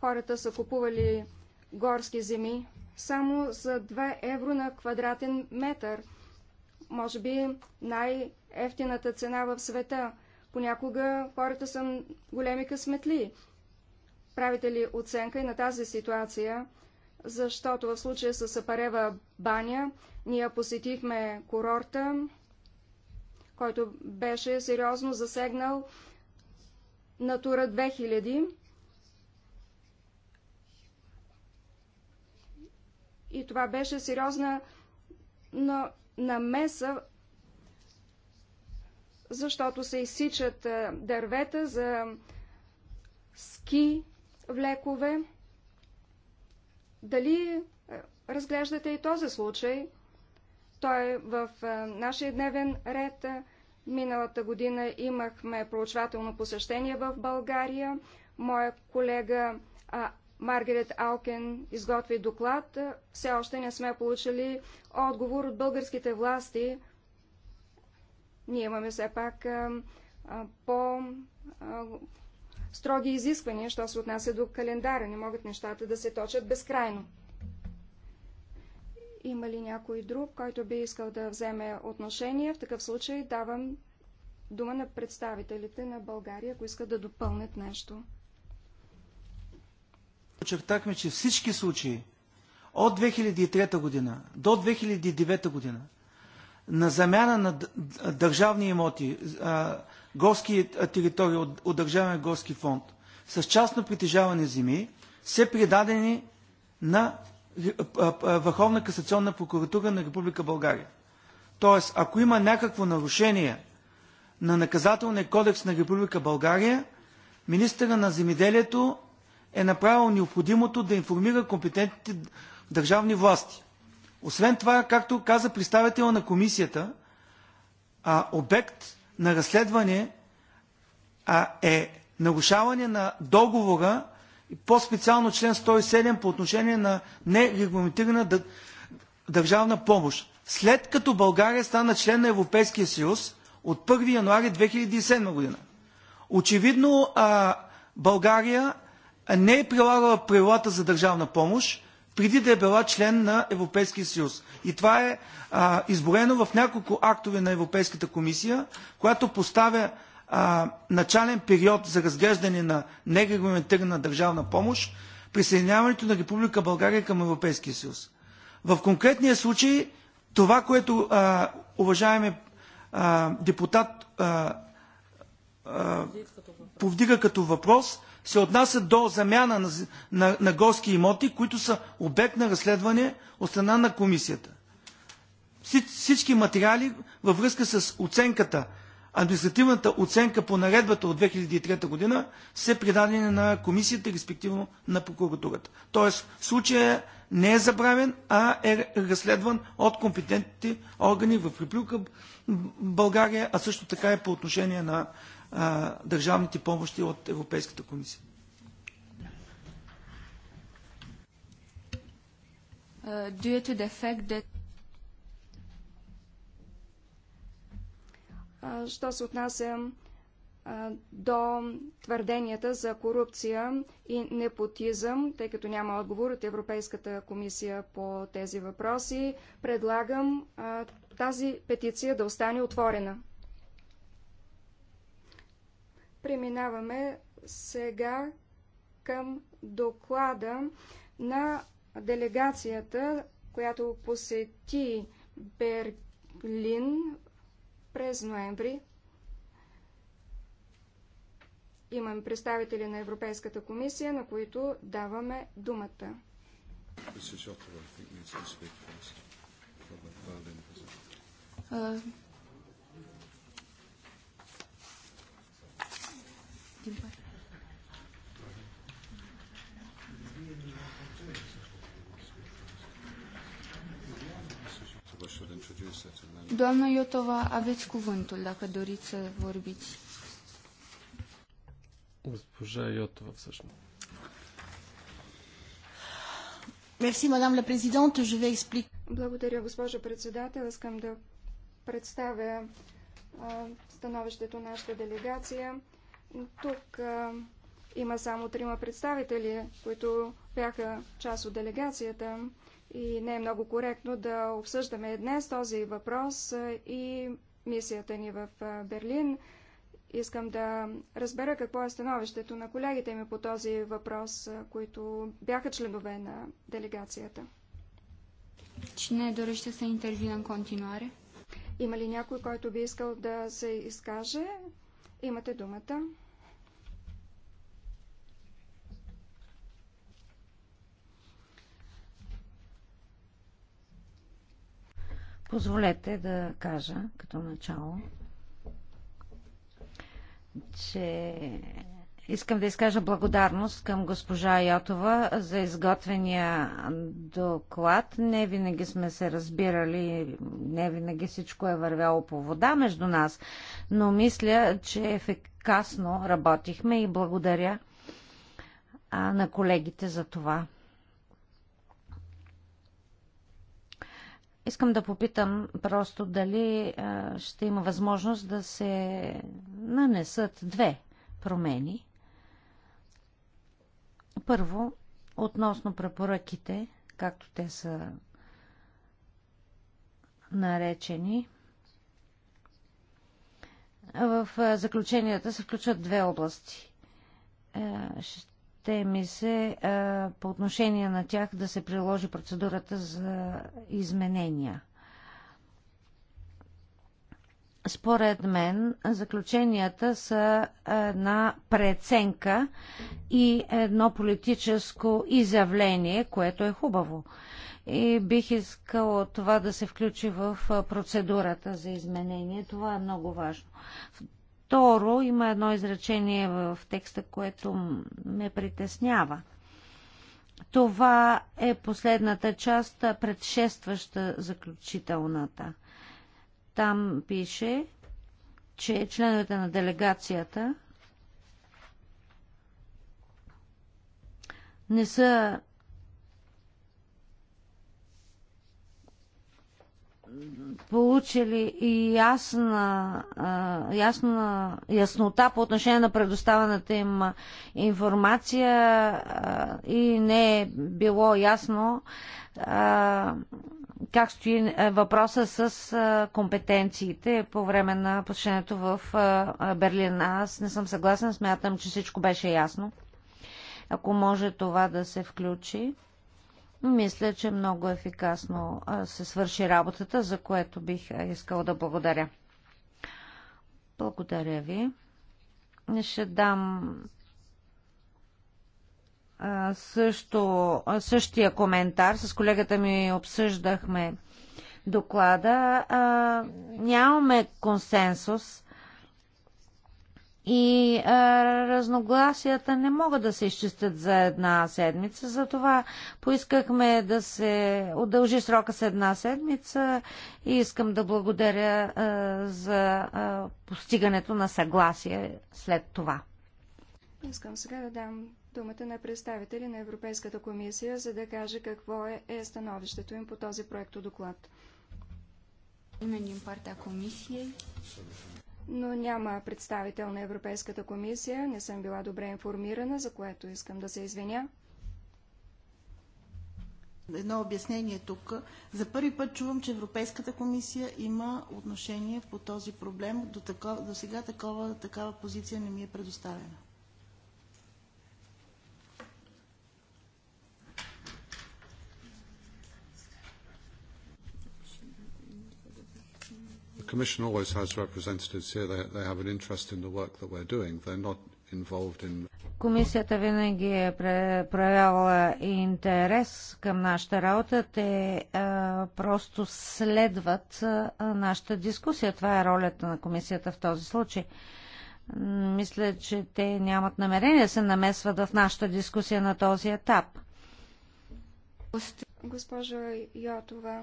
Хората са купували горски земи само за 2 евро на квадратен метър. Може би най-ефтината цена в света. Понякога хората са големи късметли. Правите ли оценка и на тази ситуация? защото в случая с Апарева баня ние посетихме курорта, който беше сериозно засегнал Натура 2000. И това беше сериозна но намеса, защото се изсичат дървета за ски влекове. Дали е, разглеждате и този случай? Той е в е, нашия дневен ред. Миналата година имахме проучвателно посещение в България. Моя колега а, Маргарет Алкен изготви доклад. Все още не сме получили отговор от българските власти. Ние имаме все пак а, е, а, по а, строги изисквания, що се отнася до календара. Не могат нещата да се точат безкрайно. Има ли някой друг, който би искал да вземе отношение? В такъв случай давам дума на представителите на България, ако искат да допълнят нещо. Очертахме, че всички случаи от 2003 година до 2009 година на замяна на държавни имоти, горски територии от, от Държавен горски фонд с частно притежаване земи се предадени на е, е, е, Върховна касационна прокуратура на Република България. Тоест, ако има някакво нарушение на наказателния кодекс на Република България, министъра на земеделието е направил необходимото да информира компетентните държавни власти. Освен това, както каза представител на комисията, обект на разследване а, е нарушаване на договора и по-специално член 107 по отношение на нерегламентирана държавна помощ. След като България стана член на Европейския съюз от 1 януари 2007 година. Очевидно а, България не е прилагала правилата за държавна помощ, преди да е била член на Европейския съюз. И това е а, изборено в няколко актове на Европейската комисия, която поставя а, начален период за разглеждане на нерегламентирана държавна помощ, присъединяването на Република България към Европейския съюз. В конкретния случай това, което а, уважаеми а, депутат а, а, повдига като въпрос – се отнася до замяна на, на, на горски имоти, които са обект на разследване от страна на комисията. Всички материали във връзка с оценката, административната оценка по наредбата от 2003 година се предадени на комисията, респективно на прокуратурата. Тоест, случая не е забравен, а е разследван от компетентните органи в Република България, а също така и е по отношение на държавните помощи от Европейската комисия. Uh, due to the fact that що се отнася до твърденията за корупция и непотизъм, тъй като няма отговор от Европейската комисия по тези въпроси, предлагам тази петиция да остане отворена. Преминаваме сега към доклада на делегацията, която посети Берлин през ноември. Имам представители на Европейската комисия, на които даваме думата. Doamna Iotova, aveți cuvântul dacă doriți să vorbiți. Госпожа Йотова всъщност. Мерси, мадам ла президент, je vais expliquer. Благодаря, госпожо председател. Искам да представя становището на нашата делегация. Тук а, има само трима представители, които бяха част от делегацията и не е много коректно да обсъждаме днес този въпрос и мисията ни в Берлин. Искам да разбера какво е становището на колегите ми по този въпрос, които бяха членове на делегацията. Cine dorește să intervină în continuare? Има ли някой, който би искал да се изкаже? Имате думата. Позволете да кажа като начало, че искам да изкажа благодарност към госпожа Йотова за изготвения доклад. Не винаги сме се разбирали, не винаги всичко е вървяло по вода между нас, но мисля, че ефикасно работихме и благодаря на колегите за това. Искам да попитам просто дали ще има възможност да се нанесат две промени. Първо, относно препоръките, както те са наречени, в заключенията се включват две области. Е, ще ми се а, по отношение на тях да се приложи процедурата за изменения. Според мен, заключенията са една преценка и едно политическо изявление, което е хубаво. И бих искала това да се включи в процедурата за изменение. Това е много важно. Второ, има едно изречение в текста, което ме притеснява. Това е последната част, предшестваща заключителната. Там пише, че членовете на делегацията не са получили и ясна, ясна, яснота по отношение на предоставената им информация и не е било ясно как стои е, въпроса с компетенциите по време на посещението в Берлин. Аз не съм съгласен, смятам, че всичко беше ясно. Ако може това да се включи. Мисля, че много ефикасно се свърши работата, за което бих искал да благодаря. Благодаря ви. Ще дам също, същия коментар. С колегата ми обсъждахме доклада. Нямаме консенсус и а, разногласията не могат да се изчистят за една седмица. Затова поискахме да се удължи срока с една седмица и искам да благодаря а, за а, постигането на съгласие след това. Искам сега да дам думата на представители на Европейската комисия, за да каже какво е, е становището им по този проект доклад. Именим парта комисия но няма представител на Европейската комисия. Не съм била добре информирана, за което искам да се извиня. Едно обяснение тук. За първи път чувам, че Европейската комисия има отношение по този проблем. До, до сега такова, такава позиция не ми е предоставена. Commission always has representatives here. They, they have an interest in the work that we're doing. They're not involved in... Комисията винаги е проявявала интерес към нашата работа. Те а, просто следват а, нашата дискусия. Това е ролята на комисията в този случай. Мисля, че те нямат намерение да се намесват в нашата дискусия на този етап. Госпожа Йотова,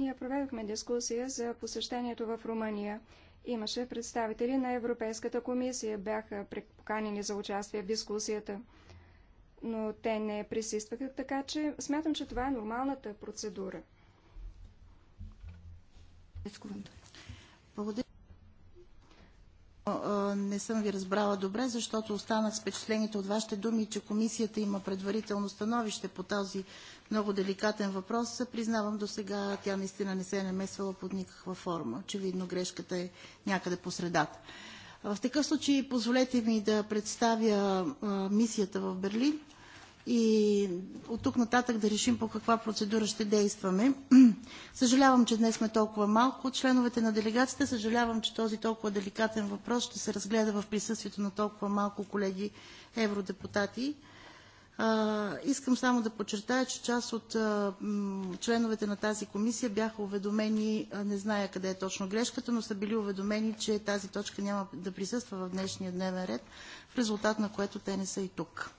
ние проведохме дискусия за посещението в Румъния. Имаше представители на Европейската комисия, бяха поканени за участие в дискусията, но те не присъстваха, така че смятам, че това е нормалната процедура. Благодаря не съм ви разбрала добре, защото останах с впечатлението от вашите думи, че комисията има предварително становище по този много деликатен въпрос. Признавам, до сега тя наистина не се е намесвала под никаква форма. Очевидно грешката е някъде по средата. В такъв случай позволете ми да представя мисията в Берлин – и от тук нататък да решим по каква процедура ще действаме. Съжалявам, че днес сме толкова малко от членовете на делегацията. Съжалявам, че този толкова деликатен въпрос ще се разгледа в присъствието на толкова малко колеги евродепутати. Искам само да подчертая, че част от членовете на тази комисия бяха уведомени, не зная къде е точно грешката, но са били уведомени, че тази точка няма да присъства в днешния дневен ред, в резултат на което те не са и тук.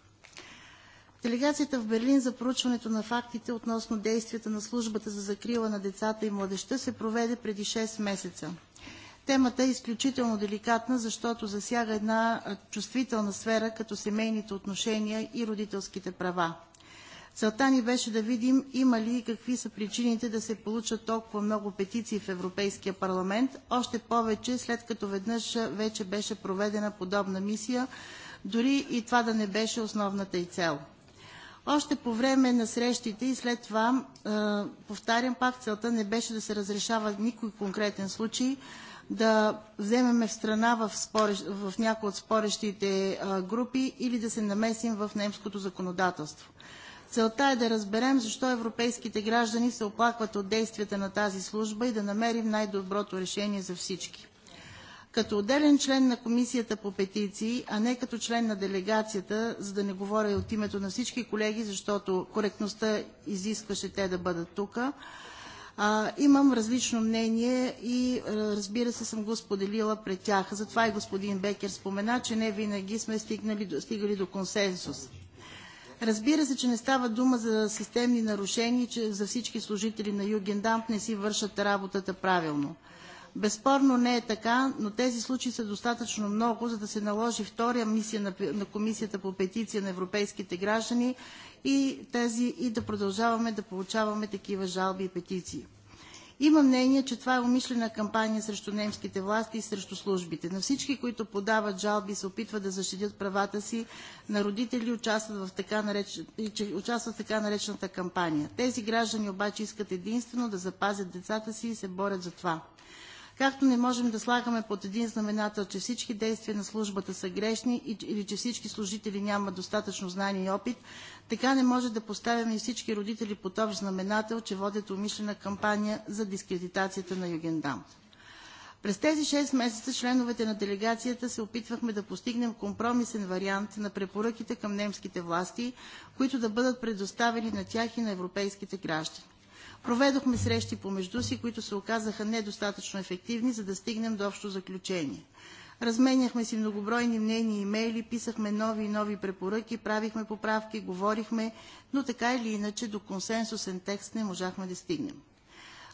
Делегацията в Берлин за проучването на фактите относно действията на службата за закрила на децата и младеща се проведе преди 6 месеца. Темата е изключително деликатна, защото засяга една чувствителна сфера, като семейните отношения и родителските права. Целта ни беше да видим има ли и какви са причините да се получат толкова много петиции в Европейския парламент, още повече след като веднъж вече беше проведена подобна мисия, дори и това да не беше основната и цел – още по време на срещите и след това, повтарям пак, целта не беше да се разрешава никой конкретен случай, да вземеме в страна в, в някои от спорещите групи или да се намесим в немското законодателство. Целта е да разберем защо европейските граждани се оплакват от действията на тази служба и да намерим най-доброто решение за всички. Като отделен член на Комисията по петиции, а не като член на делегацията, за да не говоря и от името на всички колеги, защото коректността изискваше те да бъдат тук, имам различно мнение и разбира се съм го споделила пред тях. Затова и господин Бекер спомена, че не винаги сме стигнали, стигали до консенсус. Разбира се, че не става дума за системни нарушения, че за всички служители на Югендамп не си вършат работата правилно. Безспорно не е така, но тези случаи са достатъчно много, за да се наложи втора мисия на, на Комисията по петиция на европейските граждани и, тези, и да продължаваме да получаваме такива жалби и петиции. Има мнение, че това е умишлена кампания срещу немските власти и срещу службите. На всички, които подават жалби и се опитват да защитят правата си, на родители участват в така, участват в така наречената кампания. Тези граждани обаче искат единствено да запазят децата си и се борят за това. Както не можем да слагаме под един знаменател, че всички действия на службата са грешни или че всички служители нямат достатъчно знание и опит, така не може да поставяме и всички родители под общ знаменател, че водят умишлена кампания за дискредитацията на Югендам. През тези 6 месеца членовете на делегацията се опитвахме да постигнем компромисен вариант на препоръките към немските власти, които да бъдат предоставени на тях и на европейските граждани. Проведохме срещи помежду си, които се оказаха недостатъчно ефективни, за да стигнем до общо заключение. Разменяхме си многобройни мнения и имейли, писахме нови и нови препоръки, правихме поправки, говорихме, но така или иначе до консенсусен текст не можахме да стигнем.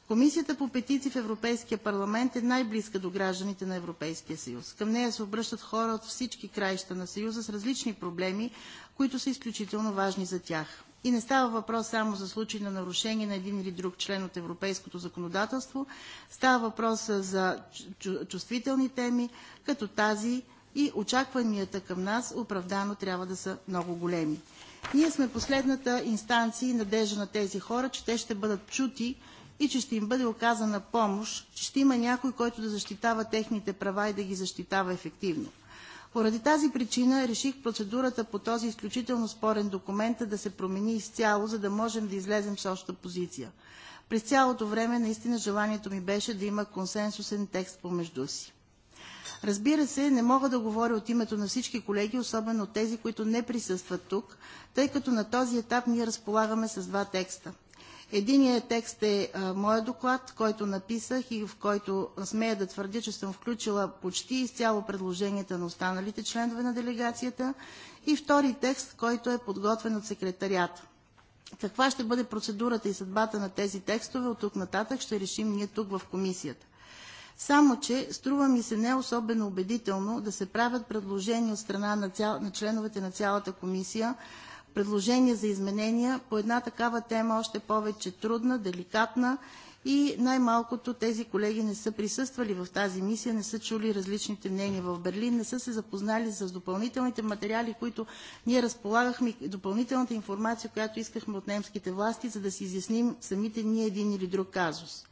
Комисията по петиции в Европейския парламент е най-близка до гражданите на Европейския съюз. Към нея се обръщат хора от всички краища на съюза с различни проблеми, които са изключително важни за тях. И не става въпрос само за случай на нарушение на един или друг член от европейското законодателство. Става въпрос за чувствителни теми, като тази и очакванията към нас оправдано трябва да са много големи. Ние сме последната инстанция и надежда на тези хора, че те ще бъдат чути и че ще им бъде оказана помощ, че ще има някой, който да защитава техните права и да ги защитава ефективно. Поради тази причина реших процедурата по този изключително спорен документ да се промени изцяло, за да можем да излезем с обща позиция. През цялото време наистина желанието ми беше да има консенсусен текст помежду си. Разбира се, не мога да говоря от името на всички колеги, особено тези, които не присъстват тук, тъй като на този етап ние разполагаме с два текста – Единият текст е моят моя доклад, който написах и в който смея да твърдя, че съм включила почти изцяло предложенията на останалите членове на делегацията. И втори текст, който е подготвен от секретарията. Каква ще бъде процедурата и съдбата на тези текстове от тук нататък ще решим ние тук в комисията. Само, че струва ми се не особено убедително да се правят предложения от страна на, цял... на членовете на цялата комисия предложения за изменения по една такава тема, още повече трудна, деликатна и най-малкото тези колеги не са присъствали в тази мисия, не са чули различните мнения в Берлин, не са се запознали с допълнителните материали, които ние разполагахме, допълнителната информация, която искахме от немските власти, за да си изясним самите ние един или друг казус.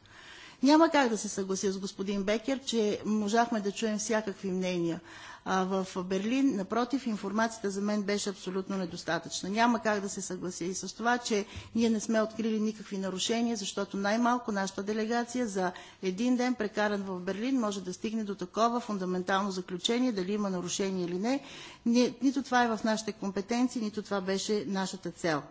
Няма как да се съглася с господин Бекер, че можахме да чуем всякакви мнения в Берлин. Напротив, информацията за мен беше абсолютно недостатъчна. Няма как да се съглася и с това, че ние не сме открили никакви нарушения, защото най-малко нашата делегация за един ден прекаран в Берлин може да стигне до такова фундаментално заключение, дали има нарушение или не. Ни, нито това е в нашите компетенции, нито това беше нашата цел.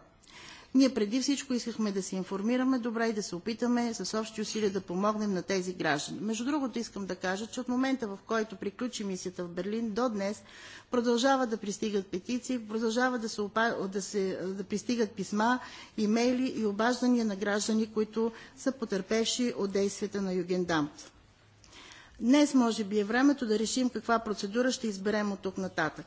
Ние преди всичко искахме да се информираме добре и да се опитаме с общи усилия да помогнем на тези граждани. Между другото искам да кажа, че от момента в който приключи мисията в Берлин до днес продължава да пристигат петиции, продължават да, се, да, се, да пристигат писма, имейли и обаждания на граждани, които са потерпевши от действията на Югендамт. Днес може би е времето да решим каква процедура ще изберем от тук нататък.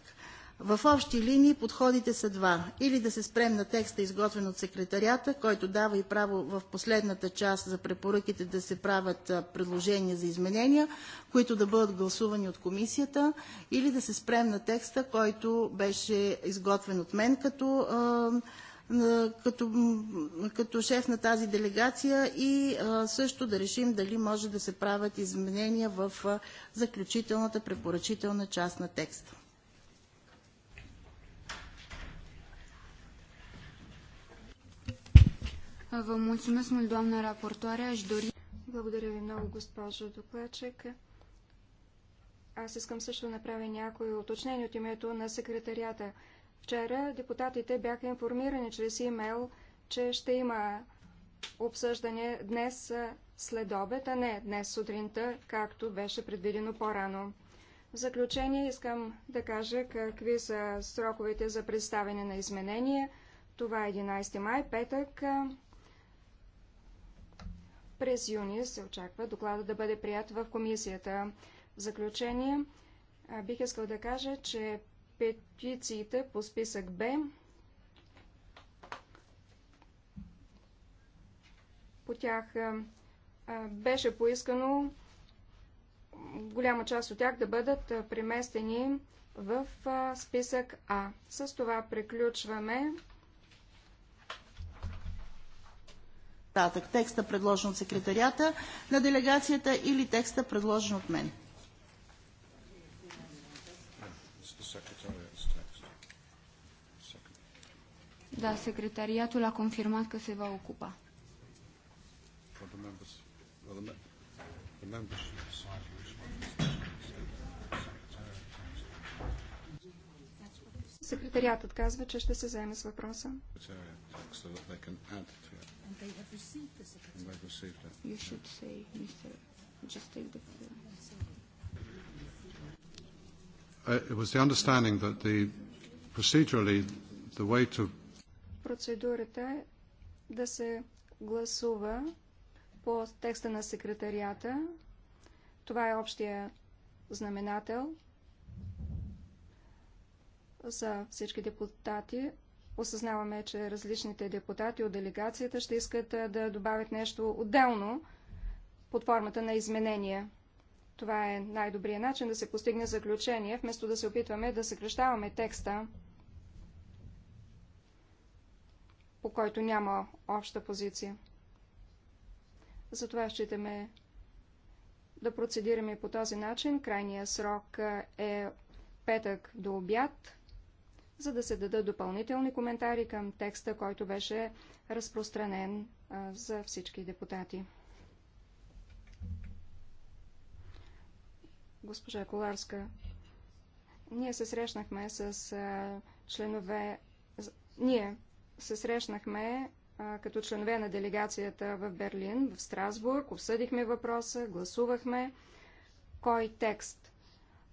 В общи линии подходите са два. Или да се спрем на текста, изготвен от секретарията, който дава и право в последната част за препоръките да се правят предложения за изменения, които да бъдат гласувани от комисията, или да се спрем на текста, който беше изготвен от мен като като, като шеф на тази делегация и също да решим дали може да се правят изменения в заключителната препоръчителна част на текста. Vă mulțumesc mult, doamna raportoare. Aș dori... Благодаря ви много, госпожо докладчик. Аз искам също да направя някои уточнения от името на секретарията. Вчера депутатите бяха информирани чрез имейл, че ще има обсъждане днес след обед, а не днес сутринта, както беше предвидено по-рано. В заключение искам да кажа какви са сроковете за представяне на изменения. Това е 11 май, петък. През юни се очаква доклада да бъде прият в комисията. В заключение, бих искал да кажа, че петициите по списък Б по тях беше поискано голяма част от тях да бъдат преместени в списък А. С това приключваме нататък. Текста предложен от секретарията на делегацията или текста предложен от мен. Да, secretariatul a confirmat că se va ocupa. Секретариатът казва, че ще се заеме с въпроса and they have received the secretary. And they You should say, Mr. Just take the floor. It was the understanding that the procedurally the way to Процедурата е да се гласува по текста на секретарията. Това е общия знаменател за всички депутати Осъзнаваме, че различните депутати от делегацията ще искат да добавят нещо отделно под формата на изменения. Това е най-добрият начин да се постигне заключение, вместо да се опитваме да съкръщаваме текста, по който няма обща позиция. Затова считаме да процедираме по този начин. Крайният срок е петък до обяд за да се дадат допълнителни коментари към текста, който беше разпространен за всички депутати. Госпожа Коларска, ние се срещнахме с членове... Ние се срещнахме като членове на делегацията в Берлин, в Страсбург, обсъдихме въпроса, гласувахме кой текст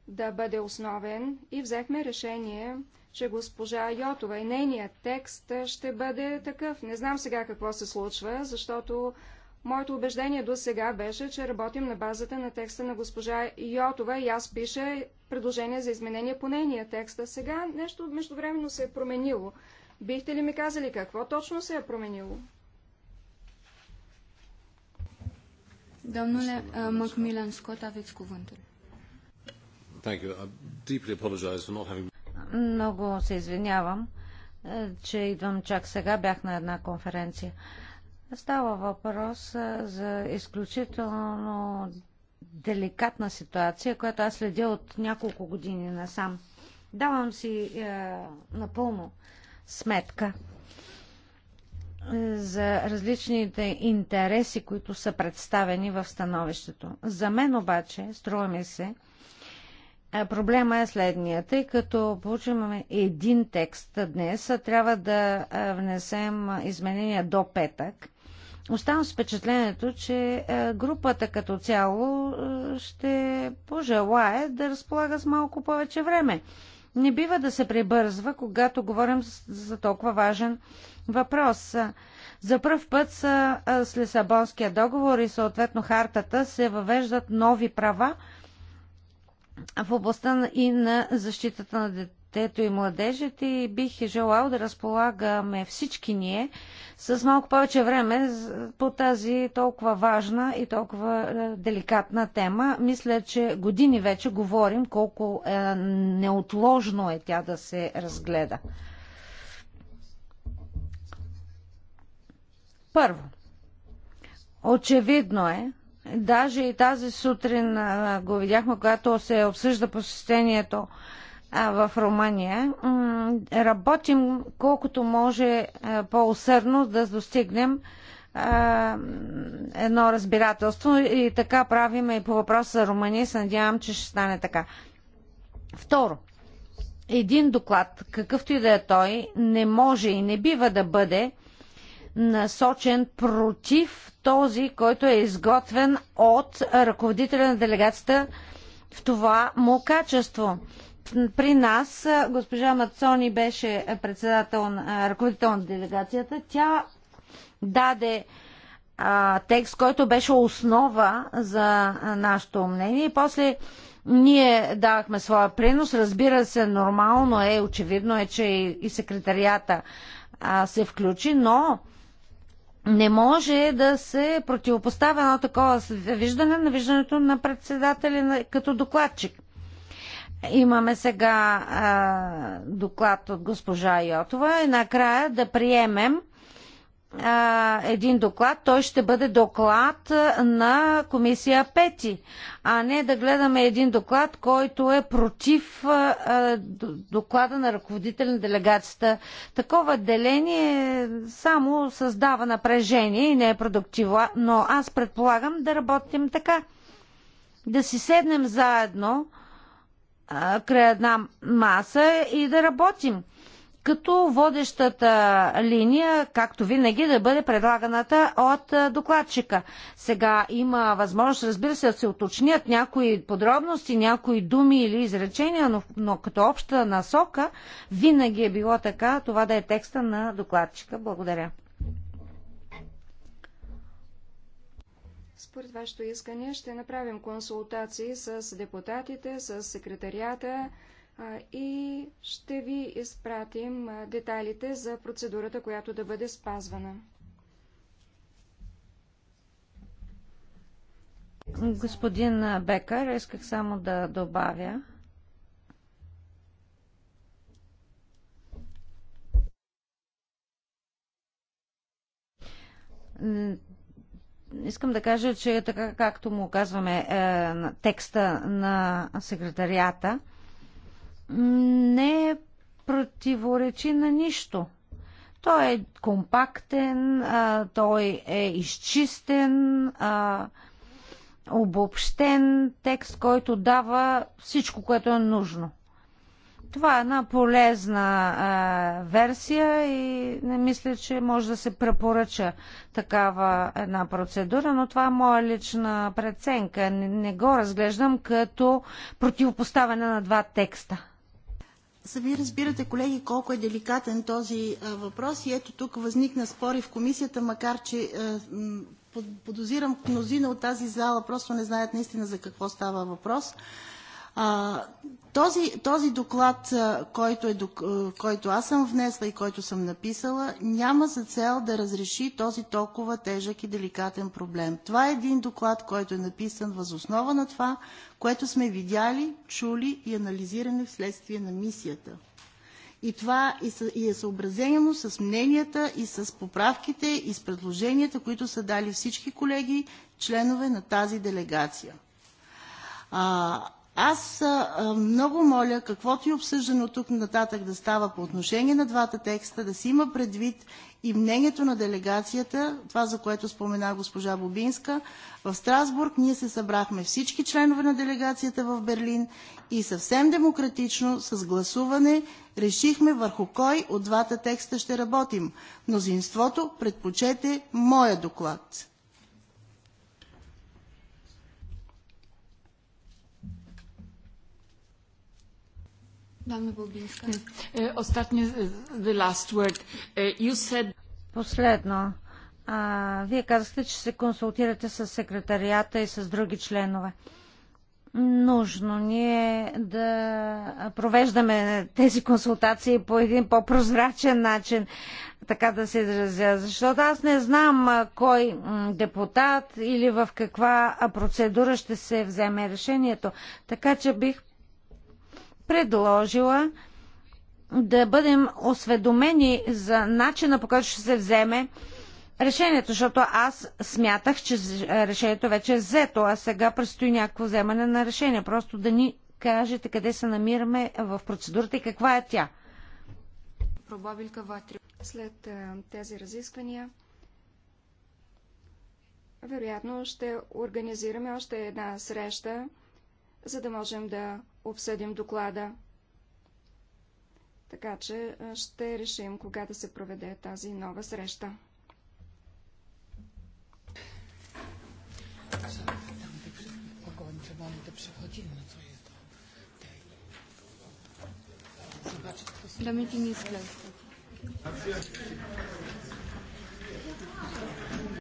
да бъде основен и взехме решение че госпожа Йотова и нейният текст ще бъде такъв. Не знам сега какво се случва, защото моето убеждение до сега беше, че работим на базата на текста на госпожа Йотова и аз пиша предложение за изменение по нейния текст. А сега нещо междувременно се е променило. Бихте ли ми казали какво точно се е променило? Domnule Macmillan Scott, aveți cuvântul. Thank you. I deeply apologize for not having много се извинявам, е, че идвам чак сега. Бях на една конференция. Става въпрос е, за изключително деликатна ситуация, която аз следя от няколко години насам. Давам си е, напълно сметка е, за различните интереси, които са представени в становището. За мен обаче, струва ми се, е, проблема е следния. Тъй като получим един текст днес, трябва да е, внесем изменения до петък. Оставам с впечатлението, че е, групата като цяло ще пожелае да разполага с малко повече време. Не бива да се прибързва, когато говорим за толкова важен въпрос. За първ път с Лисабонския договор и съответно хартата се въвеждат нови права, в областта и на защитата на детето и младежите и бих е желал да разполагаме всички ние с малко повече време по тази толкова важна и толкова е, деликатна тема. Мисля, че години вече говорим колко е, неотложно е тя да се разгледа. Първо, очевидно е, Даже и тази сутрин а, го видяхме, когато се обсъжда посещението а, в Румъния. М работим колкото може по-усърдно да достигнем а, едно разбирателство и така правим и по въпроса за Румъния. Се надявам, че ще стане така. Второ, един доклад, какъвто и да е той, не може и не бива да бъде насочен против този, който е изготвен от ръководителя на делегацията в това му качество. При нас госпожа Мацони беше председател, на ръководител на делегацията. Тя даде а, текст, който беше основа за нашето мнение. И после ние давахме своя принос. Разбира се, нормално е, очевидно е, че и, и секретарията а, се включи, но не може да се противопоставя едно такова виждане на виждането на председателя като докладчик. Имаме сега а, доклад от госпожа Йотова и накрая да приемем един доклад, той ще бъде доклад на комисия Пети, а не да гледаме един доклад, който е против доклада на ръководителя на делегацията. Такова деление само създава напрежение и не е продуктивно, но аз предполагам да работим така. Да си седнем заедно край една маса и да работим като водещата линия, както винаги, да бъде предлаганата от докладчика. Сега има възможност, разбира се, да се уточнят някои подробности, някои думи или изречения, но, но като обща насока винаги е било така, това да е текста на докладчика. Благодаря. Според вашето искане ще направим консултации с депутатите, с секретарията, и ще ви изпратим детайлите за процедурата, която да бъде спазвана. Господин Бекър, исках само да добавя. Искам да кажа, че така както му казваме е, текста на секретарията, не противоречи на нищо. Той е компактен, а, той е изчистен, а, обобщен текст, който дава всичко, което е нужно. Това е една полезна а, версия и не мисля, че може да се препоръча такава една процедура, но това е моя лична преценка. Не, не го разглеждам като противопоставяне на два текста. Сами разбирате, колеги, колко е деликатен този а, въпрос и ето тук възникна спори в комисията, макар че а, подозирам мнозина от тази зала просто не знаят наистина за какво става въпрос. Този, този доклад, който, е, който аз съм внесла и който съм написала, няма за цел да разреши този толкова тежък и деликатен проблем. Това е един доклад, който е написан възоснова на това, което сме видяли, чули и анализирани вследствие на мисията. И това и е съобразено с мненията и с поправките и с предложенията, които са дали всички колеги, членове на тази делегация. А, аз а, много моля, каквото и обсъждано тук нататък да става по отношение на двата текста, да си има предвид и мнението на делегацията, това за което спомена госпожа Бобинска. В Страсбург ние се събрахме всички членове на делегацията в Берлин и съвсем демократично с гласуване решихме върху кой от двата текста ще работим. Мнозинството предпочете моя доклад. Последно. А, вие казахте, че се консултирате с секретарията и с други членове. Нужно ни е да провеждаме тези консултации по един по-прозрачен начин, така да се изразя. Защото аз не знам кой депутат или в каква процедура ще се вземе решението. Така че бих предложила да бъдем осведомени за начина по който ще се вземе решението, защото аз смятах, че решението вече е взето, а сега предстои някакво вземане на решение. Просто да ни кажете къде се намираме в процедурата и каква е тя. След е, тези разисквания, вероятно ще организираме още една среща за да можем да обсъдим доклада. Така че ще решим кога да се проведе тази нова среща. The meeting is